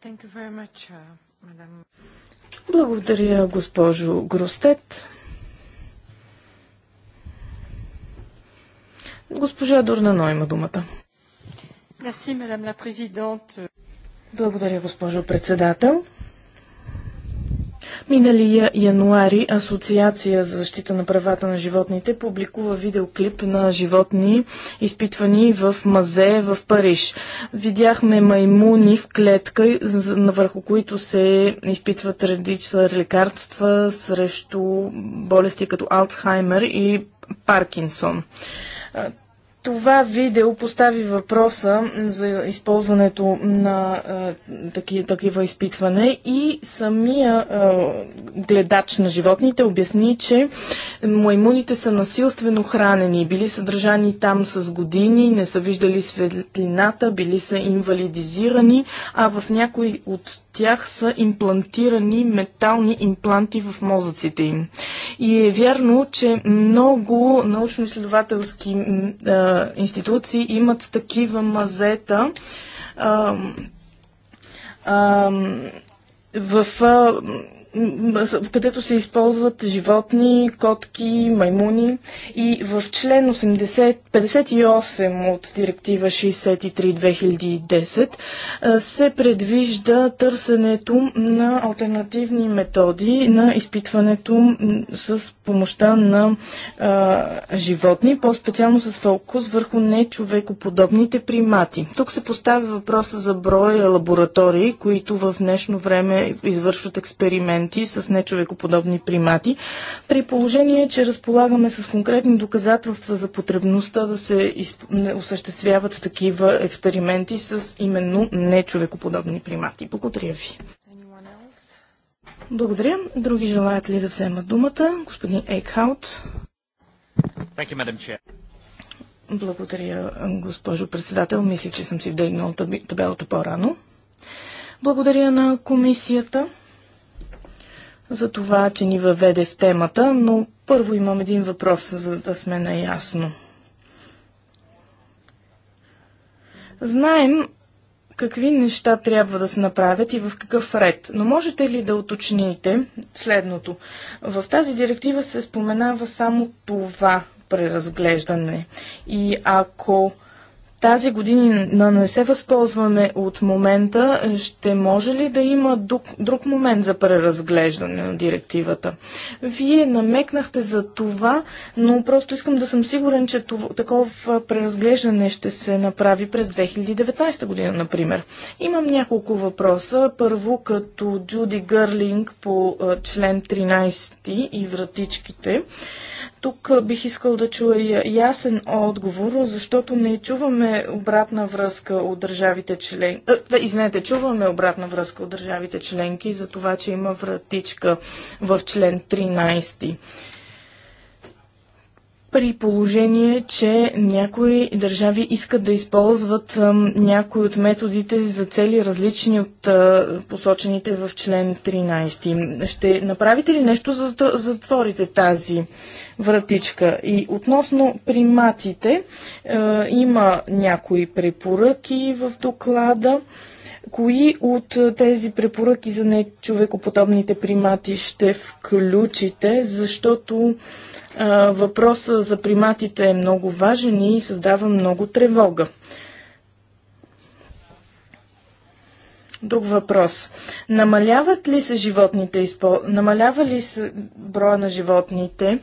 Uh, Благодаря, госпожо Гростет. Госпожа Дорнано има думата. Благодаря, госпожо председател. Миналия януари Асоциация за защита на правата на животните публикува видеоклип на животни, изпитвани в мазе в Париж. Видяхме маймуни в клетка, върху които се изпитват редица лекарства срещу болести като Алцхаймер и Паркинсон. Това видео постави въпроса за използването на а, е, такива, такива изпитване и самия а, е, гледач на животните обясни, че маймуните са насилствено хранени, били съдържани там с години, не са виждали светлината, били са инвалидизирани, а в някои от тях са имплантирани метални импланти в мозъците им. И е вярно, че много научно-изследователски институции имат такива мазета. А, а, в а, където се използват животни, котки, маймуни. И в член 80, 58 от директива 63-2010 се предвижда търсенето на альтернативни методи на изпитването с помощта на а, животни, по-специално с фокус върху нечовекоподобните примати. Тук се поставя въпроса за броя лаборатории, които в днешно време извършват експерименти елементи с нечовекоподобни примати, при положение, че разполагаме с конкретни доказателства за потребността да се изп... осъществяват такива експерименти с именно нечовекоподобни примати. Благодаря ви. Благодаря. Други желаят ли да вземат думата? Господин Ейкхаут. Благодаря, госпожо председател. Мисля, че съм си вдигнал табелата по-рано. Благодаря на комисията за това, че ни въведе в темата, но първо имам един въпрос, за да сме наясно. Знаем какви неща трябва да се направят и в какъв ред. Но можете ли да уточните следното? В тази директива се споменава само това преразглеждане. И ако тази година не се възползваме от момента, ще може ли да има друг, друг момент за преразглеждане на директивата? Вие намекнахте за това, но просто искам да съм сигурен, че това, такова преразглеждане ще се направи през 2019 година, например. Имам няколко въпроса. Първо, като Джуди Гърлинг по член 13 и вратичките. Тук бих искал да чуя ясен отговор, защото не чуваме обратна връзка от държавите членки. Да, извинете, чуваме обратна връзка от държавите членки за това, че има вратичка в член 13 при положение, че някои държави искат да използват а, някои от методите за цели различни от а, посочените в член 13. Ще направите ли нещо за да затворите тази вратичка? И относно приматите, а, има някои препоръки в доклада. А, Кои от е, тези препоръки за нечовекоподобните примати ще включите, защото а, е, въпросът за приматите е много важен и създава много тревога. Друг въпрос. Намаляват ли се животните, намалява ли се броя на животните,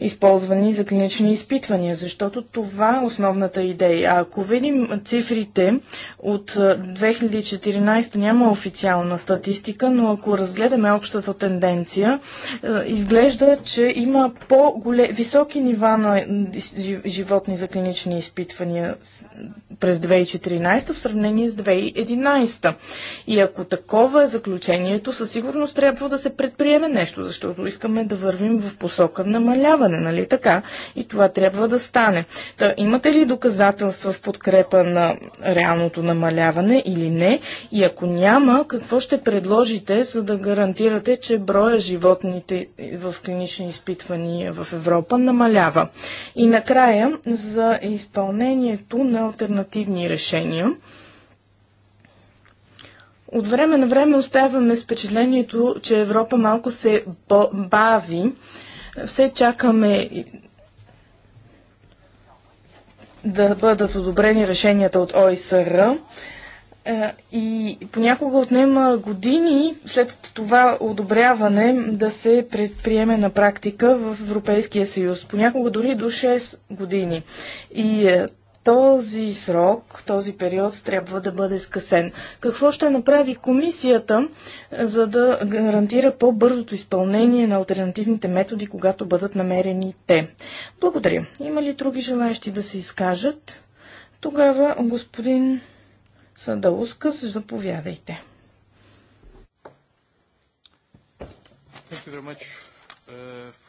използвани за клинични изпитвания? Защото това е основната идея. А ако видим цифрите от 2014, няма официална статистика, но ако разгледаме общата тенденция, изглежда, че има по-високи нива на животни за клинични изпитвания през 2014 в сравнение с 2011. И ако такова е заключението, със сигурност трябва да се предприеме нещо, защото искаме да вървим в посока намаляване, нали така? И това трябва да стане. Та, имате ли доказателства в подкрепа на реалното намаляване или не? И ако няма, какво ще предложите, за да гарантирате, че броя животните в клинични изпитвания в Европа намалява? И накрая, за изпълнението на альтернативни решения. От време на време оставяме с впечатлението, че Европа малко се бави. Все чакаме да бъдат одобрени решенията от ОИСР. Е, и понякога отнема години след това одобряване да се предприеме на практика в Европейския съюз. Понякога дори до 6 години. И е, този срок, този период трябва да бъде скъсен. Какво ще направи комисията, е, за да гарантира по-бързото изпълнение на альтернативните методи, когато бъдат намерени те? Благодаря. Има ли други желаящи да се изкажат? Тогава, господин Садаускас, заповядайте.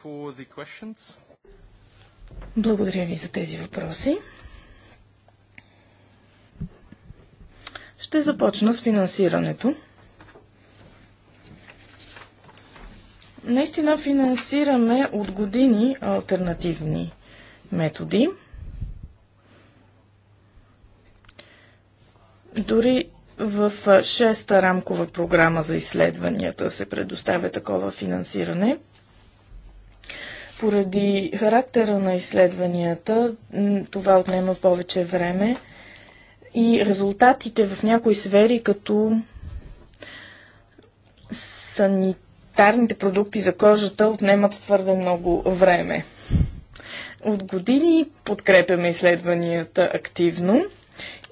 Uh, Благодаря ви за тези въпроси. Ще започна с финансирането. Наистина финансираме от години альтернативни методи. Дори в шеста рамкова програма за изследванията се предоставя такова финансиране. Поради характера на изследванията това отнема повече време и резултатите в някои сфери, като санитарните продукти за кожата, отнемат твърде много време. От години подкрепяме изследванията активно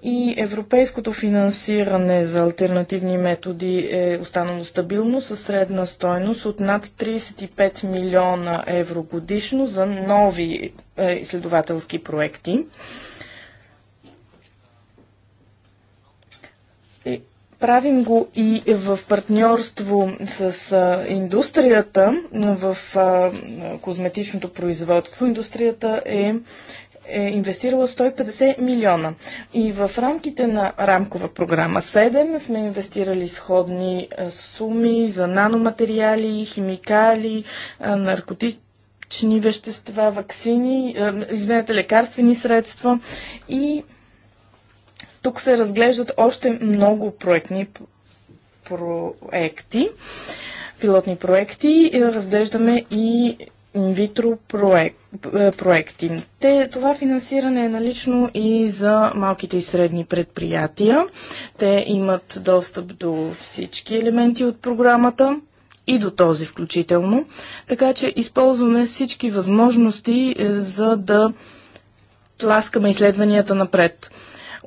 и европейското финансиране за альтернативни методи е останало стабилно със средна стойност от над 35 милиона евро годишно за нови е, изследователски проекти. Правим го и в партньорство с индустрията в козметичното производство. Индустрията е е инвестирала 150 милиона. И в рамките на рамкова програма 7 сме инвестирали сходни суми за наноматериали, химикали, наркотични вещества, вакцини, извинете, лекарствени средства и тук се разглеждат още много проектни проекти, пилотни проекти. Е, разглеждаме и инвитро проект, е, проекти. Те, това финансиране е налично и за малките и средни предприятия. Те имат достъп до всички елементи от програмата и до този включително. Така че използваме всички възможности е, за да тласкаме изследванията напред.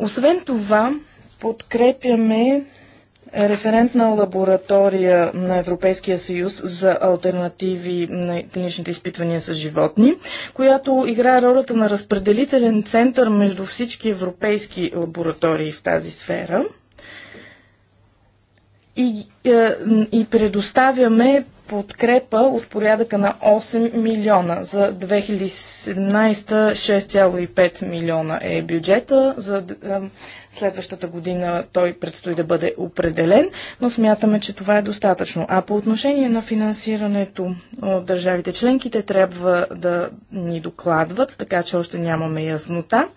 Освен това, подкрепяме референтна лаборатория на Европейския съюз за альтернативи на клиничните изпитвания с животни, която играе ролята на разпределителен център между всички европейски лаборатории в тази сфера. И, е, и предоставяме подкрепа от порядъка на 8 милиона. За 2017 6,5 милиона е бюджета. За следващата година той предстои да бъде определен, но смятаме, че това е достатъчно. А по отношение на финансирането от държавите членките трябва да ни докладват, така че още нямаме яснота.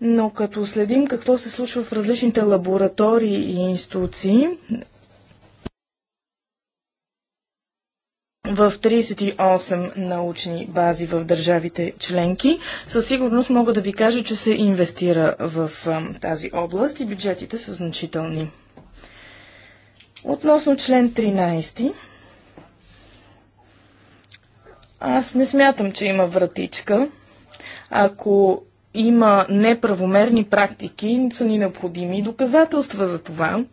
Но като следим какво се случва в различните лаборатории и институции, в 38 научни бази в държавите членки. Със сигурност мога да ви кажа, че се инвестира в тази област и бюджетите са значителни. Относно член 13, аз не смятам, че има вратичка. Ако има неправомерни практики, са ни необходими доказателства за това.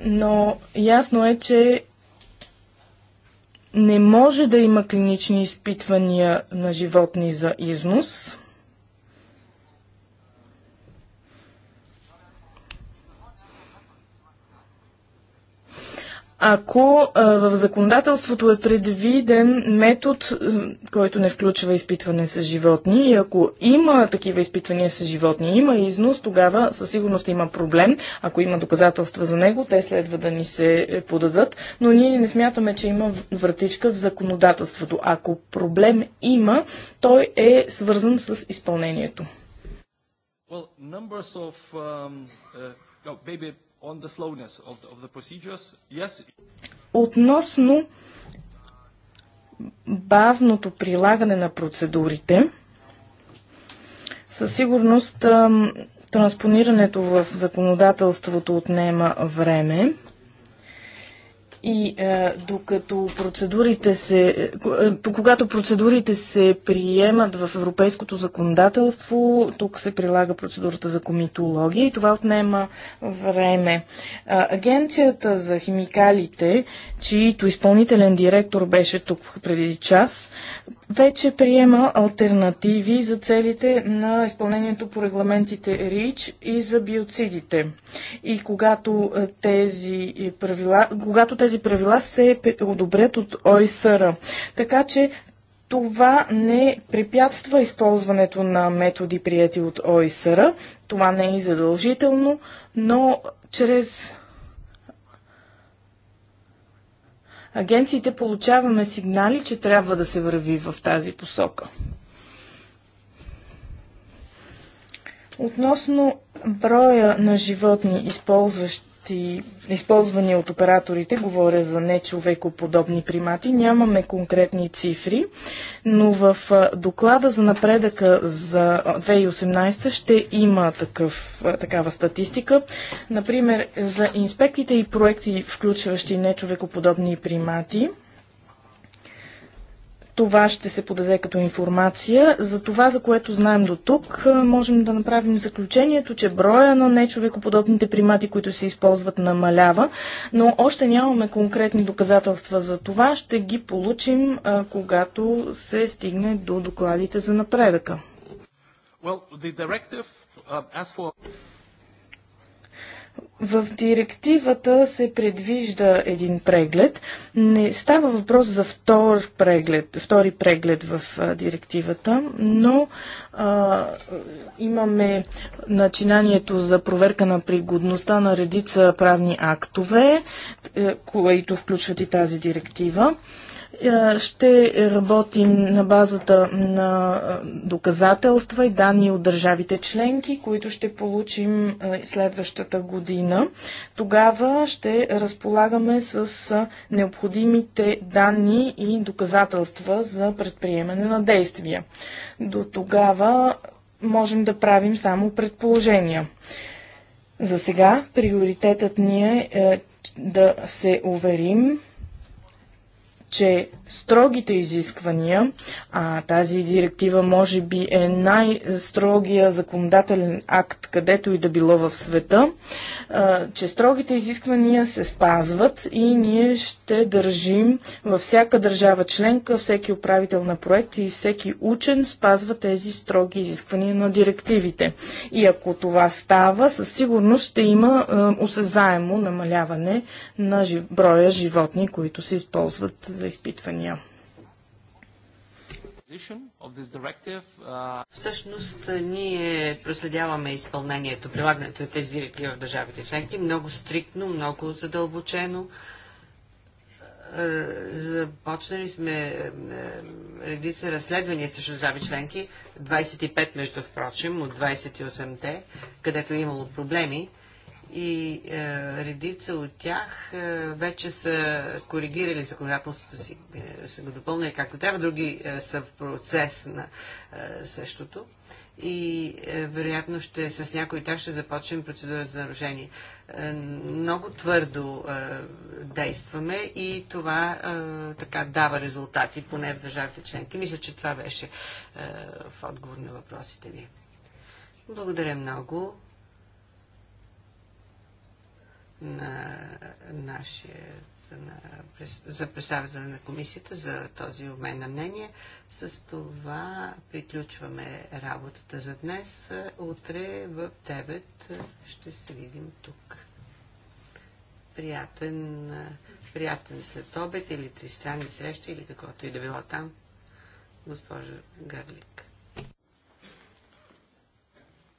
Но ясно е, че не може да има клинични изпитвания на животни за износ. ако в законодателството е предвиден метод, който не включва изпитване с животни и ако има такива изпитвания с животни, има износ, тогава със сигурност има проблем. Ако има доказателства за него, те следва да ни се е, подадат, но ние не смятаме, че има вратичка в законодателството. Ако проблем има, той е свързан с изпълнението. Well, numbers of, um, uh, oh, Относно бавното прилагане на процедурите, със сигурност транспонирането в законодателството отнема време. И е, докато процедурите се, е, е, когато процедурите се приемат в европейското законодателство, тук се прилага процедурата за комитология и това отнема време. Агенцията за химикалите, чието изпълнителен директор беше тук преди час, вече приема альтернативи за целите на изпълнението по регламентите РИЧ и за биоцидите. И когато е, тези е, правила, когато тези правила се одобрят от ОИСР. Така че това не препятства използването на методи, прияти от ОИСР. Това не е задължително, но чрез агенциите получаваме сигнали, че трябва да се върви в тази посока. Относно броя на животни, използващи и използвани от операторите, говоря за нечовекоподобни примати, нямаме конкретни цифри, но в доклада за напредъка за 2018 ще има такъв, такава статистика. Например, за инспектите и проекти, включващи нечовекоподобни примати, това ще се подаде като информация. За това, за което знаем до тук, можем да направим заключението, че броя на нечовекоподобните примати, които се използват, намалява, но още нямаме конкретни доказателства за това. Ще ги получим, когато се стигне до докладите за напредъка. Well, uh, for... В директивата се предвижда един преглед. Не става въпрос за втор преглед, втори преглед в директивата, но а, имаме начинанието за проверка на пригодността на редица правни актове, е, които включват и тази директива. Е, ще работим на базата на е, доказателства и данни от държавите членки, които ще получим е, следващата година. Тогава ще разполагаме с необходимите данни и доказателства за предприемане на действия. До тогава можем да правим само предположения. За сега приоритетът ни е да се уверим, че строгите изисквания, а тази директива може би е най-строгия законодателен акт, където и да било в света, а, че строгите изисквания се спазват и ние ще държим във всяка държава членка, всеки управител на проект и всеки учен спазва тези строги изисквания на директивите. И ако това става, със сигурност ще има е, осезаемо намаляване на жив... броя животни, които се използват за изпитвания решения. Всъщност ние проследяваме изпълнението, прилагането на тези директиви в държавите членки много стриктно, много задълбочено. Започнали сме редица разследвания срещу държави членки, 25 между впрочем, от 28-те, където е имало проблеми и е, редица от тях е, вече са коригирали законодателството си, е, са го допълнили както трябва, други е, са в процес на е, същото и е, вероятно ще, с някои от тях ще започнем процедура за нарушение. Е, много твърдо е, действаме и това е, така дава резултати, поне в държавите членки. Мисля, че това беше е, в отговор на въпросите ви. Благодаря много на нашия на, за представител на комисията за този обмен на мнение. С това приключваме работата за днес. Утре в 9 ще се видим тук. Приятен, приятен след обед или тристранни срещи или каквото и да било там. Госпожо Гарлик.